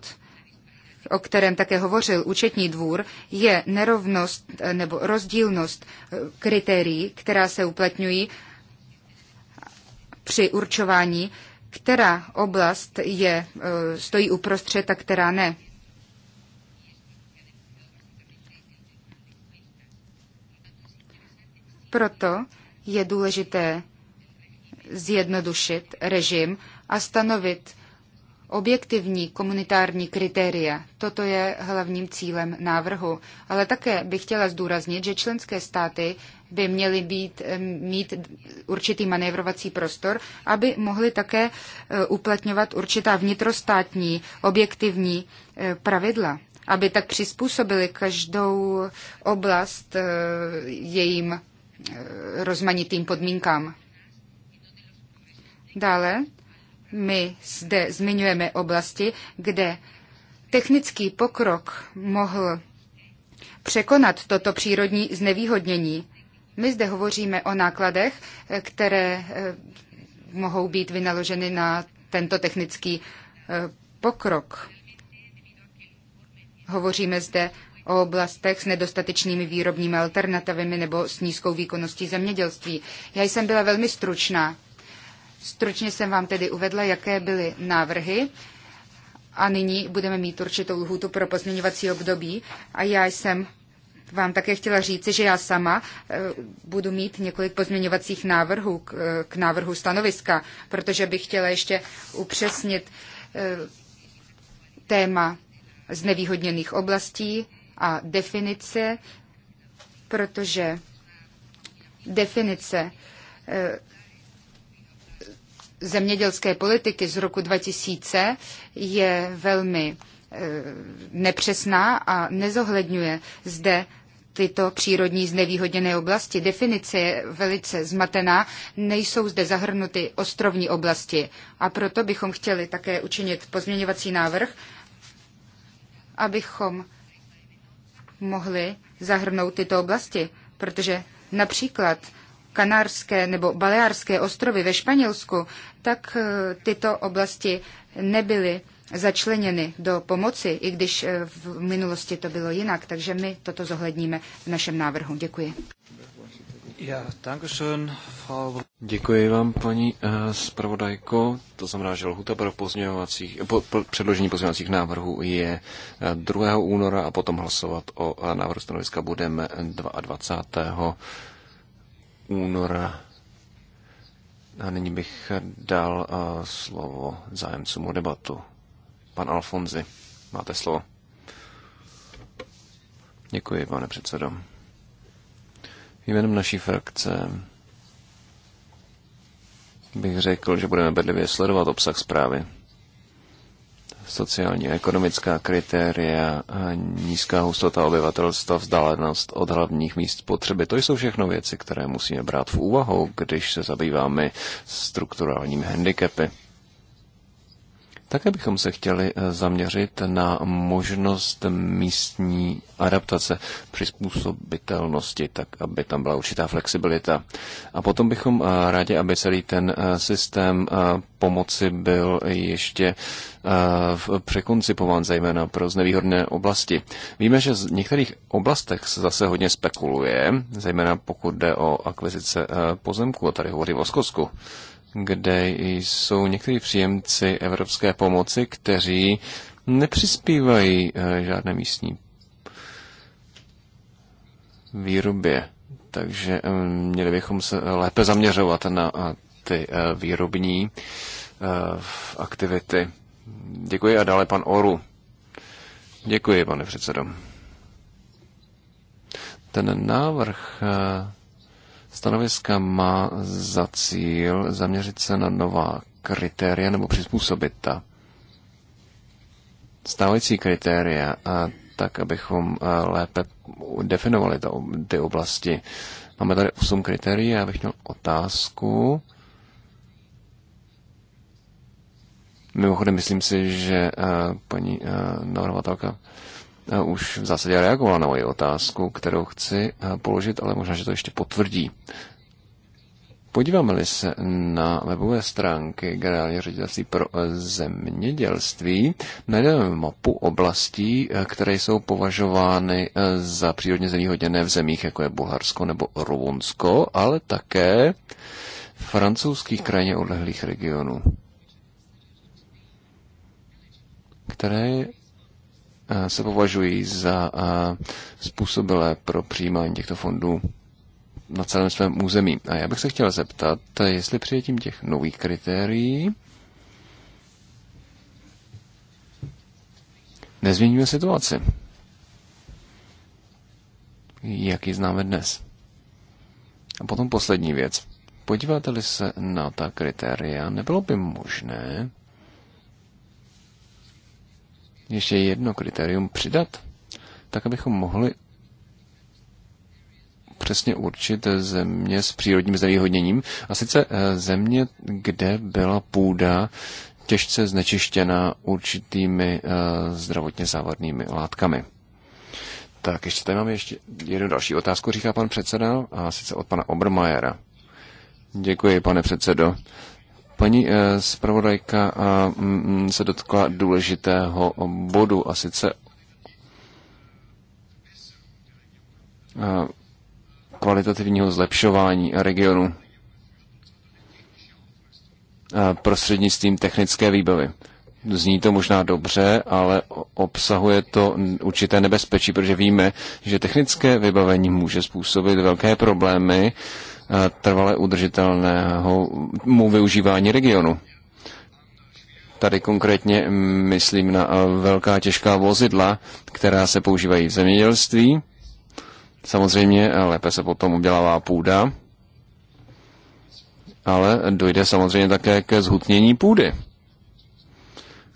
o kterém také hovořil účetní dvůr, je nerovnost eh, nebo rozdílnost eh, kritérií, která se uplatňují při určování, která oblast je, eh, stojí uprostřed a která ne. Proto je důležité zjednodušit režim a stanovit objektivní komunitární kritéria. Toto je hlavním cílem návrhu. Ale také bych chtěla zdůraznit, že členské státy by měly být, eh, mít určitý manévrovací prostor, aby mohly také eh, uplatňovat určitá vnitrostátní objektivní eh, pravidla, aby tak přizpůsobili každou oblast jejím rozmanitým podmínkám. Dále my zde zmiňujeme oblasti, kde technický pokrok mohl překonat toto přírodní znevýhodnění. My zde hovoříme o nákladech, které eh, mohou být vynaloženy na tento technický eh, pokrok. Hovoříme zde oblastech s nedostatečnými výrobními alternativami nebo s nízkou výkonností zemědělství. Já jsem byla velmi stručná. Stručně jsem vám tedy uvedla, jaké byly návrhy a nyní budeme mít určitou lhůtu pro pozměňovací období a já jsem vám také chtěla říci, že já sama e, budu mít několik pozměňovacích návrhů k, e, k návrhu stanoviska, protože bych chtěla ještě upřesnit e, téma znevýhodněných oblastí, a definice, protože definice eh, zemědělské politiky z roku 2000 je velmi eh, nepřesná a nezohledňuje zde tyto přírodní znevýhodněné oblasti. Definice je velice zmatená, nejsou zde zahrnuty ostrovní oblasti a proto bychom chtěli také učinit pozměňovací návrh, abychom mohly zahrnout tyto oblasti, protože například Kanárské nebo Baleárské ostrovy ve Španělsku, tak eh, tyto oblasti nebyly začleněny do pomoci, i když eh, v minulosti to bylo jinak. Takže my toto zohledníme v našem návrhu. Děkuji. Děkuji vám, paní eh, zpravodajko. To znamená, že lhuta pro pozměňovacích, eh, po, po, předložení pozměňovacích návrhů je 2. Eh, února a potom hlasovat o návrhu stanoviska budeme 22. února. A nyní bych dal slovo zájemcům o debatu. Pan Alfonzi, máte slovo. Děkuji, pane předsedo. Jménem naší frakce bych řekl, že budeme bedlivě sledovat obsah zprávy. Sociální a ekonomická kritéria, nízká hustota obyvatelstva, vzdálenost od hlavních míst potřeby, to jsou všechno věci, které musíme brát v úvahu, když se zabýváme strukturálními handicapy. Také bychom se chtěli eh, zaměřit na možnost místní adaptace, přizpůsobitelnosti, tak aby tam byla určitá flexibilita. A potom bychom eh, rádi, aby celý ten eh, systém pomoci byl ještě překoncipován, zejména pro znevýhodné oblasti. Víme, že v některých oblastech se zase hodně spekuluje, zejména pokud jde o akvizice pozemku, a tady hovoří o Skosku kde jsou někteří příjemci evropské pomoci, kteří nepřispívají eh, žádné místní výrobě. Takže eh, měli bychom se lépe zaměřovat na eh, ty výrobní aktivity. Děkuji a dále pan Oru. Děkuji, pane předsedo. Ten návrh stanoviska má za cíl zaměřit se na nová kritéria nebo přizpůsobit ta stávající kritéria a tak, abychom eh, lépe definovali to, ty oblasti. Máme tady 8 kritérií, já bych měl otázku. Mimochodem, myslím si, že eh, paní eh, navrhovatelka už v zásadě reagovala na moji otázku, kterou chci eh, položit, ale možná, že to ještě potvrdí. Podíváme-li se na webové stránky Generálního ředitelství pro eh, zemědělství, najdeme mapu oblastí, eh, které jsou považovány za přírodně znevýhodněné v zemích, jako je Bulharsko nebo Rumunsko, ale také francouzských krajně odlehlých regionů, které Eh, se považují za eh, způsobilé pro přijímání těchto fondů na celém svém území. A já bych se chtěl zeptat, jestli přijetím těch nových kritérií nezměníme situaci, jak ji známe dnes. A potom poslední věc. Podíváte-li se na ta kritéria, nebylo by možné ještě jedno kritérium přidat, tak abychom mohli přesně určit země s přírodním znevýhodněním, a sice eh, země, kde byla půda těžce znečištěna určitými eh, zdravotně závadnými látkami. Tak, ještě tady mám ještě jednu další otázku, říká pan předseda, a sice od pana Obermajera. Děkuji, pane předsedo. Paní eh, zpravodajka eh, se dotkla důležitého bodu a sice eh, kvalitativního zlepšování regionu prostřednictvím technické výbavy. Zní to možná dobře, ale obsahuje to určité nebezpečí, protože víme, že technické vybavení může způsobit velké problémy, Eh, trvale udržitelného mu využívání regionu. Tady konkrétně mm, myslím na eh, velká těžká vozidla, která se používají v zemědělství. Samozřejmě eh, lépe se potom udělává půda, ale dojde samozřejmě také ke zhutnění půdy.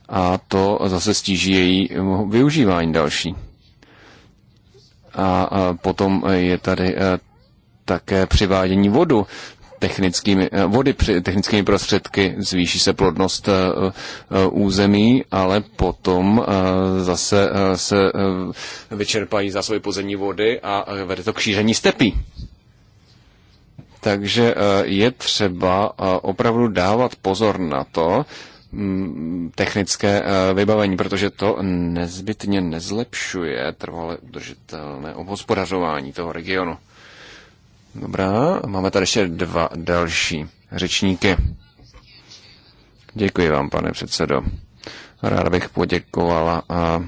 A to zase stíží její využívání další. A potom je tady také přivádění vodu technickými, eh, vody při, technickými prostředky, zvýší se plodnost eh, eh, území, ale potom zase se vyčerpají svoje pozemní vody a vede to k šíření stepí. Takže je třeba opravdu dávat pozor na to, mm, technické vybavení, protože to nezbytně nezlepšuje trvale udržitelné obhospodařování toho regionu. Dobrá, máme tady ještě dva další řečníky. Děkuji vám, pane předsedo. Rád bych poděkovala a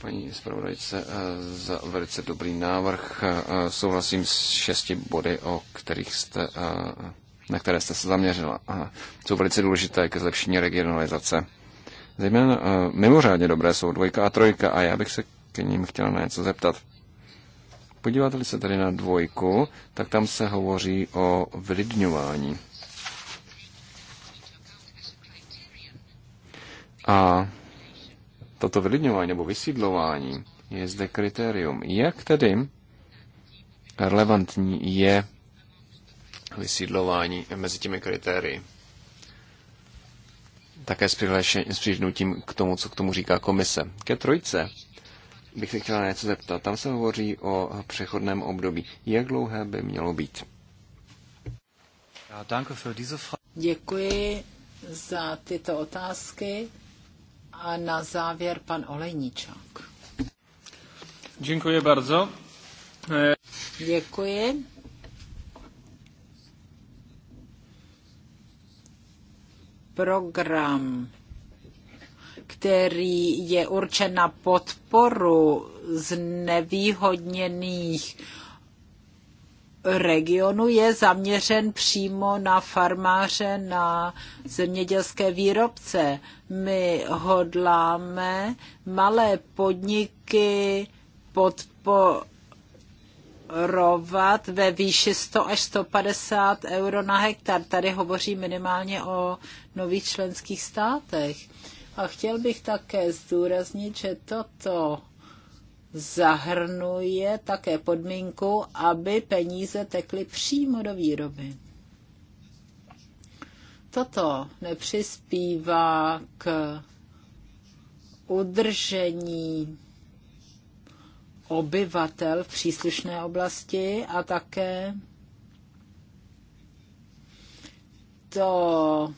paní zpravodajce za velice dobrý návrh. Souhlasím s šesti body, o kterých jste, na které jste se zaměřila. Jsou velice důležité ke zlepšení regionalizace. Zejména mimořádně dobré jsou dvojka a trojka a já bych se k ním chtěla na něco zeptat. Podíváte-li se tady na dvojku, tak tam se hovoří o vylidňování. A toto vylidňování nebo vysídlování je zde kritérium. Jak tedy relevantní je vysídlování mezi těmi kritérii? Také s přihlížnutím k tomu, co k tomu říká komise. Ke trojce bych se chtěla něco zeptat. Tam se hovoří o přechodném období. Jak dlouhé by mělo být? Děkuji za tyto otázky a na závěr pan Olejničák. Děkuji bardzo. E- Děkuji. Program který je určen na podporu znevýhodněných regionu je zaměřen přímo na farmáře, na zemědělské výrobce. My hodláme malé podniky podporovat ve výši 100 až 150 euro na hektar. Tady hovoří minimálně o nových členských státech. A chtěl bych také zdůraznit, že toto zahrnuje také podmínku, aby peníze tekly přímo do výroby. Toto nepřispívá k udržení obyvatel v příslušné oblasti a také to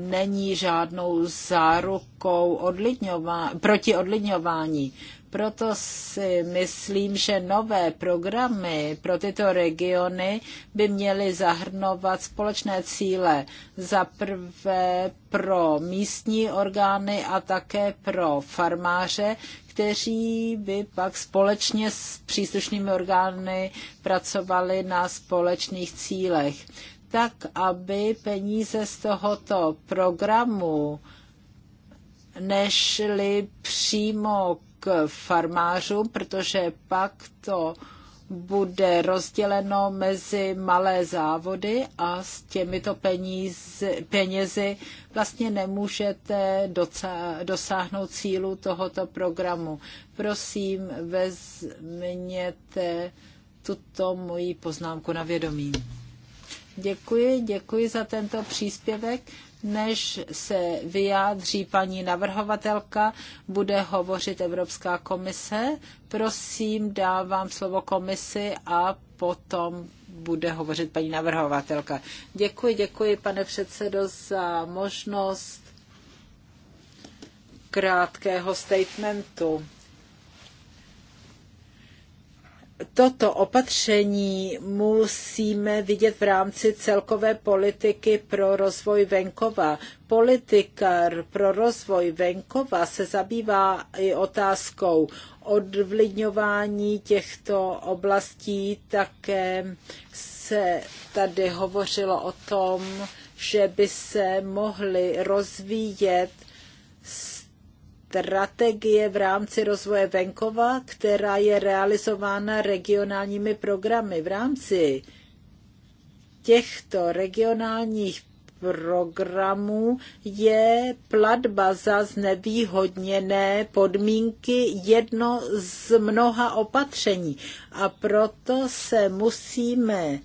není žádnou zárukou odlidňová- proti odlidňování. Proto si myslím, že nové programy pro tyto regiony by měly zahrnovat společné cíle. Za prvé pro místní orgány a také pro farmáře, kteří by pak společně s příslušnými orgány pracovali na společných cílech tak aby peníze z tohoto programu nešly přímo k farmářům, protože pak to bude rozděleno mezi malé závody a s těmito peníz, penězi vlastně nemůžete doca, dosáhnout cílu tohoto programu. Prosím, vezměte tuto moji poznámku na vědomí. Děkuji, děkuji za tento příspěvek. Než se vyjádří paní navrhovatelka, bude hovořit Evropská komise. Prosím, dávám slovo komisi a potom bude hovořit paní navrhovatelka. Děkuji, děkuji, pane předsedo, za možnost krátkého statementu toto opatření musíme vidět v rámci celkové politiky pro rozvoj venkova. Politika pro rozvoj venkova se zabývá i otázkou odvlidňování těchto oblastí. Také se tady hovořilo o tom, že by se mohly rozvíjet strategie v rámci rozvoje venkova, která je realizována regionálními programy. V rámci těchto regionálních programů je platba za znevýhodněné podmínky jedno z mnoha opatření. A proto se musíme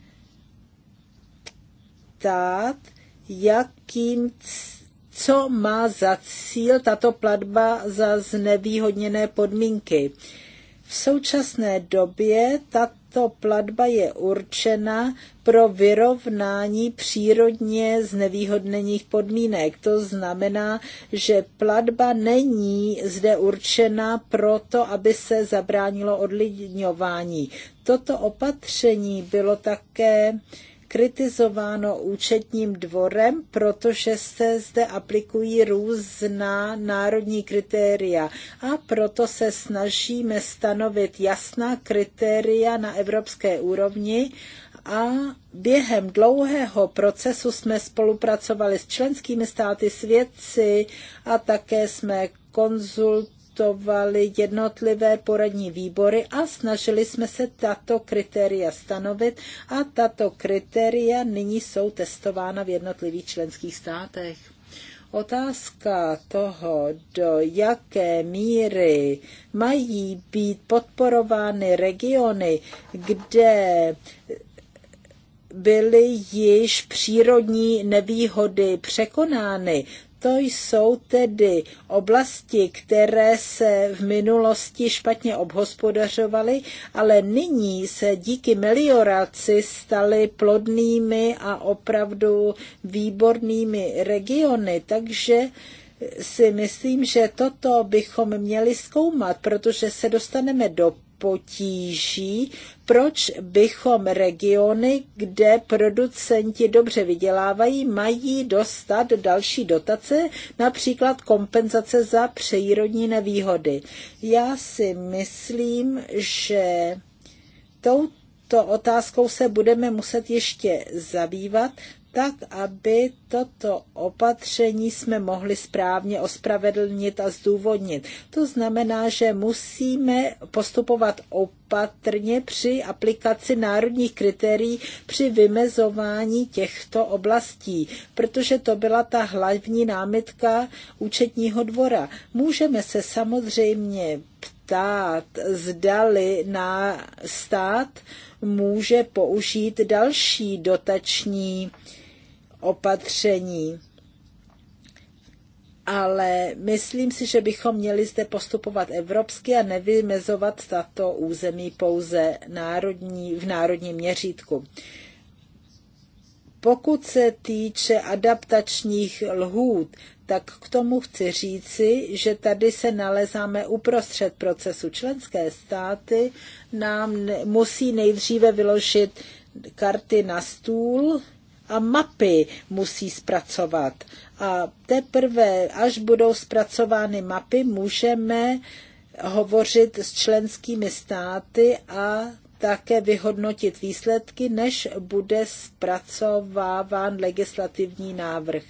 ptát, jakým co má za cíl tato platba za znevýhodněné podmínky. V současné době tato platba je určena pro vyrovnání přírodně znevýhodněných podmínek. To znamená, že platba není zde určena proto, aby se zabránilo odlidňování. Toto opatření bylo také kritizováno účetním dvorem, protože se zde aplikují různá národní kritéria a proto se snažíme stanovit jasná kritéria na evropské úrovni a během dlouhého procesu jsme spolupracovali s členskými státy, svědci a také jsme konzultovali testovali jednotlivé poradní výbory a snažili jsme se tato kritéria stanovit a tato kritéria nyní jsou testována v jednotlivých členských státech. Otázka toho, do jaké míry mají být podporovány regiony, kde byly již přírodní nevýhody překonány, to jsou tedy oblasti, které se v minulosti špatně obhospodařovaly, ale nyní se díky melioraci staly plodnými a opravdu výbornými regiony, takže si myslím, že toto bychom měli zkoumat, protože se dostaneme do potíží, proč bychom regiony, kde producenti dobře vydělávají, mají dostat další dotace, například kompenzace za přírodní nevýhody. Já si myslím, že touto otázkou se budeme muset ještě zabývat, tak aby toto opatření jsme mohli správně ospravedlnit a zdůvodnit. To znamená, že musíme postupovat opatrně při aplikaci národních kritérií při vymezování těchto oblastí, protože to byla ta hlavní námitka účetního dvora. Můžeme se samozřejmě ptát, zdali na stát může použít další dotační uh, opatření. Ale myslím si, že bychom měli zde postupovat evropsky a nevymezovat tato území pouze národní, v národním měřítku. Pokud se týče adaptačních lhůt, tak k tomu chci říci, že tady se nalezáme uprostřed procesu. Členské státy nám musí nejdříve vyložit karty na stůl a mapy musí zpracovat. A teprve, až budou zpracovány mapy, můžeme hovořit s členskými státy a také vyhodnotit výsledky, než bude zpracováván legislativní návrh.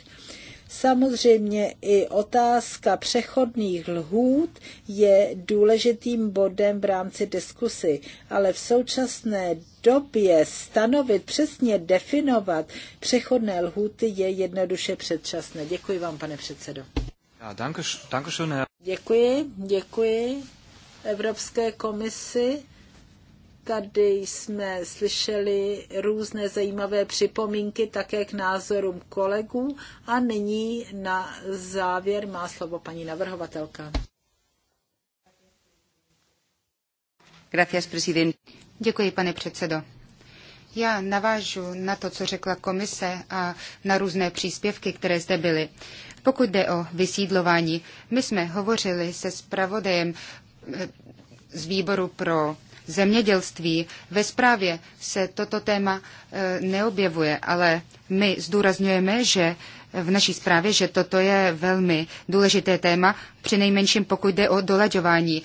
Samozřejmě i otázka přechodných lhůt je důležitým bodem v rámci diskusy, ale v současné době stanovit, přesně definovat přechodné lhůty je jednoduše předčasné. Děkuji vám, pane předsedo. Děkuji, děkuji Evropské komisi Tady jsme slyšeli různé zajímavé připomínky také k názorům kolegů a nyní na závěr má slovo paní navrhovatelka. Děkuji, pane předsedo. Já navážu na to, co řekla komise a na různé příspěvky, které zde byly. Pokud jde o vysídlování, my jsme hovořili se zpravodajem eh, z výboru pro zemědělství. Ve zprávě se toto téma e, neobjevuje, ale my zdůrazňujeme, že v naší zprávě, že toto je velmi důležité téma, přinejmenším pokud jde o dolaďování.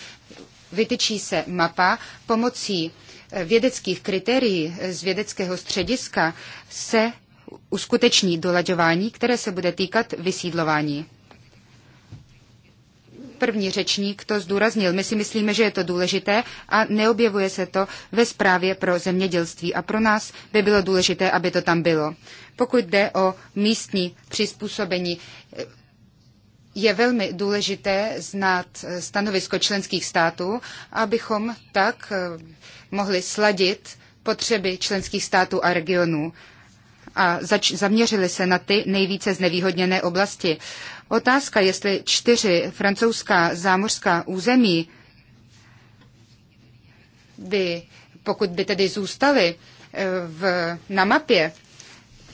Vytyčí se mapa pomocí e, vědeckých kritérií z vědeckého střediska se uskuteční dolaďování, které se bude týkat vysídlování. První řečník to zdůraznil. My si myslíme, že je to důležité a neobjevuje se to ve zprávě pro zemědělství a pro nás by bylo důležité, aby to tam bylo. Pokud jde o místní přizpůsobení, je velmi důležité znát stanovisko členských států, abychom tak eh, mohli sladit potřeby členských států a regionů a zač- zaměřili se na ty nejvíce znevýhodněné oblasti. Otázka, jestli čtyři francouzská zámořská území by, pokud by tedy zůstaly eh, v, na mapě,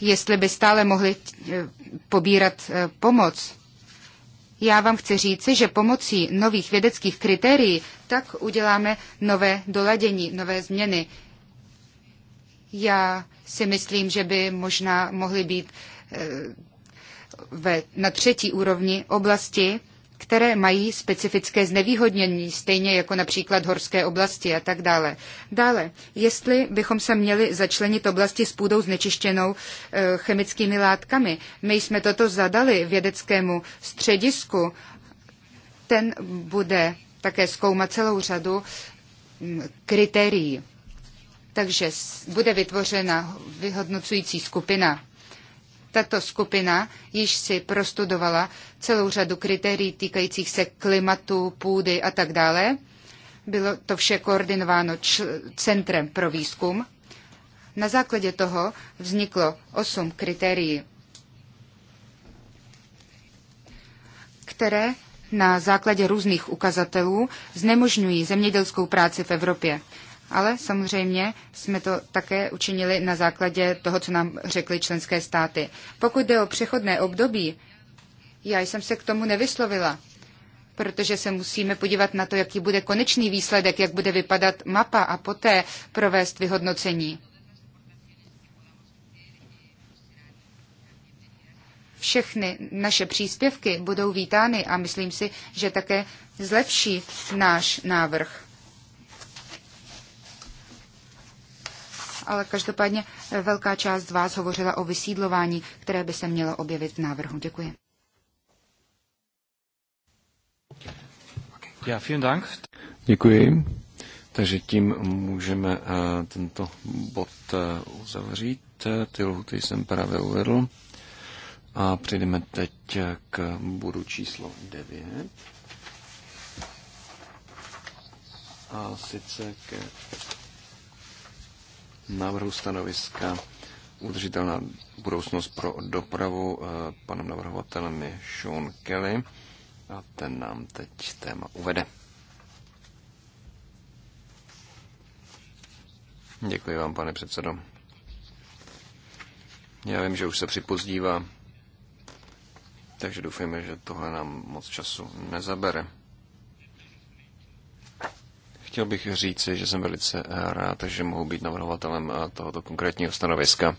jestli by stále mohli eh, pobírat eh, pomoc. Já vám chci říci, že pomocí nových vědeckých kritérií tak uděláme nové doladění, nové změny. Já si myslím, že by možná mohly být ve, na třetí úrovni oblasti, které mají specifické znevýhodnění, stejně jako například horské oblasti a tak dále. Dále, jestli bychom se měli začlenit oblasti s půdou znečištěnou e, chemickými látkami. My jsme toto zadali vědeckému středisku. Ten bude také zkoumat celou řadu mm, kritérií. Takže bude vytvořena vyhodnocující skupina. Tato skupina již si prostudovala celou řadu kritérií týkajících se klimatu, půdy a tak dále. Bylo to vše koordinováno Centrem pro výzkum. Na základě toho vzniklo osm kritérií, které na základě různých ukazatelů znemožňují zemědělskou práci v Evropě ale samozřejmě jsme to také učinili na základě toho, co nám řekly členské státy. Pokud jde o přechodné období, já jsem se k tomu nevyslovila, protože se musíme podívat na to, jaký bude konečný výsledek, jak bude vypadat mapa a poté provést vyhodnocení. všechny naše příspěvky budou vítány a myslím si, že také zlepší náš návrh. ale každopádně velká část z vás hovořila o vysídlování, které by se mělo objevit v návrhu. Děkuji. Ja, vielen Dank. Děkuji. Takže tím můžeme eh, tento bod eh, uzavřít. Ty lhuty jsem právě uvedl. A přejdeme teď eh, k bodu číslo 9. A sice ke návrhu stanoviska udržitelná budoucnost pro dopravu eh, panem navrhovatelem je Sean Kelly a ten nám teď téma uvede. Děkuji vám, pane předsedo. Já vím, že už se připozdívá, takže doufejme, že tohle nám moc času nezabere. Chtěl bych říci, že jsem velice eh, rád, že mohu být navrhovatelem eh, tohoto konkrétního stanoviska.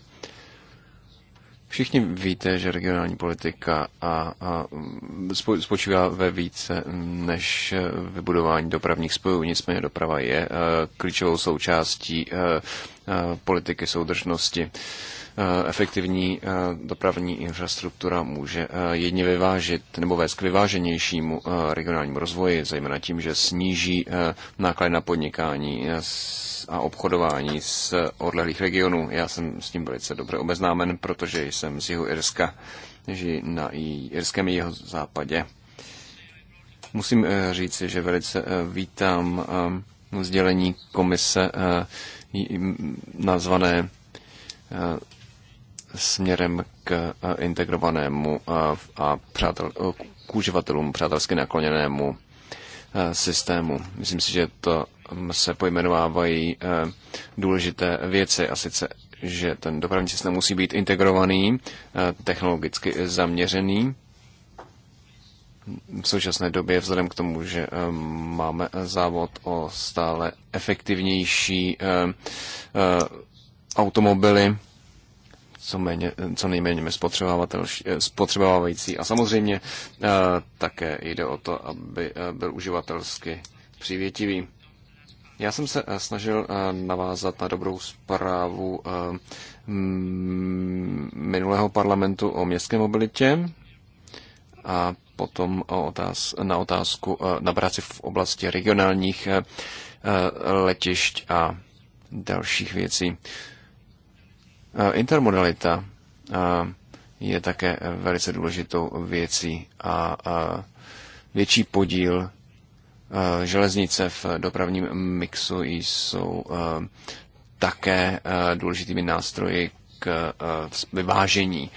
Všichni víte, že regionální politika a, a mm, spočívá ve více než eh, vybudování dopravních spojů. Nicméně doprava je klíčovou součástí Eh, politiky soudržnosti. Eh, efektivní eh, dopravní infrastruktura může jedně vyvážit nebo vést k vyváženějšímu regionálnímu rozvoji, zejména tím, že sníží náklady na podnikání a obchodování z odlehlých regionů. Já jsem s tím velice dobře obeznámen, protože jsem z jihu Irska, žijí na irském jeho západě. Musím říci, že velice vítám sdělení komise nazvané eh, směrem k eh, integrovanému eh, a přátel, k uživatelům přátelsky nakloněnému systému. Myslím si, že to hm, se pojmenovávají důležité věci a sice, že ten dopravní systém musí být integrovaný, technologicky zaměřený v současné době, vzhledem k tomu, že eh, máme eh, závod o stále efektivnější eh, automobily, co, méně, co nejméně spotřebovávající. A samozřejmě také jde o to, aby byl uživatelsky přívětivý. Já jsem se snažil navázat na dobrou zprávu minulého parlamentu o městské mobilitě a potom otáz, na otázku eh, na práci v oblasti regionálních eh, eh, letišť a dalších věcí. Intermodalita je také velice důležitou věcí a větší podíl železnice v dopravním mixu jsou také důležitými nástroji k vyvážení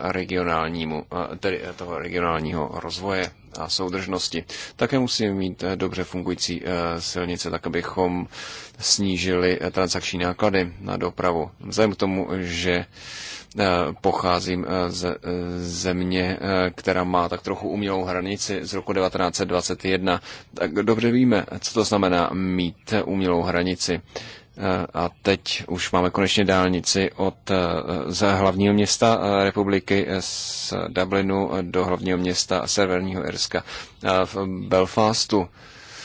regionálnímu, tedy toho regionálního rozvoje a soudržnosti. Také musíme mít eh, dobře fungující eh, silnice, tak abychom snížili eh, transakční náklady na dopravu. Vzhledem k tomu, že pocházím z země, která má tak trochu umělou hranici z roku 1921, tak dobře víme, co to znamená mít umělou hranici. A teď už máme konečně dálnici od eh, z hlavního města eh, republiky eh, z Dublinu do hlavního města severního Irska v Belfastu.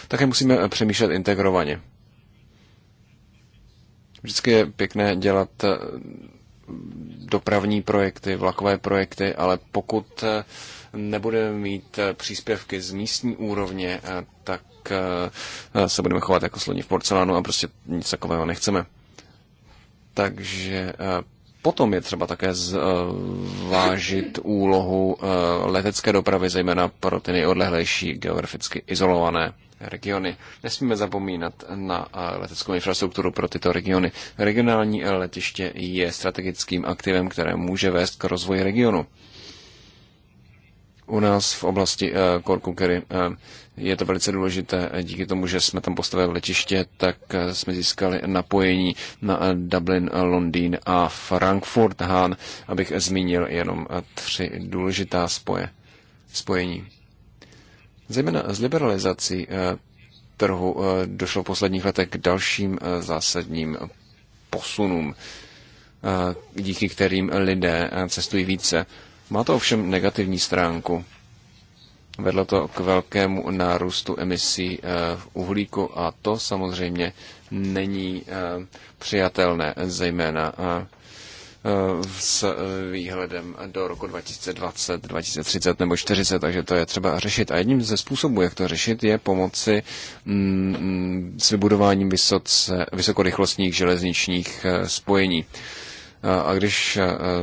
Také musíme přemýšlet integrovaně. Vždycky je pěkné dělat dopravní projekty, vlakové projekty, ale pokud nebudeme mít příspěvky z místní úrovně, tak Eh, se budeme chovat jako sloní v porcelánu a prostě nic takového nechceme. Takže eh, potom je třeba také eh, zvážit úlohu letecké dopravy, zejména pro ty nejodlehlejší geograficky izolované regiony. Nesmíme zapomínat na leteckou infrastrukturu pro tyto regiony. Regionální letiště je strategickým aktivem, které může vést k rozvoji regionu. U nás v oblasti Korkukery je to velice důležité. Eh, díky tomu, že jsme tam postavili letiště, tak eh, jsme získali napojení na eh, Dublin, Londýn a Frankfurt Hahn, abych zmínil jenom tři důležitá spoje, spojení. Zejména z liberalizací trhu došlo v posledních letech k dalším zásadním posunům, díky kterým lidé cestují více. Má to ovšem negativní stránku Vedlo to k velkému nárůstu emisí eh, uhlíku a to samozřejmě není eh, přijatelné, zejména eh, s výhledem do roku 2020, 2030 nebo 40, takže to je třeba řešit. A jedním ze způsobů, jak to řešit, je pomoci mm, mm, s vybudováním vysoce, vysokorychlostních železničních spojení. A když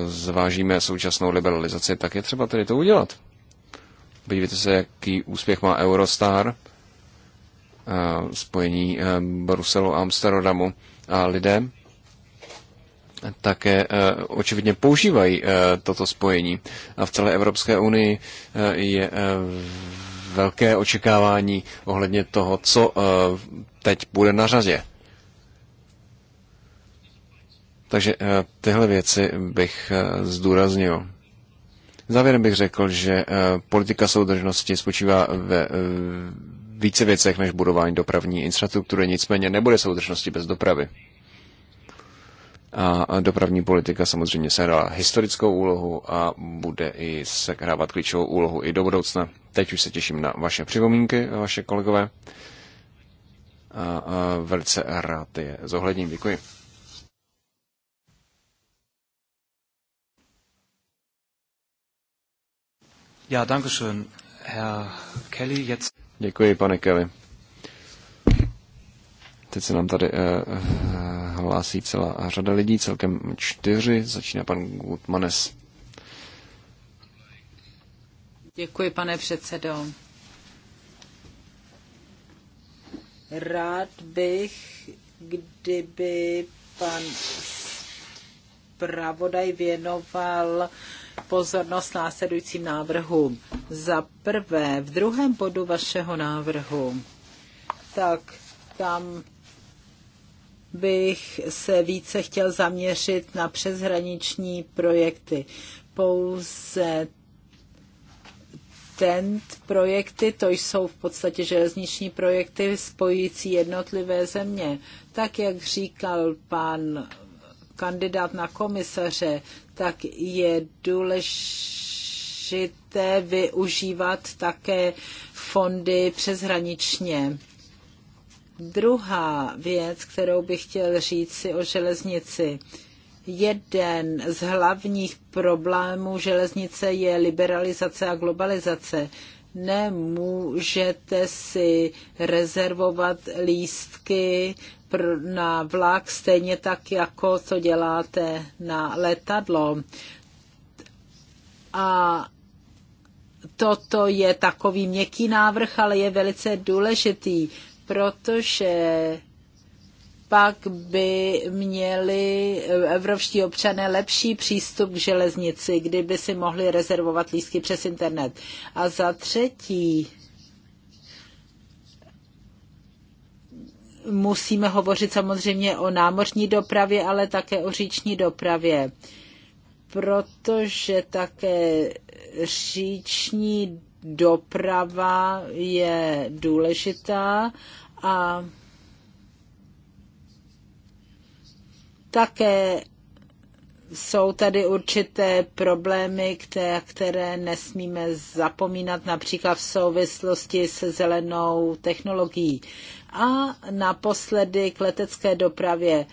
zvážíme současnou liberalizaci, tak je třeba tedy to udělat. Podívejte se, jaký úspěch má Eurostar, eh, spojení eh, Bruselu a Amsterdamu a lidé také eh, očividně používají toto spojení. A v celé Evropské unii je velké očekávání ohledně toho, co teď bude na řadě. Takže tyhle věci bych zdůraznil. Závěrem bych řekl, že eh, politika soudržnosti spočívá ve eh, více věcech než budování dopravní infrastruktury, nicméně nebude soudržnosti bez dopravy. A dopravní politika samozřejmě sehrává historickou úlohu a bude i sehrávat klíčovou úlohu i do budoucna. Teď už se těším na vaše připomínky, vaše kolegové. A, a velice rád je zohledním. Děkuji. Ja, danke schön, Herr Kelly. Jetzt... Děkuji, pane Kelly. Teď se nám tady uh, hlásí celá řada lidí, celkem čtyři. Začíná pan Gutmanes. Děkuji, pane předsedo. Rád bych, kdyby pan zpravodaj věnoval pozornost následujícím návrhům. Za prvé, v druhém bodu vašeho návrhu, tak tam bych se více chtěl zaměřit na přeshraniční projekty. Pouze TENT projekty, to jsou v podstatě železniční projekty spojující jednotlivé země. Tak, jak říkal pan kandidát na komisaře, tak je důležité využívat také fondy přeshraničně. Druhá věc, kterou bych chtěl říct si o železnici. Jeden z hlavních problémů železnice je liberalizace a globalizace. Nemůžete si rezervovat lístky na vlak, stejně tak jako co děláte na letadlo. A toto je takový měkký návrh, ale je velice důležitý, protože pak by měli evropští občané lepší přístup k železnici, kdyby si mohli rezervovat lístky přes internet. A za třetí, musíme hovořit samozřejmě o námořní dopravě, ale také o říční dopravě, protože také říční doprava je důležitá a také jsou tady určité problémy, které, které nesmíme zapomínat, například v souvislosti se zelenou technologií. A naposledy k letecké dopravě.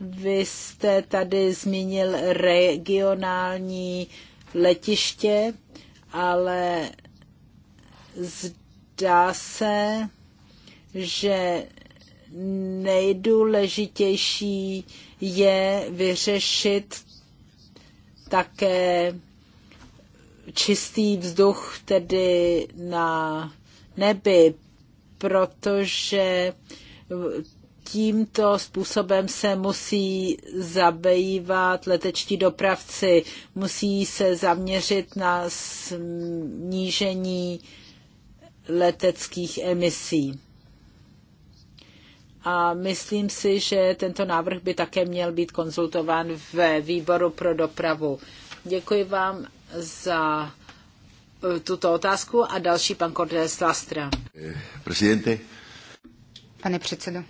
Vy jste tady zmínil regionální letiště, ale zdá se, že nejdůležitější je vyřešit také čistý vzduch, tedy na nebi, protože tímto způsobem se musí zabývat letečtí dopravci, musí se zaměřit na snížení leteckých emisí. A myslím si, že tento návrh by také měl být konzultován ve výboru pro dopravu. Děkuji vám za Eh, tuto otázku a další pan Cortés Lastra. Eh, Pane předsedo,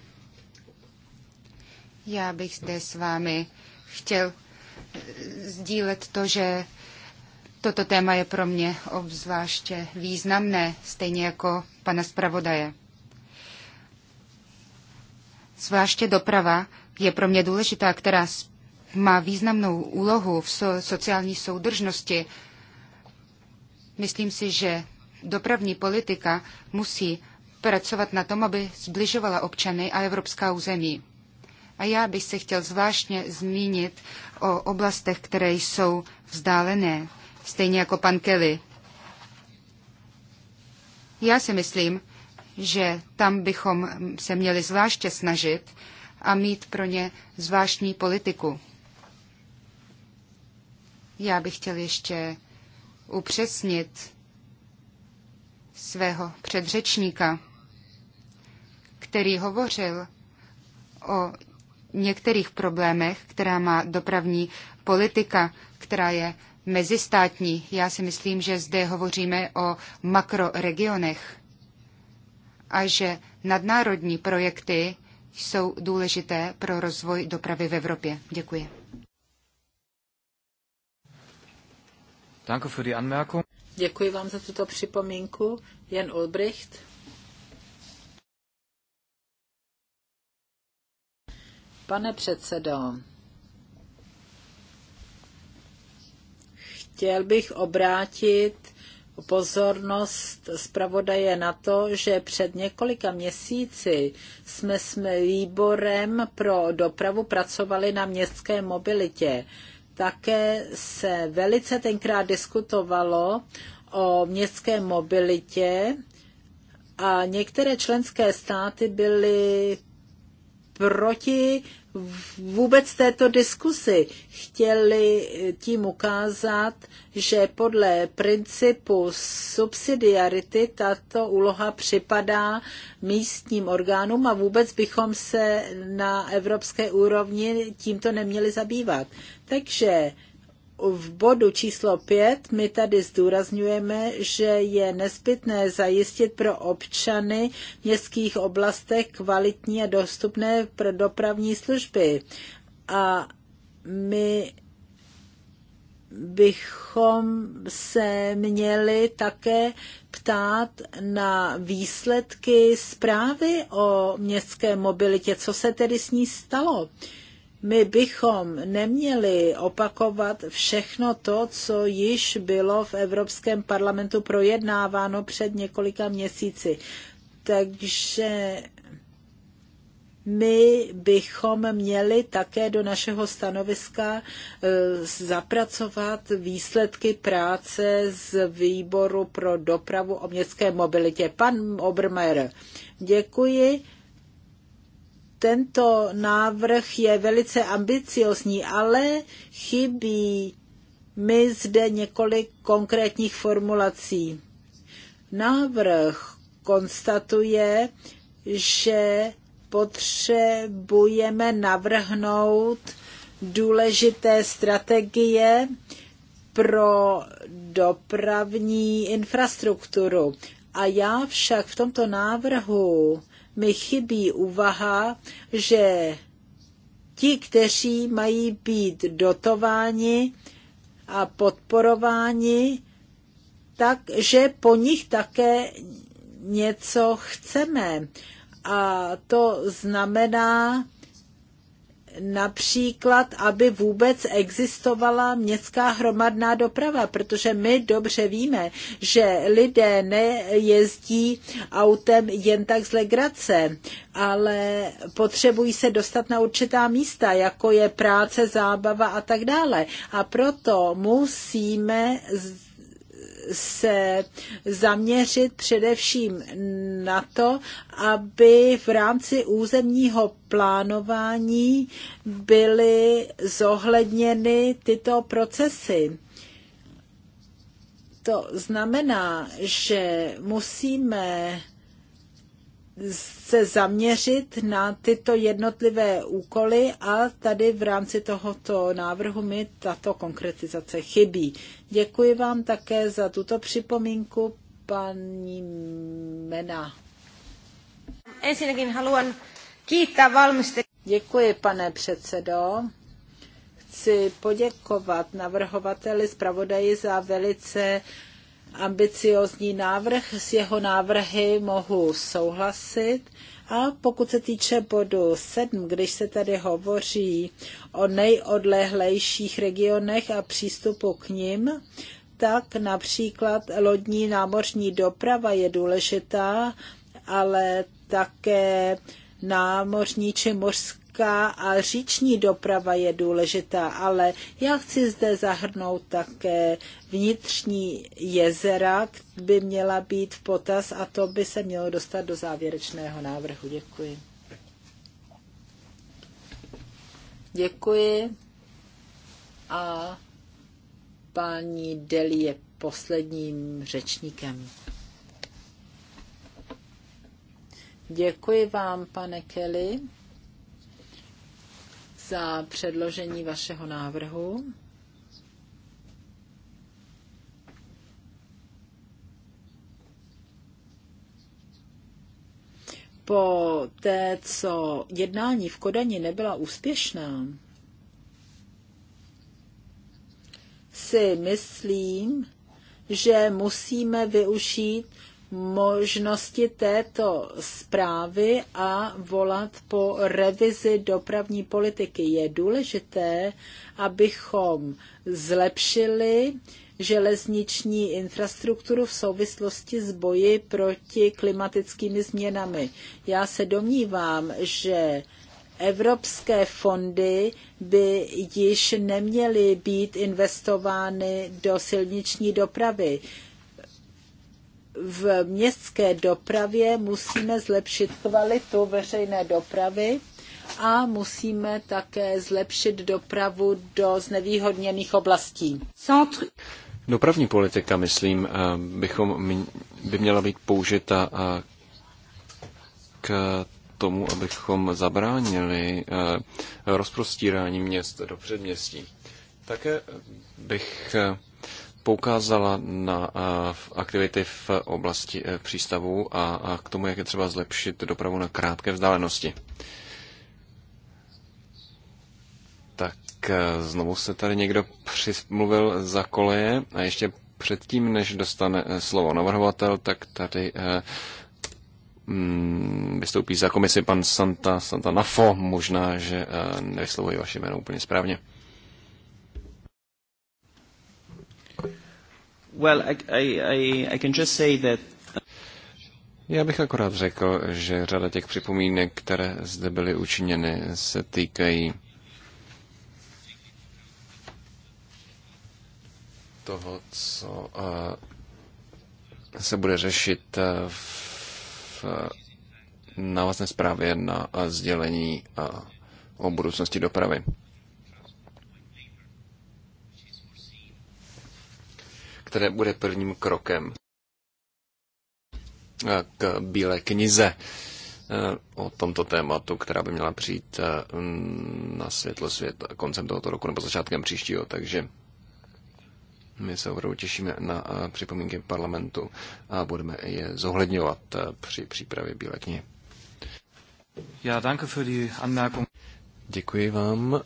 já bych zde s vámi chtěl eh, sdílet to, že toto téma je pro mě obzvláště významné, stejně jako pana zpravodaje. Zvláště doprava je pro mě důležitá, která má významnou úlohu v sociální soudržnosti Myslím si, že dopravní politika musí pracovat na tom, aby zbližovala občany a evropská území. A já bych se chtěl zvláštně zmínit o oblastech, které jsou vzdálené, stejně jako pan Kelly. Já si myslím, že tam bychom se měli zvláště snažit a mít pro ně zvláštní politiku. Já bych chtěl ještě upřesnit svého předřečníka, který hovořil o některých problémech, která má dopravní politika, která je mezistátní. Já si myslím, že zde hovoříme o makroregionech a že nadnárodní projekty jsou důležité pro rozvoj dopravy v Evropě. Děkuji. Danke für die Anmerkung. Děkuji vám za tuto připomínku. Jan Ulbricht. Pane předsedo, chtěl bych obrátit pozornost zpravodaje na to, že před několika měsíci jsme s výborem pro dopravu pracovali na městské mobilitě. Také se velice tenkrát diskutovalo o městské mobilitě a některé členské státy byly proti vůbec této diskusi. Chtěli tím ukázat, že podle principu subsidiarity tato úloha připadá místním orgánům a vůbec bychom se na evropské úrovni tímto neměli zabývat. Takže v bodu číslo 5 my tady zdůrazňujeme, že je nezbytné zajistit pro občany v městských oblastech kvalitní a dostupné pro dopravní služby. A my bychom se měli také ptát na výsledky zprávy o městské mobilitě. Co se tedy s ní stalo? Uh, my bychom neměli opakovat všechno to, co již bylo v Evropském parlamentu projednáváno před několika měsíci. Takže my bychom měli také do našeho stanoviska eh, zapracovat výsledky práce z výboru pro dopravu o městské mobilitě. Pan Obermeier, děkuji tento návrh je velice ambiciozní, ale chybí mi zde několik konkrétních formulací. Návrh konstatuje, že potřebujeme navrhnout důležité strategie pro dopravní infrastrukturu. A já však v tomto návrhu mi chybí úvaha, že ti, kteří mají být dotováni a podporováni, takže po nich také něco chceme. A to znamená, například, aby vůbec existovala městská hromadná doprava, protože my dobře víme, že lidé nejezdí autem jen tak z legrace, ale potřebují se dostat na určitá místa, jako je práce, zábava a tak dále. A proto musíme se zaměřit především na to, aby v rámci územního plánování byly zohledněny tyto procesy. To znamená, že musíme se zaměřit na tyto jednotlivé úkoly a tady v rámci tohoto návrhu mi tato konkretizace chybí. Děkuji vám také za tuto připomínku, paní Mena. Děkuji, pane předsedo. Chci poděkovat navrhovateli zpravodaji za velice ambiciozní návrh, s jeho návrhy mohu souhlasit. A pokud se týče bodu 7, když se tady hovoří o nejodlehlejších regionech a přístupu k ním, tak například lodní námořní doprava je důležitá, ale také námořní či mořské lodnická a říční doprava je důležitá, ale já chci zde zahrnout také vnitřní jezera, by měla být v potaz a to by se mělo dostat do závěrečného návrhu. Děkuji. Děkuji. A paní Deli je posledním řečníkem. Děkuji vám, pane Kelly za předložení vašeho návrhu. Po té, co jednání v Kodani nebyla úspěšná, si myslím, že musíme využít možnosti této zprávy a volat po revizi dopravní politiky. Je důležité, abychom zlepšili železniční infrastrukturu v souvislosti s boji proti klimatickými změnami. Já se domnívám, že evropské fondy by již neměly být investovány do silniční dopravy v městské dopravě musíme zlepšit kvalitu veřejné dopravy a musíme také zlepšit dopravu do znevýhodněných oblastí. Centr... Dopravní politika, myslím, eh, bychom, by měla být použita eh, k tomu, abychom zabránili eh, rozprostírání měst do předměstí. Také bych poukázala na eh, aktivity v oblasti eh, přístavů a k tomu, jak je třeba zlepšit dopravu na krátké vzdálenosti. Tak eh, znovu se tady někdo přismluvil za koleje a ještě předtím, než dostane slovo navrhovatel, tak tady mm, vystoupí za komisi pan Santa, Santa Nafo. Možná, že nevyslovuji vaše jméno úplně správně. Well, I, I, I can just say that... Uh, Já bych akorát řekl, že řada těch připomínek, které zde byly učiněny, se týkají toho, co uh, se bude řešit uh, v návazné zprávě na sdělení o budoucnosti dopravy. které bude prvním krokem eh, k Bílé knize eh, o tomto tématu, která by měla přijít eh, na světlo svět koncem tohoto roku nebo začátkem příštího. Takže my se opravdu těšíme na připomínky parlamentu a budeme je zohledňovat při přípravě Bílé knihy. Já danke für die Anmerkung. Děkuji vám,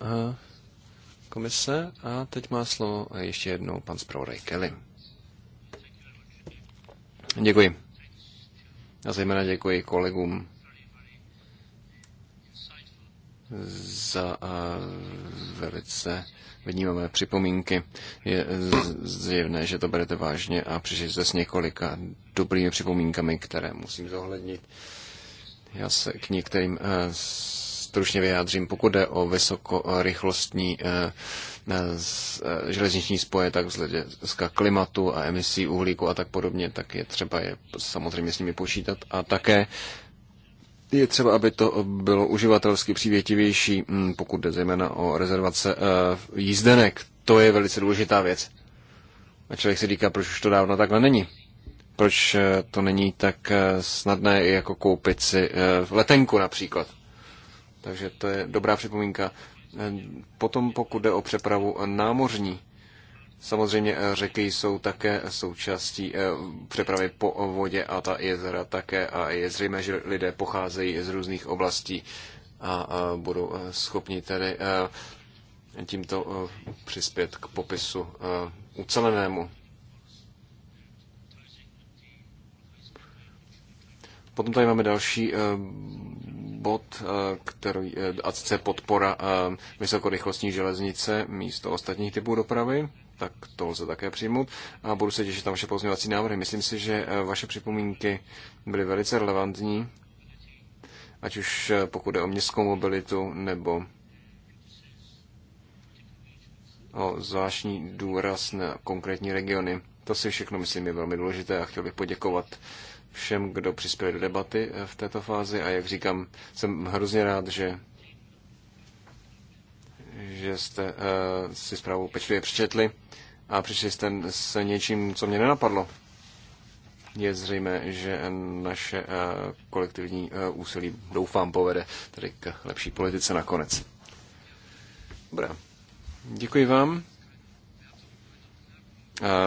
komise. A teď má slovo ještě jednou pan zpravodaj Kelly. Děkuji. A zejména děkuji kolegům za velice vnímavé připomínky. Je zjevné, že to berete vážně a přišli jste s několika dobrými připomínkami, které musím zohlednit. Já se k některým stručně vyjádřím. Pokud jde o vysokorychlostní Eh, eh, železniční spoje, tak z klimatu a emisí uhlíku a tak podobně, tak je třeba je samozřejmě s nimi počítat a také je třeba, aby to bylo uživatelsky přívětivější, hm, pokud jde zejména o rezervace eh, jízdenek. To je velice důležitá věc. A člověk si říká, proč už to dávno takhle není. Proč to není tak snadné, jako koupit si letenku například. Takže to je dobrá připomínka. Potom pokud jde o přepravu námořní, samozřejmě eh, řeky jsou také součástí eh, přepravy po vodě a ta jezera také a je zřejmé, že lidé pocházejí z různých oblastí a budou eh, schopni tedy tímto přispět k popisu ucelenému. Potom tady máme další bod, eh, který, eh, a sice podpora eh, vysokorychlostní železnice místo ostatních typů dopravy, tak to lze také přijmout. A budu se těšit na vaše pozměňovací návrhy. Myslím si, že vaše připomínky byly velice relevantní, ať už pokud je o městskou mobilitu nebo o zvláštní důraz na konkrétní regiony. To si všechno myslím je velmi důležité a chtěl bych poděkovat všem, kdo přispěli do debaty eh, v této fázi a jak říkám, jsem hrozně rád, že že jste uh, si zprávu pečlivě přečetli a přišli jste s něčím, co mě nenapadlo. Je zřejmé, že naše uh, kolektivní uh, úsilí, doufám, povede tady k lepší politice nakonec. Dobrá. Děkuji vám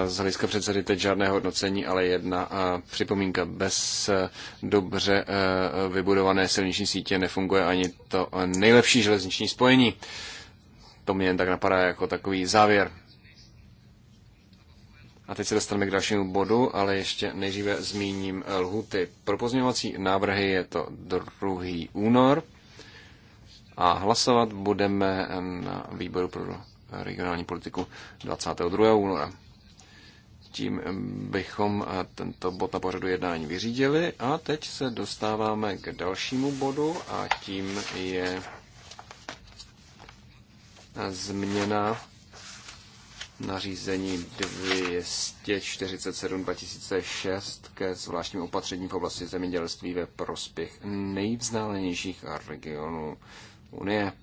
z hlediska předsedy teď žádné hodnocení, ale jedna připomínka. Bez e, dobře e, vybudované silniční sítě nefunguje ani to nejlepší železniční spojení. To mě jen tak napadá jako takový závěr. A teď se dostaneme k dalšímu bodu, ale ještě nejdříve zmíním lhuty. Pro pozměňovací návrhy je to 2. únor a hlasovat budeme na výboru pro regionální politiku 22. února tím bychom eh, tento bod na pořadu jednání vyřídili. A teď se dostáváme k dalšímu bodu a tím je změna nařízení 247-2006 ke zvláštním opatřením v oblasti zemědělství ve prospěch nejvzdálenějších regionů Unie.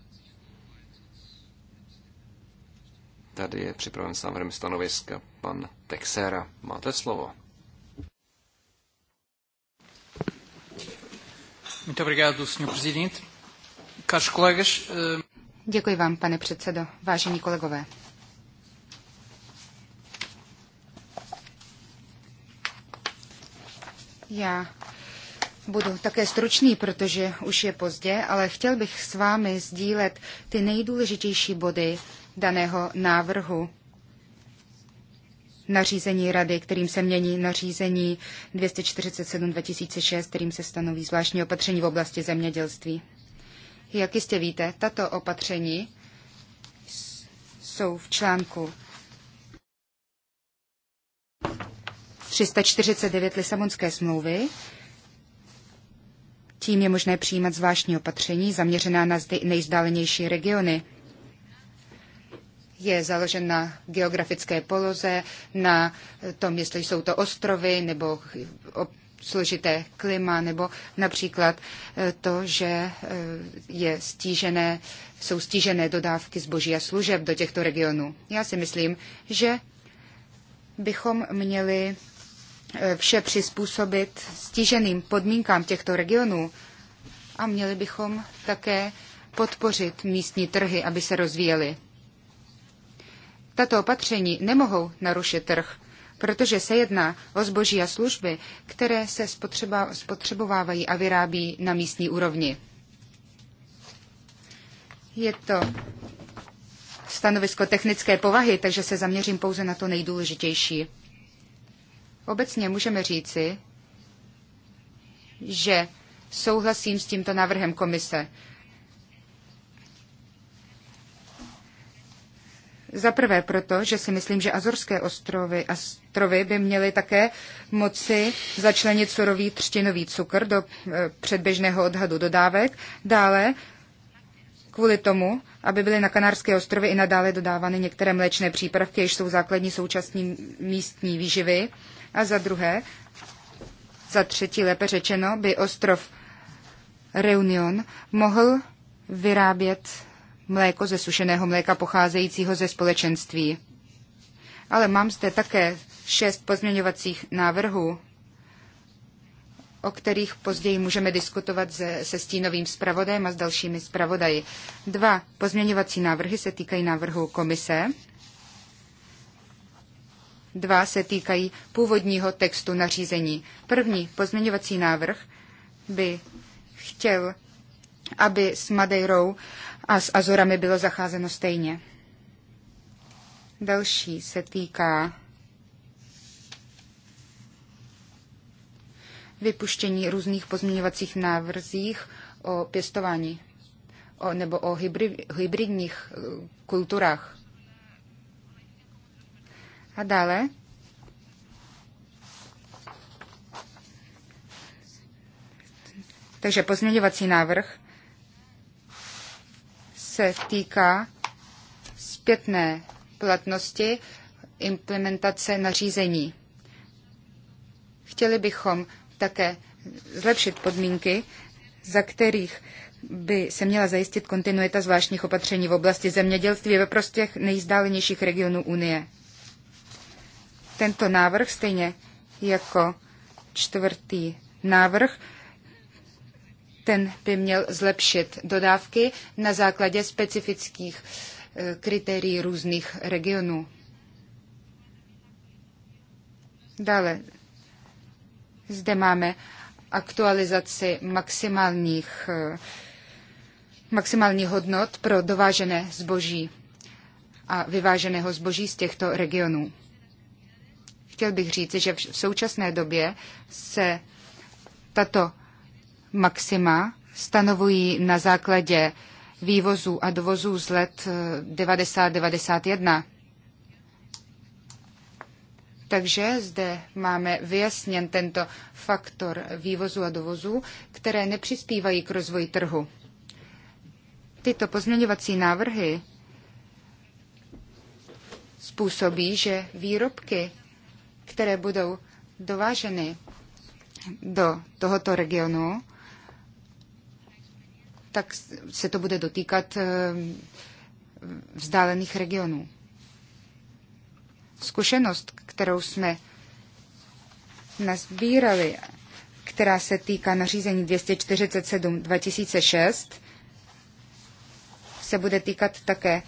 Tady je připraven sám stanoviska pan Texera. Máte slovo. Eh, Děkuji vám, pane předsedo. Vážení kolegové. Já budu také stručný, protože už je pozdě, ale chtěl bych s vámi sdílet ty nejdůležitější body, daného návrhu nařízení rady, kterým se mění nařízení 247-2006, kterým se stanoví zvláštní opatření v oblasti zemědělství. Jak jistě víte, tato opatření jsou v článku 349 Lisabonské smlouvy. Tím je možné přijímat zvláštní opatření zaměřená na nejzdálenější regiony je založen na geografické poloze, na tom, jestli jsou to ostrovy nebo složité klima, nebo například eh, to, že eh, je stížené, jsou stížené dodávky zboží a služeb do těchto regionů. Já si myslím, že bychom měli eh, vše přizpůsobit stíženým podmínkám těchto regionů a měli bychom také podpořit místní trhy, aby se rozvíjely. Tato opatření nemohou narušit trh, protože se jedná o zboží a služby, které se spotřeba, spotřebovávají a vyrábí na místní úrovni. Je to stanovisko technické povahy, takže se zaměřím pouze na to nejdůležitější. Obecně můžeme říci, že souhlasím s tímto návrhem komise. Za prvé proto, že si myslím, že Azorské ostrovy, ostrovy by měly také moci začlenit surový třtinový cukr do eh, předběžného odhadu dodávek. Dále kvůli tomu, aby byly na Kanárské ostrovy i nadále dodávány některé mléčné přípravky, jež jsou základní současní místní výživy. A za druhé, za třetí lépe řečeno, by ostrov Reunion mohl vyrábět mléko ze sušeného mléka pocházejícího ze společenství. Ale mám zde také šest pozměňovacích návrhů, o kterých později můžeme diskutovat se, se stínovým zpravodajem a s dalšími zpravodaji. Dva pozměňovací návrhy se týkají návrhu komise. Dva se týkají původního textu nařízení. První pozměňovací návrh by chtěl, aby s Madeirou a s Azorami bylo zacházeno stejně. Další se týká vypuštění různých pozměňovacích návrzích o pěstování o, nebo o hybrid, hybridních eh, kulturách. A dále Takže pozměňovací návrh se týká zpětné platnosti implementace nařízení. Chtěli bychom také zlepšit podmínky, za kterých by se měla zajistit kontinuita zvláštních opatření v oblasti zemědělství ve prospěch nejzdálenějších regionů Unie. Tento návrh, stejně jako čtvrtý návrh, ten by měl zlepšit dodávky na základě specifických eh, kritérií různých regionů. Dále zde máme aktualizaci maximálních, eh, maximálních hodnot pro dovážené zboží a vyváženého zboží z těchto regionů. Chtěl bych říci, že v současné době se tato maxima stanovují na základě vývozů a dovozů z let 90-91. Eh, Takže zde máme vyjasněn tento faktor vývozu a dovozu, které nepřispívají k rozvoji trhu. Tyto pozměňovací návrhy způsobí, že výrobky, které budou dováženy do tohoto regionu, tak se to bude dotýkat eh, vzdálených regionů. Zkušenost, kterou jsme nazbírali, která se týká nařízení 247 2006, se bude týkat také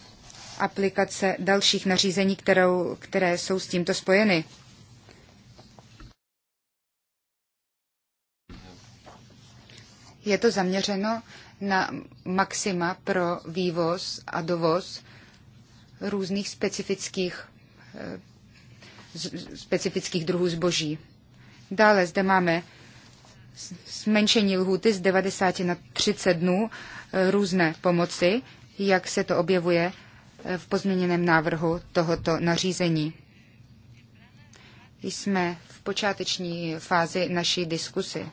aplikace dalších nařízení, kterou, které jsou s tímto spojeny. Je to zaměřeno na maxima pro vývoz a dovoz různých specifických, eh, specifických druhů zboží. Dále zde máme zmenšení lhůty z 90 na 30 dnů eh, různé pomoci, jak se to objevuje eh, v pozměněném návrhu tohoto nařízení. Jsme v počáteční fázi naší diskusy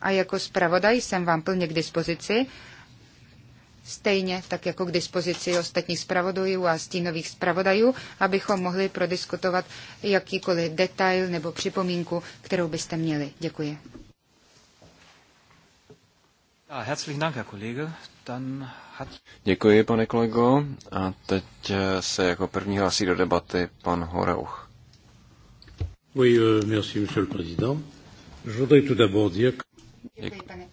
a jako zpravodaj jsem vám plně k dispozici, stejně tak jako k dispozici ostatních zpravodajů a stínových zpravodajů, abychom mohli prodiskutovat jakýkoliv detail nebo připomínku, kterou byste měli. Děkuji. Děkuji, pane kolego. A teď eh, se jako první hlásí do debaty pan Horeuch. Oui, euh, merci, monsieur le président. Je voudrais tout d'abord dire que... Děkuji, pane.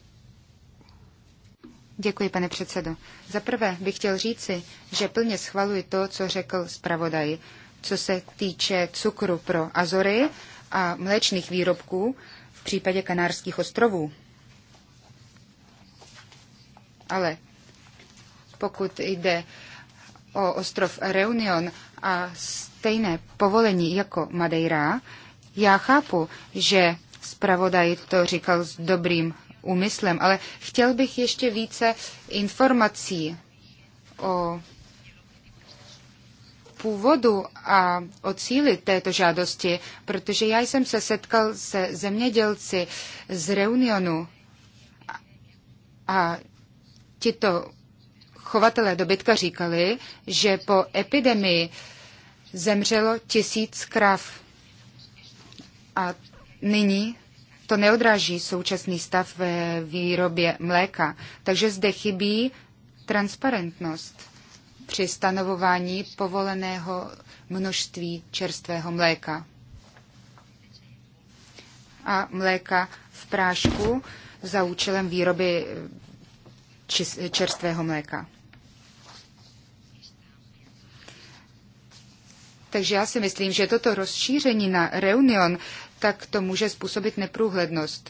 Děkuji, pane předsedo. Za prvé bych chtěl říci, že plně schvaluji to, co řekl zpravodaj, co se týče cukru pro Azory a mléčných výrobků v případě Kanárských ostrovů. Ale pokud jde o ostrov Reunion a stejné povolení jako Madeira, já chápu, že Spravodaj to říkal s dobrým úmyslem, ale chtěl bych ještě více informací o původu a o cíli této žádosti, protože já jsem se setkal se zemědělci z Reunionu a tito chovatelé dobytka říkali, že po epidemii zemřelo tisíc krav. A nyní to neodráží současný stav ve výrobě mléka. Takže zde chybí transparentnost při stanovování povoleného množství čerstvého mléka. A mléka v prášku za účelem výroby eh, čerstvého mléka. Takže já si myslím, že toto rozšíření na Reunion tak to může způsobit neprůhlednost.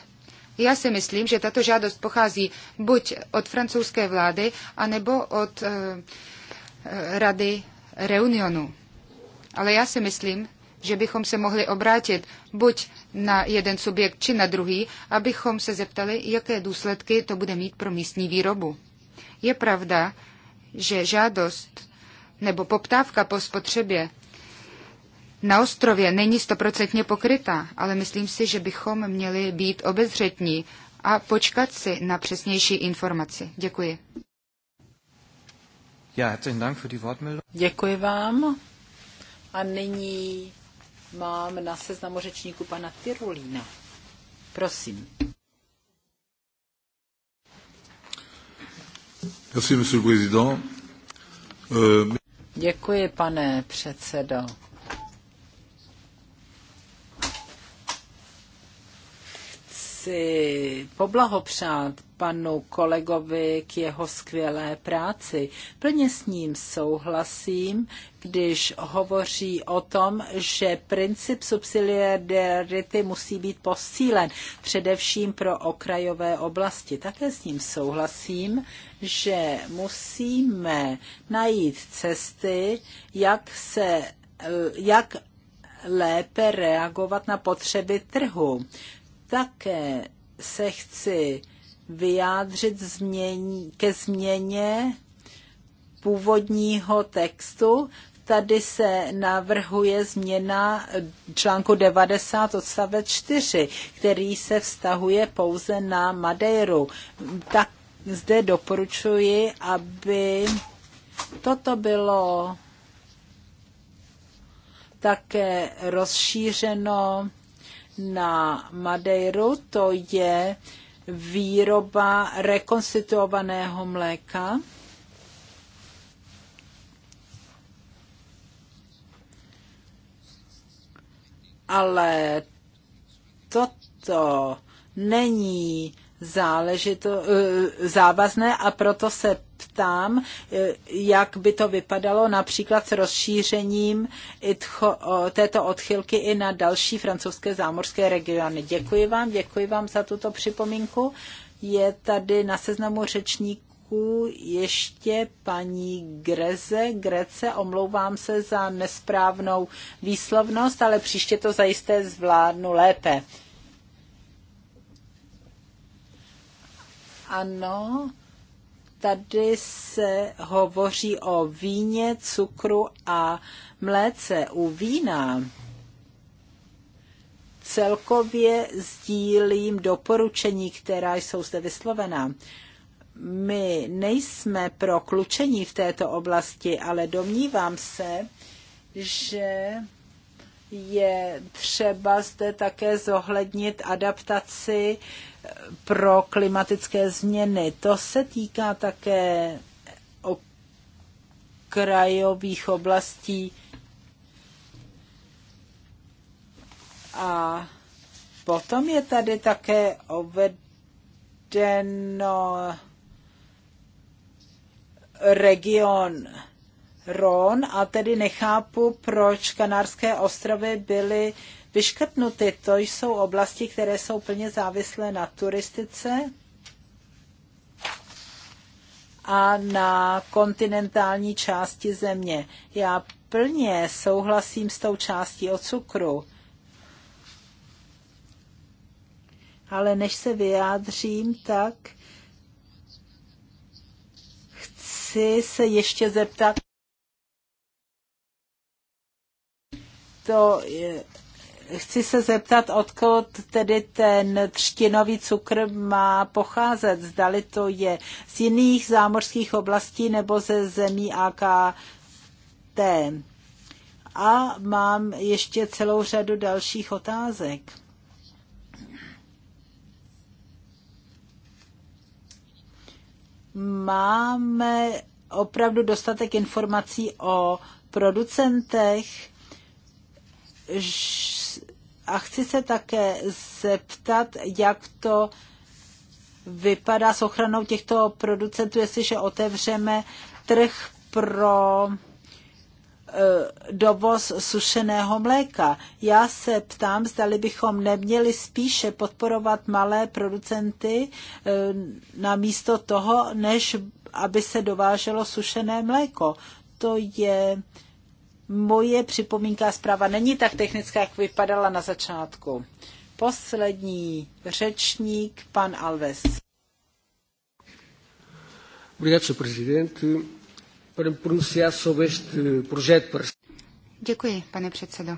Já si myslím, že tato žádost pochází buď od francouzské vlády, anebo od e, rady Reunionu. Ale já si myslím, že bychom se mohli obrátit buď na jeden subjekt, či na druhý, abychom se zeptali, jaké důsledky to bude mít pro místní výrobu. Je pravda, že žádost nebo poptávka po spotřebě na ostrově není stoprocentně pokrytá, ale myslím si, že bychom měli být obezřetní a počkat si na přesnější informaci. Děkuji. Děkuji vám. A nyní mám na seznamu řečníku pana Tyrulína. Prosím. Euh, Děkuji, pane předsedo. chci poblahopřát panu kolegovi k jeho skvělé práci. Plně s ním souhlasím, když hovoří o tom, že princip subsidiarity musí být posílen, především pro okrajové oblasti. Také s ním souhlasím, že musíme najít cesty, jak se jak lépe reagovat na potřeby trhu. Také se chci vyjádřit změň, ke změně původního textu. Tady se navrhuje změna článku 90 odstavec 4, který se vztahuje pouze na Madeiru. Tak zde doporučuji, aby toto bylo také rozšířeno na Madeiru, to je výroba rekonstituovaného mléka. Ale toto není záležito, eh, závazné a proto se ptám, eh, jak by to vypadalo například s rozšířením této odchylky i na další francouzské zámořské regiony. Děkuji vám, děkuji vám za tuto připomínku. Je tady na seznamu řečníků ještě paní Greze. Grece, omlouvám se za nesprávnou výslovnost, ale příště to zajisté zvládnu lépe. Ano, tady se hovoří o víně, cukru a mléce. U vína celkově sdílím doporučení, která jsou zde vyslovena. My nejsme pro klučení v této oblasti, ale domnívám se, že je třeba zde také zohlednit adaptaci pro klimatické změny. To se týká také okrajových oblastí a potom je tady také uvedeno region Ron a tedy nechápu, proč Kanárské ostrovy byly vyškrtnuty. To jsou oblasti, které jsou plně závislé na turistice a na kontinentální části země. Já plně souhlasím s tou částí o cukru. Ale než se vyjádřím, tak chci se ještě zeptat. To je chci se zeptat, odkud tedy ten třtinový cukr má pocházet. Zdali to je z jiných zámořských oblastí nebo ze zemí AKT. A mám ještě celou řadu dalších otázek. Máme opravdu dostatek informací o producentech, a chci se také zeptat, jak to vypadá s ochranou těchto producentů, jestliže otevřeme trh pro eh, dovoz sušeného mléka. Já se ptám, zdali bychom neměli spíše podporovat malé producenty eh, na místo toho, než aby se dováželo sušené mléko. To je Moje připomínka zpráva není tak technická, jak vypadala na začátku. Poslední řečník, pan Alves. Děkuji, pane předsedo.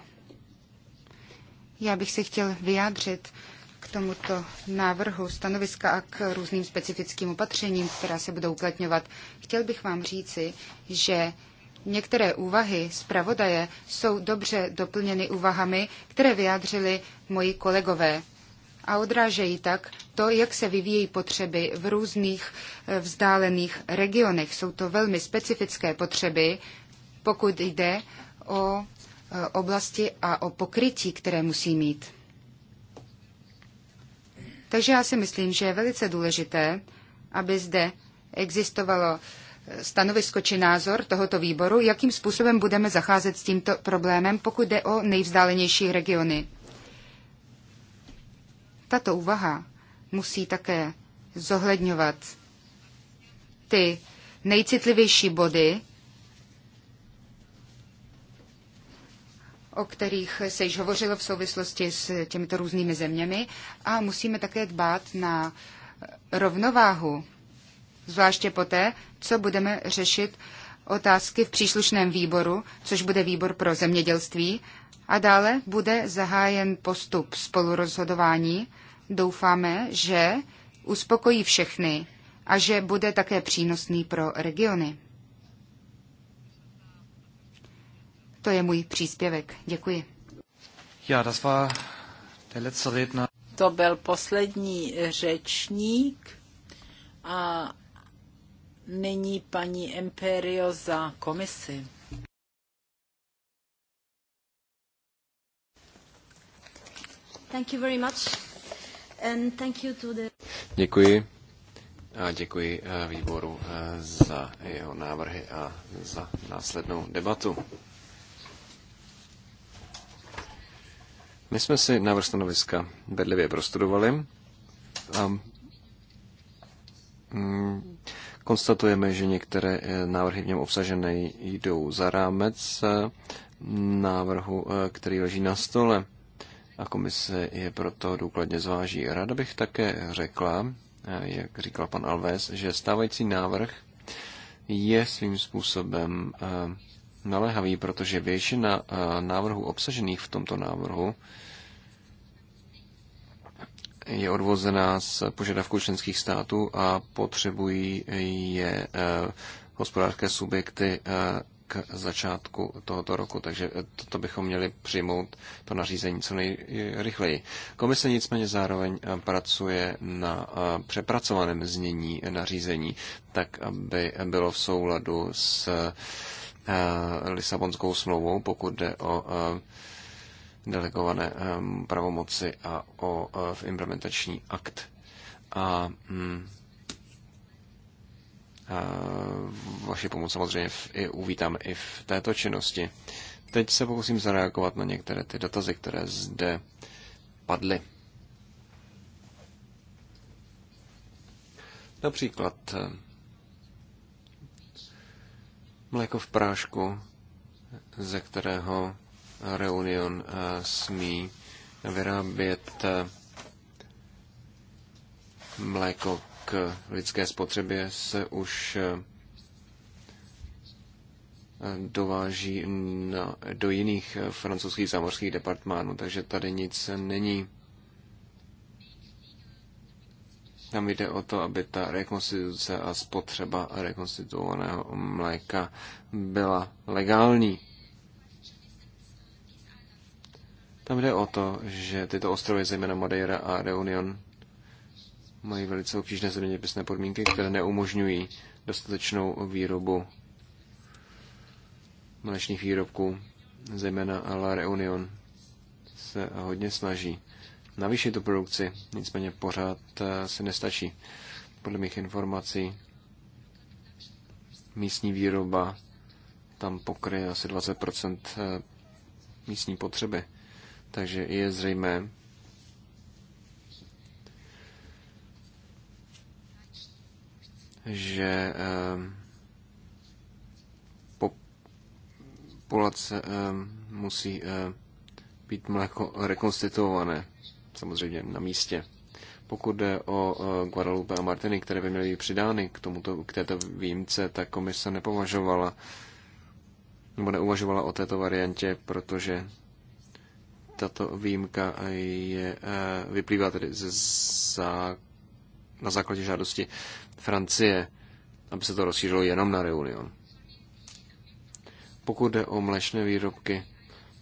Já bych se chtěl vyjádřit k tomuto návrhu stanoviska a k různým specifickým opatřením, která se budou uplatňovat. Chtěl bych vám říci, že Některé úvahy zpravodaje jsou dobře doplněny úvahami, které vyjádřili moji kolegové a odrážejí tak to, jak se vyvíjí potřeby v různých eh, vzdálených regionech. Jsou to velmi specifické potřeby, pokud jde o eh, oblasti a o pokrytí, které musí mít. Takže já si myslím, že je velice důležité, aby zde existovalo stanovisko či názor tohoto výboru, jakým způsobem budeme zacházet s tímto problémem, pokud jde o nejvzdálenější regiony. Tato úvaha musí také zohledňovat ty nejcitlivější body, o kterých se již hovořilo v souvislosti s těmito různými zeměmi a musíme také dbát na rovnováhu zvláště poté, co budeme řešit otázky v příslušném výboru, což bude výbor pro zemědělství, a dále bude zahájen postup spolurozhodování. Doufáme, že uspokojí všechny a že bude také přínosný pro regiony. To je můj příspěvek. Děkuji. Ja, das war der letzte Redner. To byl poslední řečník a Nyní paní Imperio za komisi. Thank you very much. And thank you to the... Děkuji. A děkuji eh, výboru eh, za jeho návrhy a za následnou debatu. My jsme si návrh stanoviska bedlivě prostudovali a mm, konstatujeme, že některé eh, návrhy v něm obsažené jdou za rámec eh, návrhu, eh, který leží na stole a komise je proto důkladně zváží. Ráda bych také řekla, jak říkal pan Alves, že stávající návrh je svým způsobem naléhavý, protože většina návrhů obsažených v tomto návrhu je odvozená z požadavků členských států a potřebují je eh, hospodářské subjekty eh, k začátku tohoto roku, takže eh, toto bychom měli přijmout to nařízení co nejrychleji. Komise nicméně zároveň pracuje na přepracovaném znění nařízení, tak aby bylo v souladu s Lisabonskou smlouvou, pokud jde o delegované ehm, pravomoci a o e, v implementační akt. A mm, vaši pomoc samozřejmě v, i uvítám i v této činnosti. Teď se pokusím zareagovat na některé ty dotazy, které zde padly. Například e, mléko v prášku, ze kterého Reunion eh, smí vyrábět eh, mléko k lidské spotřebě, se už eh, dováží na, do jiných francouzských zámořských departmánů, takže tady nic není. Tam jde o to, aby ta rekonstituce a spotřeba rekonstituovaného mléka byla legální. Tam jde o to, že tyto ostrovy, zejména Madeira a Reunion, mají velice obtížné zeměpisné podmínky, které neumožňují dostatečnou výrobu mlečných výrobků, zejména La Reunion se hodně snaží navýšit tu produkci, nicméně pořád eh, se nestačí. Podle mých informací místní výroba tam pokryje asi 20% eh, místní potřeby. Takže je zřejmé, že ehm, populace ehm, musí ehm, být mléko rekonstituované, samozřejmě na místě. Pokud jde o eh, Guadalupe a Martiny, které by měly být přidány k, tomuto, k této výjimce, tak komise nepovažovala nebo neuvažovala o této variantě, protože tato výjimka je, eh, vyplývá tedy ze, za, na základě žádosti Francie, aby se to rozšířilo jenom na Reunion. Pokud jde o mlečné výrobky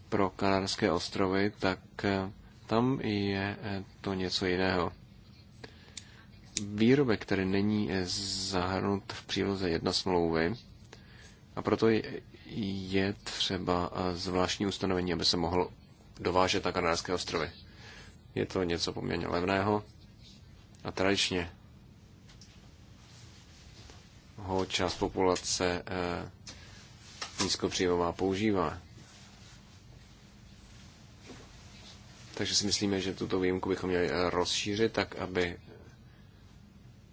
pro Kanárské ostrovy, tak eh, tam je eh, to něco jiného. Výrobek, který není zahrnut v příloze jedna smlouvy, a proto je třeba zvláštní ustanovení, aby se mohl dovážet na Kanárské ostrovy. Je to něco poměrně levného a tradičně ho část populace eh, nízkopříjmová používá. Takže si myslíme, že tuto výjimku bychom měli eh, rozšířit tak, aby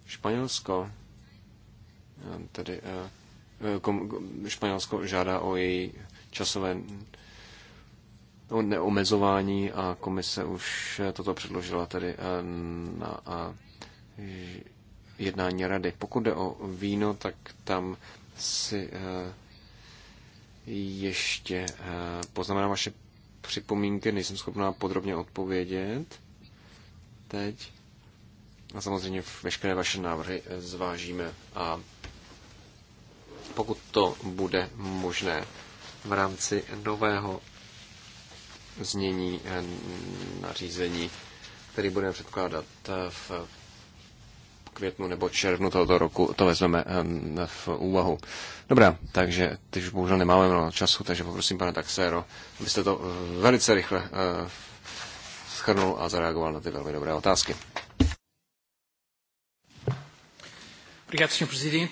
Španělsko eh, tedy eh, Španělsko žádá o její časové o neomezování a komise už eh, toto předložila tedy eh, na eh, jednání rady. Pokud jde o víno, tak tam si ještě poznamenám vaše připomínky, nejsem schopná podrobně odpovědět teď. A samozřejmě veškeré vaše návrhy zvážíme a pokud to bude možné v rámci nového znění eh, nařízení, který budeme předkládat eh, v květnu nebo červnu tohoto roku, to vezmeme eh, v úvahu. Dobrá, takže teď už bohužel nemáme mnoho času, takže poprosím pana Taxero, abyste to velice rychle schrnul a zareagoval na ty velmi dobré otázky. E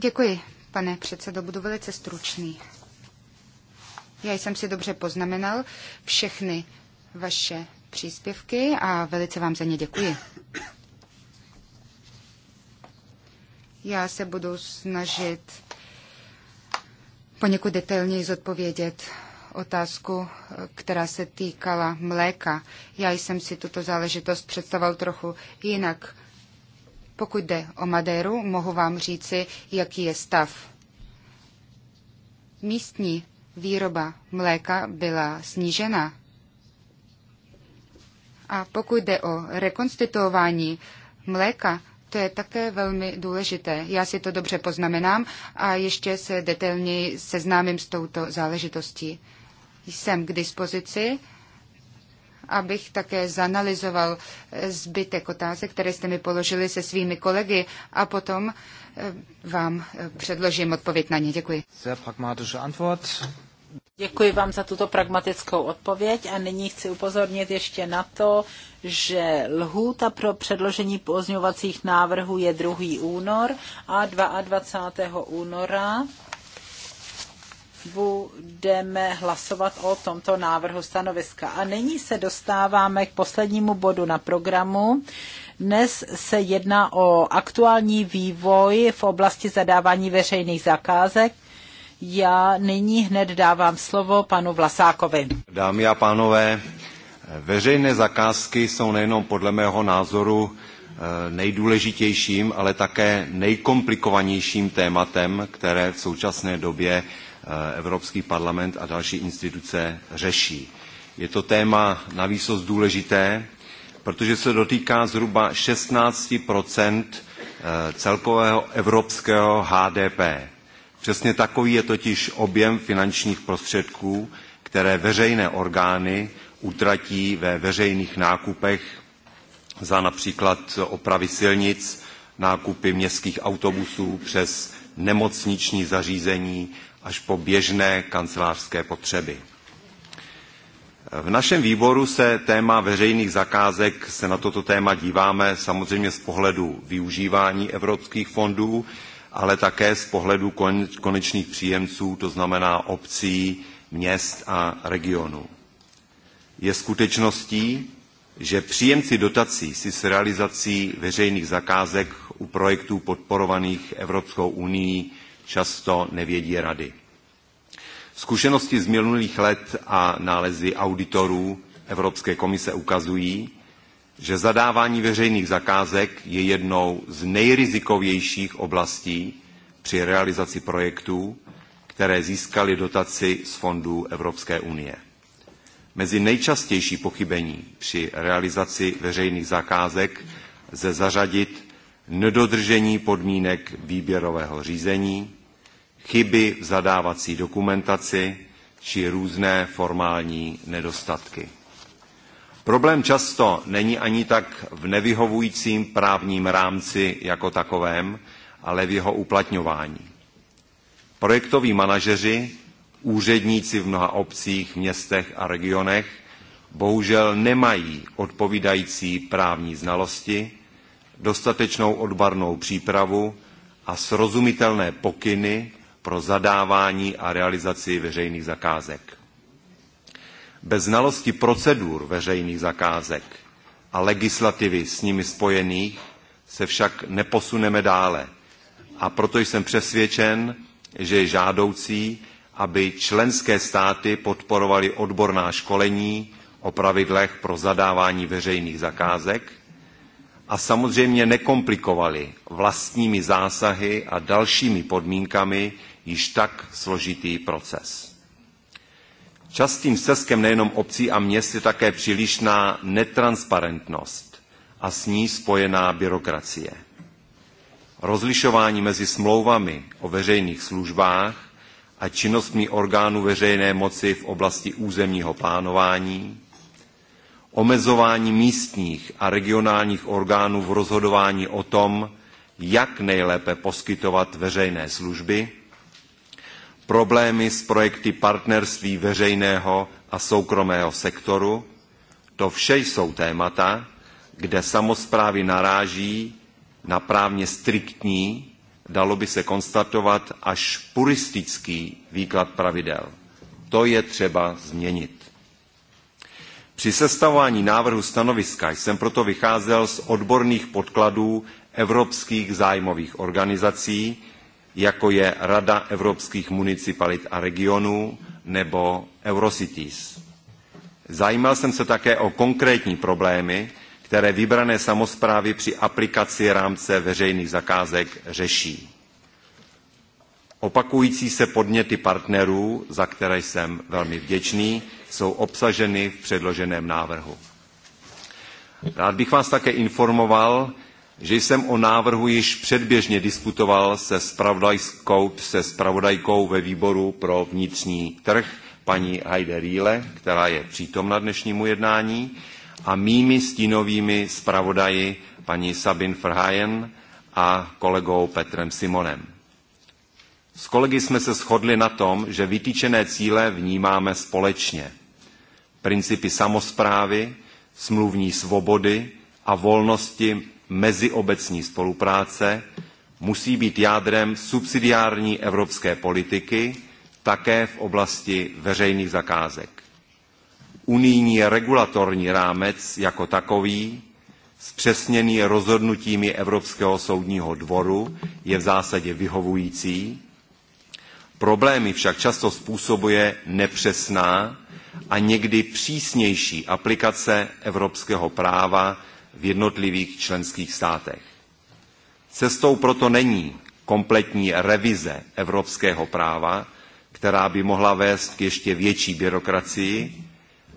Děkuji, pane předsedo, budu velice stručný. Já jsem si dobře poznamenal všechny vaše příspěvky a velice vám za ně děkuji. Já se budu snažit poněkud detailněji zodpovědět otázku, která se týkala mléka. Já jsem si tuto záležitost představoval trochu jinak. Pokud jde o Madéru, mohu vám říci, jaký je stav. Místní výroba mléka byla snížena. A pokud jde o rekonstituování mléka, to je také velmi důležité. Já si to dobře poznamenám a ještě se detailněji seznámím s touto záležitostí. Jsem k dispozici, abych také zanalizoval zbytek otázek, které jste mi položili se svými kolegy a potom eh, vám eh, předložím odpověď na ně. Děkuji. Sehr pragmatische Antwort. Děkuji vám za tuto pragmatickou odpověď a nyní chci upozornit ještě na to, že lhůta pro předložení pozňovacích návrhů je 2. únor a 22. února budeme hlasovat o tomto návrhu stanoviska. A nyní se dostáváme k poslednímu bodu na programu. Dnes se jedná o aktuální vývoj v oblasti zadávání veřejných zakázek já nyní hned dávám slovo panu Vlasákovi. Dámy a pánové, veřejné zakázky jsou nejenom podle mého názoru eh, nejdůležitějším, ale také nejkomplikovanějším tématem, které v současné době eh, Evropský parlament a další instituce řeší. Je to téma navýsost důležité, protože se dotýká zhruba 16 eh, celkového evropského HDP. Přesně takový je totiž objem finančních prostředků, které veřejné orgány utratí ve veřejných nákupech za například opravy silnic, nákupy městských autobusů přes nemocniční zařízení až po běžné kancelářské potřeby. V našem výboru se téma veřejných zakázek se na toto téma díváme samozřejmě z pohledu využívání evropských fondů, ale také z pohledu konečných příjemců, to znamená obcí, měst a regionů. Je skutečností, že příjemci dotací si s realizací veřejných zakázek u projektů podporovaných Evropskou unii často nevědí rady. Zkušenosti z minulých let a nálezy auditorů Evropské komise ukazují, že zadávání veřejných zakázek je jednou z nejrizikovějších oblastí při realizaci projektů, které získaly dotaci z fondů Evropské unie. Mezi nejčastější pochybení při realizaci veřejných zakázek se zařadit nedodržení podmínek výběrového řízení, chyby v zadávací dokumentaci či různé formální nedostatky. Problém často není ani tak v nevyhovujícím právním rámci jako takovém, ale v jeho uplatňování. Projektoví manažeři, úředníci v mnoha obcích, městech a regionech bohužel nemají odpovídající právní znalosti, dostatečnou odbornou přípravu a srozumitelné pokyny pro zadávání a realizaci veřejných zakázek bez znalosti procedur veřejných zakázek a legislativy s nimi spojených se však neposuneme dále. A proto jsem přesvědčen, že je žádoucí, aby členské státy podporovaly odborná školení o pravidlech pro zadávání veřejných zakázek a samozřejmě nekomplikovali vlastními zásahy a dalšími podmínkami již tak složitý proces. Častým steskem nejenom obcí a měst je také přílišná netransparentnost a s ní spojená byrokracie. Rozlišování mezi smlouvami o veřejných službách a činnostmi orgánů veřejné moci v oblasti územního plánování, omezování místních a regionálních orgánů v rozhodování o tom, jak nejlépe poskytovat veřejné služby, problémy s projekty partnerství veřejného a soukromého sektoru. To vše jsou témata, kde samozprávy naráží na právně striktní, dalo by se konstatovat, až puristický výklad pravidel. To je třeba změnit. Při sestavování návrhu stanoviska jsem proto vycházel z odborných podkladů evropských zájmových organizací, jako je Rada evropských municipalit a regionů nebo Eurocities. Zajímal jsem se také o konkrétní problémy, které vybrané samozprávy při aplikaci rámce veřejných zakázek řeší. Opakující se podněty partnerů, za které jsem velmi vděčný, jsou obsaženy v předloženém návrhu. Rád bych vás také informoval, že jsem o návrhu již předběžně diskutoval se spravodajkou, se spravodajkou ve výboru pro vnitřní trh, paní Heide Riele, která je přítomna dnešnímu jednání, a mými stínovými zpravodaji paní Sabin Verheyen a kolegou Petrem Simonem. S kolegy jsme se shodli na tom, že vytýčené cíle vnímáme společně. Principy samozprávy, smluvní svobody a volnosti meziobecní spolupráce musí být jádrem subsidiární evropské politiky také v oblasti veřejných zakázek. Unijní regulatorní rámec jako takový, zpřesněný rozhodnutími Evropského soudního dvoru, je v zásadě vyhovující. Problémy však často způsobuje nepřesná a někdy přísnější aplikace evropského práva v jednotlivých členských státech. Cestou proto není kompletní revize evropského práva, která by mohla vést k ještě větší byrokracii,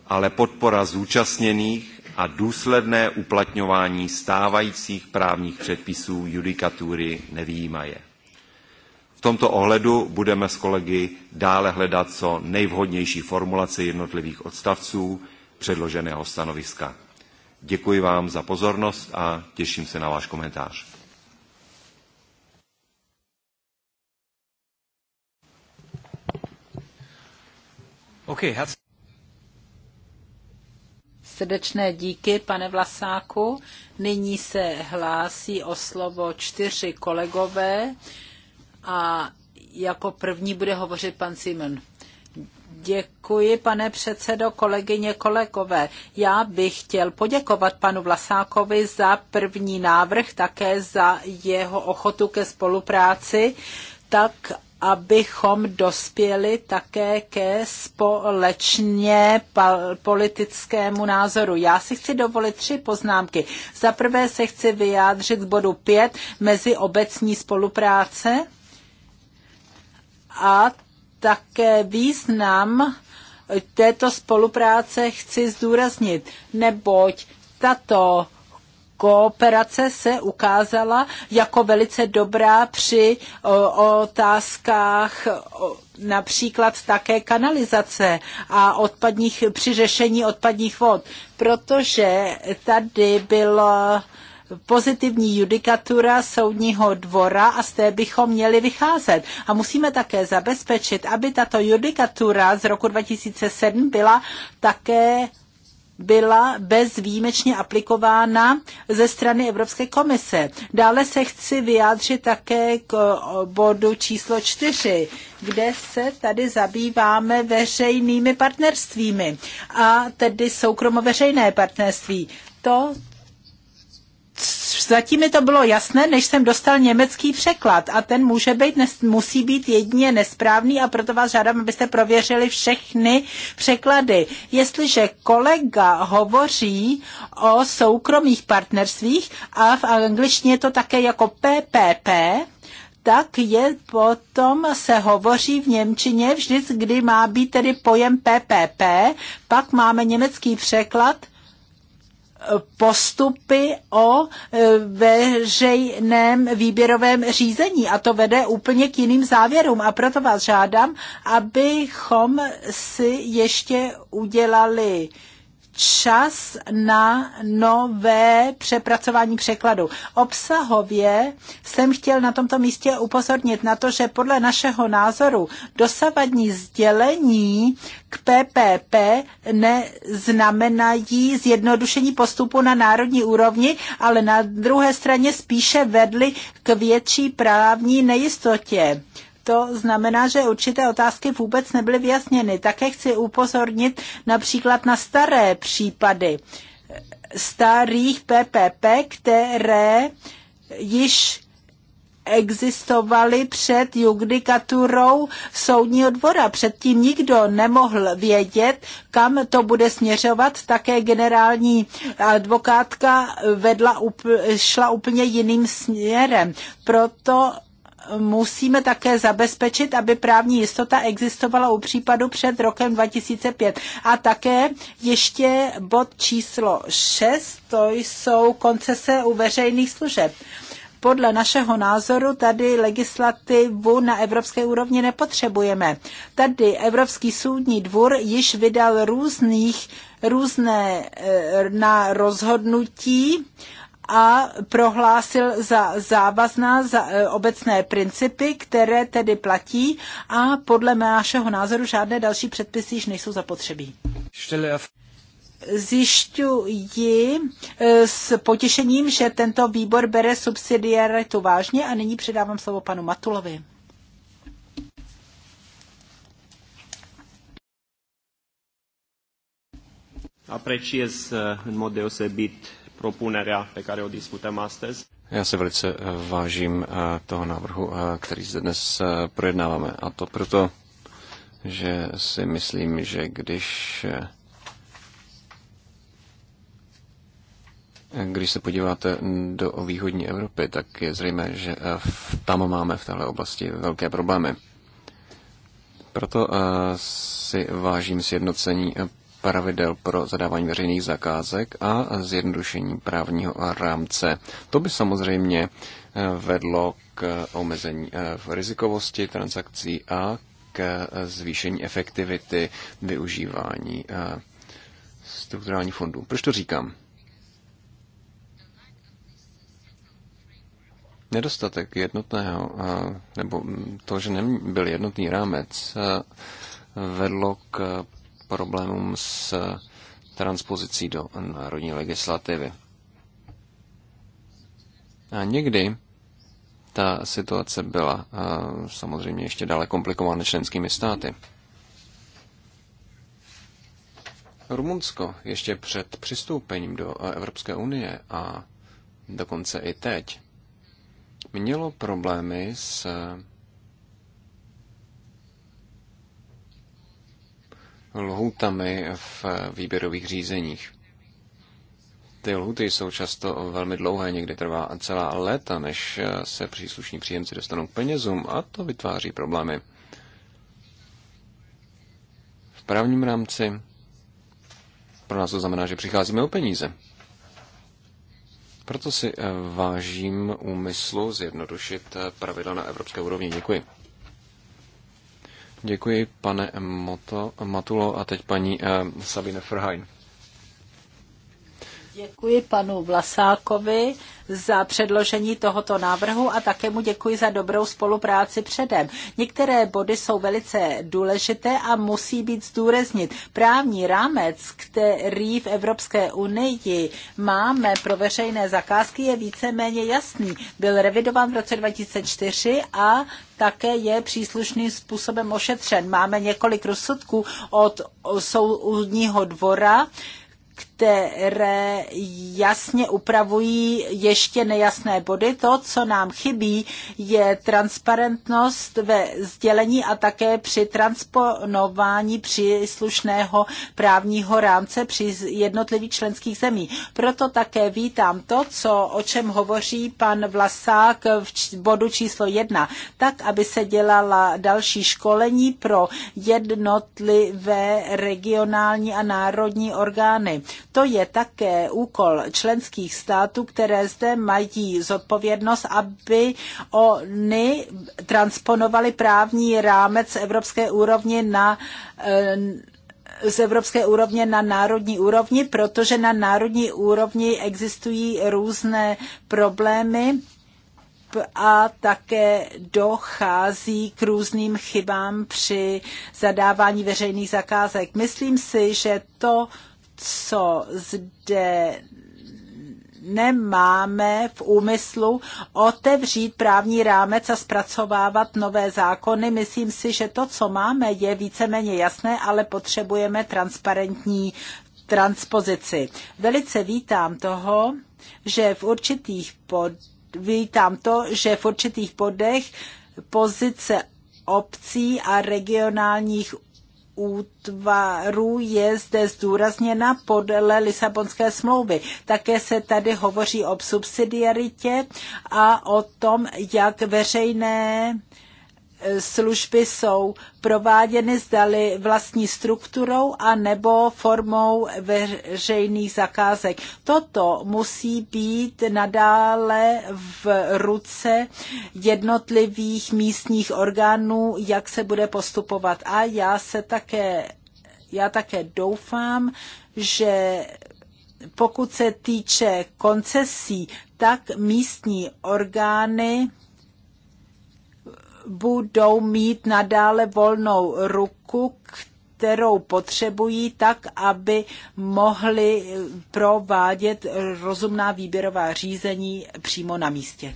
ale podpora zúčastněných a důsledné uplatňování stávajících právních předpisů judikatury nevýjímaje. V tomto ohledu budeme s kolegy dále hledat co nejvhodnější formulaci jednotlivých odstavců předloženého stanoviska. Děkuji vám za pozornost a těším se na váš komentář. Okay, Srdečné díky, pane Vlasáku. Nyní se hlásí o slovo čtyři kolegové a jako první bude hovořit pan Simon. Děkuji, pane předsedo, kolegyně, kolegové. Já bych chtěl poděkovat panu Vlasákovi za první návrh, také za jeho ochotu ke spolupráci, tak abychom dospěli také ke společně politickému názoru. Já si chci dovolit tři poznámky. Za prvé se chci vyjádřit k bodu 5 mezi obecní spolupráce a také význam této spolupráce chci zdůraznit, neboť tato kooperace se ukázala jako velice dobrá při otázkách například také kanalizace a odpadních, při řešení odpadních vod, protože tady bylo pozitivní judikatura soudního dvora a z té bychom měli vycházet. A musíme také zabezpečit, aby tato judikatura z roku 2007 byla také byla bezvýjimečně aplikována ze strany Evropské komise. Dále se chci vyjádřit také k bodu číslo čtyři, kde se tady zabýváme veřejnými partnerstvími a tedy soukromo-veřejné partnerství. To, zatím mi to bylo jasné, než jsem dostal německý překlad a ten může být, nes, musí být jedině nesprávný a proto vás žádám, abyste prověřili všechny překlady. Jestliže kolega hovoří o soukromých partnerstvích a v angličtině je to také jako PPP, tak je potom se hovoří v Němčině vždy, kdy má být tedy pojem PPP, pak máme německý překlad postupy o e, veřejném výběrovém řízení a to vede úplně k jiným závěrům. A proto vás žádám, abychom si ještě udělali čas na nové přepracování překladu. Obsahově jsem chtěl na tomto místě upozornit na to, že podle našeho názoru dosavadní sdělení k PPP neznamenají zjednodušení postupu na národní úrovni, ale na druhé straně spíše vedly k větší právní nejistotě to znamená, že určité otázky vůbec nebyly vyjasněny. Také chci upozornit například na staré případy starých PPP, které již existovaly před judikaturou soudního dvora. Předtím nikdo nemohl vědět, kam to bude směřovat. Také generální advokátka vedla, šla úplně jiným směrem. Proto musíme také zabezpečit, aby právní jistota existovala u případu před rokem 2005. A také ještě bod číslo 6, to jsou koncese u veřejných služeb podle našeho názoru tady legislativu na evropské úrovni nepotřebujeme. Tady Evropský soudní dvůr již vydal různých, různé eh, na rozhodnutí a prohlásil za závazná za e, obecné principy, které tedy platí a podle našeho názoru žádné další předpisy již nejsou zapotřebí. Zjišťuji e, s potěšením, že tento výbor bere subsidiaritu vážně a nyní předávám slovo panu Matulovi. Apreciez e, în mod deosebit propunerea pe care o discutăm astăzi. Já se velice eh, vážím eh, toho návrhu, eh, který zde dnes projednáváme. A to proto, že si myslím, že když Když se podíváte do východní Evropy, tak je zřejmé, že tam máme v této oblasti velké problémy. Proto si vážím sjednocení pravidel pro zadávání veřejných zakázek a zjednodušení právního rámce. To by samozřejmě eh, vedlo k eh, omezení eh, v rizikovosti transakcí a k zvýšení efektivity využívání strukturálních fondů. Proč to říkám? Nedostatek jednotného, nebo to, že nebyl jednotný rámec, vedlo k problémům s transpozicí do národní legislativy. A někdy ta situace byla eh, samozřejmě ještě dále komplikována členskými státy. Rumunsko ještě před přistoupením do Evropské unie a dokonce i teď mělo problémy s lhůtami v výběrových řízeních. Ty lhuty jsou často velmi dlouhé, někdy trvá celá léta, než se příslušní příjemci dostanou k penězům a to vytváří problémy. V právním rámci pro nás to znamená, že přicházíme o peníze. Proto si eh, vážím úmyslu zjednodušit eh, pravidla na evropské úrovni. Děkuji. Děkuji, pane Moto, Matulo, a teď paní eh, Sabine Frhajn. Děkuji panu Vlasákovi za předložení tohoto návrhu a také mu děkuji za dobrou spolupráci předem. Některé body jsou velice důležité a musí být zdůreznit. Právní rámec, který v Evropské unii máme pro veřejné zakázky, je víceméně jasný. Byl revidován v roce 2004 a také je příslušným způsobem ošetřen. Máme několik rozsudků od soudního dvora, které jasně upravují ještě nejasné body. To, co nám chybí, je transparentnost ve sdělení a také při transponování příslušného právního rámce při jednotlivých členských zemí. Proto také vítám to, co, o čem hovoří pan Vlasák v bodu číslo jedna, tak, aby se dělala další školení pro jednotlivé regionální a národní orgány. To je také úkol členských států, které zde mají zodpovědnost, aby oni transponovali právní rámec z evropské úrovně na eh, z evropské úrovně na národní úrovni, protože na národní úrovni existují různé problémy a také dochází k různým chybám při zadávání veřejných zakázek. Myslím si, že to co zde nemáme v úmyslu otevřít právní rámec a zpracovávat nové zákony. Myslím si, že to, co máme, je víceméně jasné, ale potřebujeme transparentní transpozici. Velice vítám toho, že v určitých pod... vítám to, že v určitých podech pozice obcí a regionálních útvarů je zde zdůrazněna podle Lisabonské smlouvy. Také se tady hovoří o subsidiaritě a o tom, jak veřejné služby jsou prováděny zdali vlastní strukturou a nebo formou veřejných zakázek. Toto musí být nadále v ruce jednotlivých místních orgánů, jak se bude postupovat. A já se také, já také doufám, že pokud se týče koncesí, tak místní orgány budou mít nadále volnou ruku, kterou potřebují tak, aby mohli provádět rozumná výběrová řízení přímo na místě.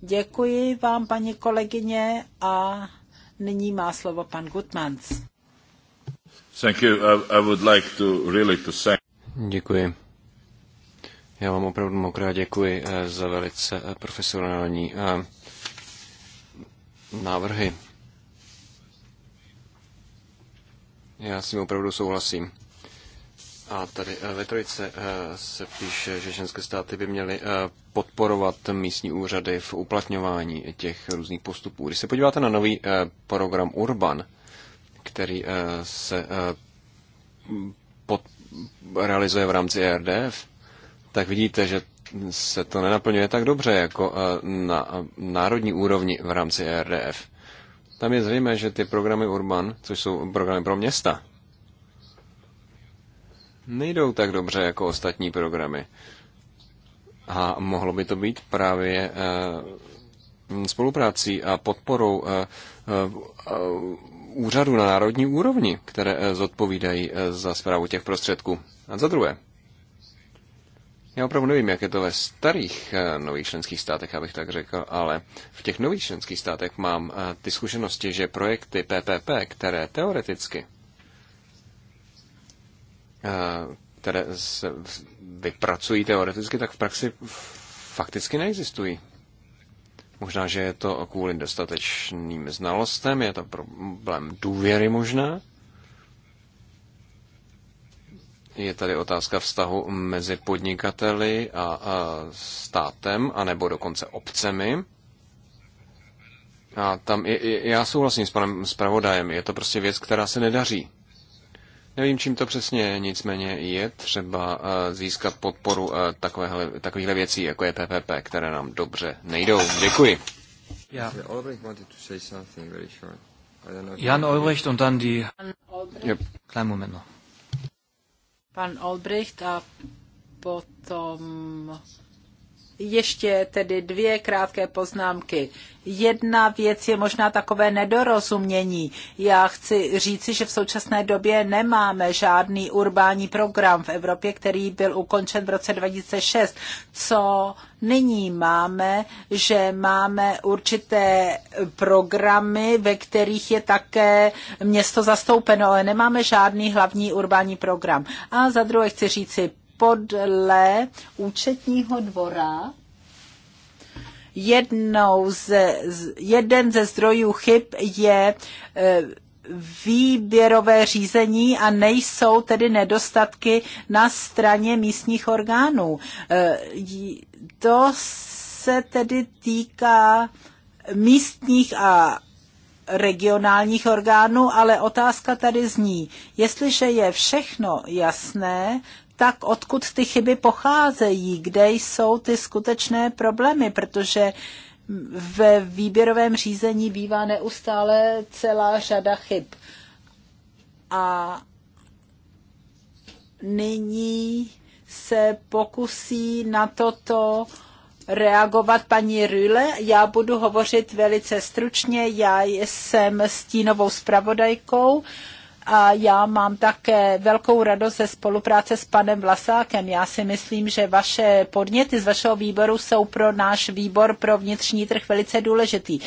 Děkuji vám, paní kolegyně, a nyní má slovo pan Gutmans. Děkuji. Já vám opravdu mokrát děkuji eh, za velice eh, profesionální eh, návrhy. Já s tím opravdu souhlasím. A tady eh, ve Trojice eh, se píše, že ženské státy by měly eh, podporovat místní úřady v uplatňování těch různých postupů. Když se podíváte na nový program Urban, který se pod, realizuje v rámci ERDF, tak vidíte, že se to nenaplňuje tak dobře jako eh, na národní úrovni v rámci ERDF. Tam je zřejmé, že ty programy Urban, což jsou programy pro města, nejdou tak dobře jako ostatní programy. A mohlo by to být právě eh, spoluprácí a podporou eh, úřadů na národní úrovni, které zodpovídají za zprávu těch prostředků. A za druhé, já opravdu nevím, jak je to ve starých eh, nových členských státech, abych tak řekl, ale v těch nových členských státech mám eh, ty zkušenosti, že projekty PPP, které teoreticky eh, které se vypracují teoreticky, tak v praxi fakticky neexistují. Možná, že je to kvůli dostatečným znalostem, je to problém důvěry možná, je tady otázka vztahu mezi podnikateli a, a státem, anebo dokonce obcemi. A tam je, je, já souhlasím s panem zpravodajem, je to prostě věc, která se nedaří. Nevím, čím to přesně je, nicméně je třeba e, získat podporu e, takovéhle, takovýchhle věcí, jako je PPP, které nám dobře nejdou. Děkuji. Jan Olbrecht und dann die... Klein Moment noch pan Olbricht a potom ještě tedy dvě krátké poznámky. Jedna věc je možná takové nedorozumění. Já chci říci, že v současné době nemáme žádný urbání program v Evropě, který byl ukončen v roce 2006. Co nyní máme, že máme určité programy, ve kterých je také město zastoupeno, ale nemáme žádný hlavní urbání program. A za druhé chci říci, podle účetního dvora jednou ze, jeden ze zdrojů chyb je e, výběrové řízení a nejsou tedy nedostatky na straně místních orgánů. E, to se tedy týká místních a regionálních orgánů, ale otázka tady zní, jestliže je všechno jasné, tak odkud ty chyby pocházejí, kde jsou ty skutečné problémy, protože ve výběrovém řízení bývá neustále celá řada chyb. A nyní se pokusí na toto reagovat paní Rüle. Já budu hovořit velice stručně, já jsem stínovou zpravodajkou. Uh, a já mám také velkou radost ze spolupráce s panem Vlasákem. Já si myslím, že vaše podněty z vašeho výboru jsou pro náš výbor pro vnitřní trh velice důležitý.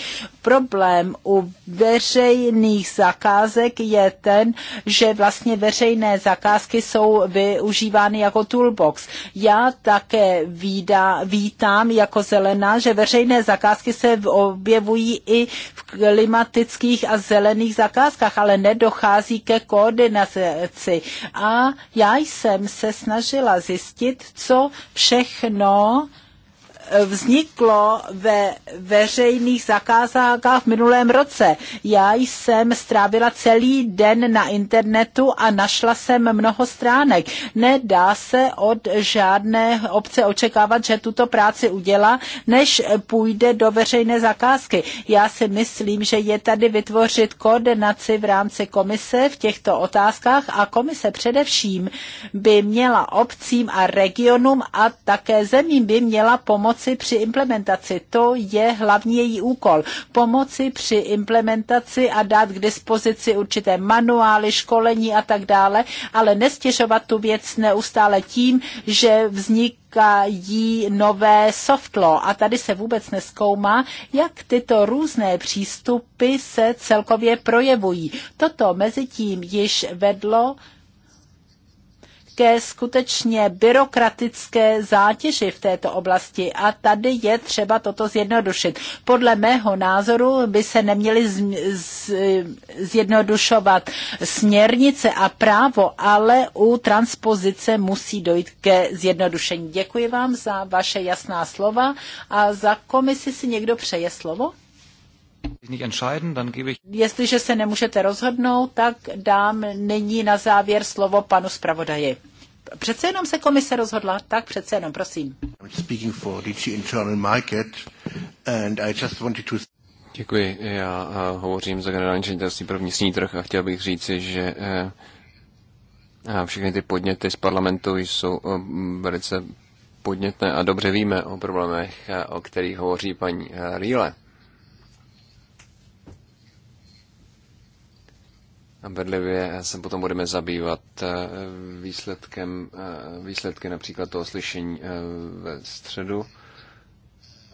Problém u veřejných zakázek je ten, že vlastně veřejné zakázky jsou využívány jako toolbox. Já také vída, vítám jako zelená, že veřejné zakázky se objevují i v klimatických a zelených zakázkách, ale nedochází ke koordinaci. A já jsem se snažila zjistit, co všechno vzniklo ve veřejných zakázkách v minulém roce. Já jsem strávila celý den na internetu a našla jsem mnoho stránek. Nedá se od žádné obce očekávat, že tuto práci udělá, než půjde do veřejné zakázky. Já si myslím, že je tady vytvořit koordinaci v rámci komise v těchto otázkách a komise především by měla obcím a regionům a také zemím by měla pomoci pomoci při implementaci. To je hlavní její úkol. Pomoci při implementaci a dát k dispozici určité manuály, školení a tak dále, ale nestěžovat tu věc neustále tím, že vznik jí nové softlaw a tady se vůbec neskoumá, jak tyto různé přístupy se celkově projevují. Toto mezi tím již vedlo obrovské skutečně byrokratické zátěži v této oblasti a tady je třeba toto zjednodušit. Podle mého názoru by se neměly z, z, zjednodušovat směrnice a právo, ale u transpozice musí dojít ke zjednodušení. Děkuji vám za vaše jasná slova a za komisi si někdo přeje slovo? Jestliže se nemůžete rozhodnout, tak dám nyní na závěr slovo panu zpravodaji. Přece jenom se komise rozhodla, tak přece jenom, prosím. Děkuji, já eh, hovořím za generální ředitelství pro vnitřní trh a chtěl bych říci, že eh, všechny ty podněty z parlamentu jsou eh, velice podnětné a dobře víme o problémech, o kterých hovoří paní Rýle. Bedlivě se potom budeme zabývat eh, výsledkem, eh, výsledky například toho slyšení eh, ve středu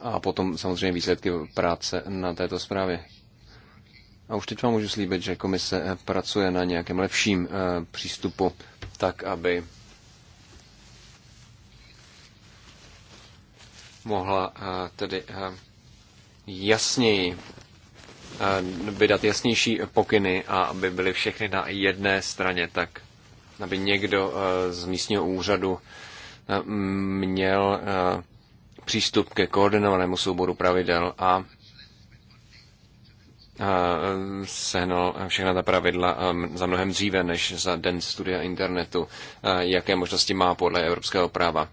a potom samozřejmě výsledky práce na této zprávě. A už teď vám můžu slíbit, že komise pracuje na nějakém lepším přístupu, tak aby mohla tedy jasněji Eh, vydat jasnější pokyny a aby byly všechny na jedné straně, tak aby někdo eh, z místního úřadu eh, měl přístup ke koordinovanému souboru pravidel a sehnal všechna ta pravidla za mnohem dříve než za den studia internetu, jaké možnosti má podle evropského práva.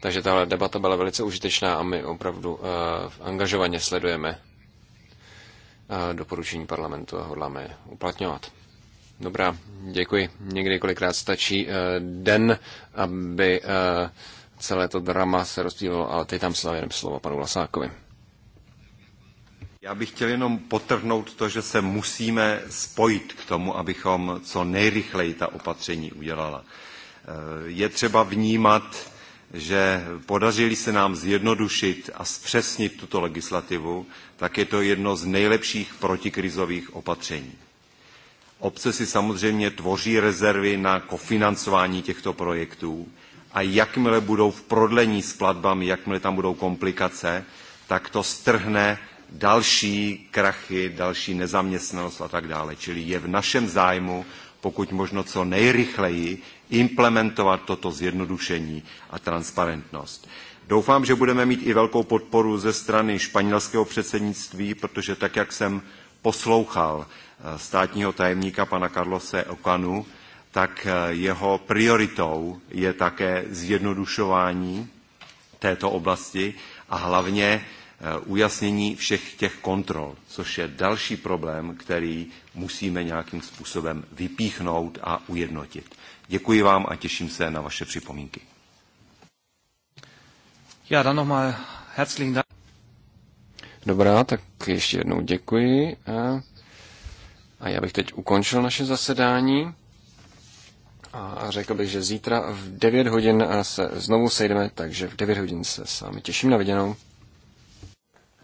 Takže tahle debata byla velice užitečná a my opravdu angažovaně sledujeme doporučení parlamentu a hodláme uplatňovat. Dobrá, děkuji. Někdy kolikrát stačí eh, den, aby eh, celé to drama se rozdílilo, ale teď tam jenom slovo panu Vlasákovi. Já bych chtěl jenom potrhnout to, že se musíme spojit k tomu, abychom co nejrychleji ta opatření udělala. Eh, je třeba vnímat, že podařili se nám zjednodušit a zpřesnit tuto legislativu, tak je to jedno z nejlepších protikrizových opatření. Obce si samozřejmě tvoří rezervy na kofinancování těchto projektů a jakmile budou v prodlení s platbami, jakmile tam budou komplikace, tak to strhne další krachy, další nezaměstnanost a tak dále. Čili je v našem zájmu, pokud možno co nejrychleji, implementovat toto zjednodušení a transparentnost. Doufám, že budeme mít i velkou podporu ze strany španělského předsednictví, protože tak, jak jsem poslouchal eh, státního tajemníka pana Carlose Okanu, tak eh, jeho prioritou je také zjednodušování této oblasti a hlavně eh, ujasnění všech těch kontrol, což je další problém, který musíme nějakým způsobem vypíchnout a ujednotit. Děkuji vám a těším se na vaše připomínky. Já dám nochmal herzlichen Dank. Dobrá, tak ještě jednou děkuji. A, a já bych teď ukončil naše zasedání. A řekl bych, že zítra v 9 hodin se znovu sejdeme, takže v 9 hodin se s vámi těším na viděnou.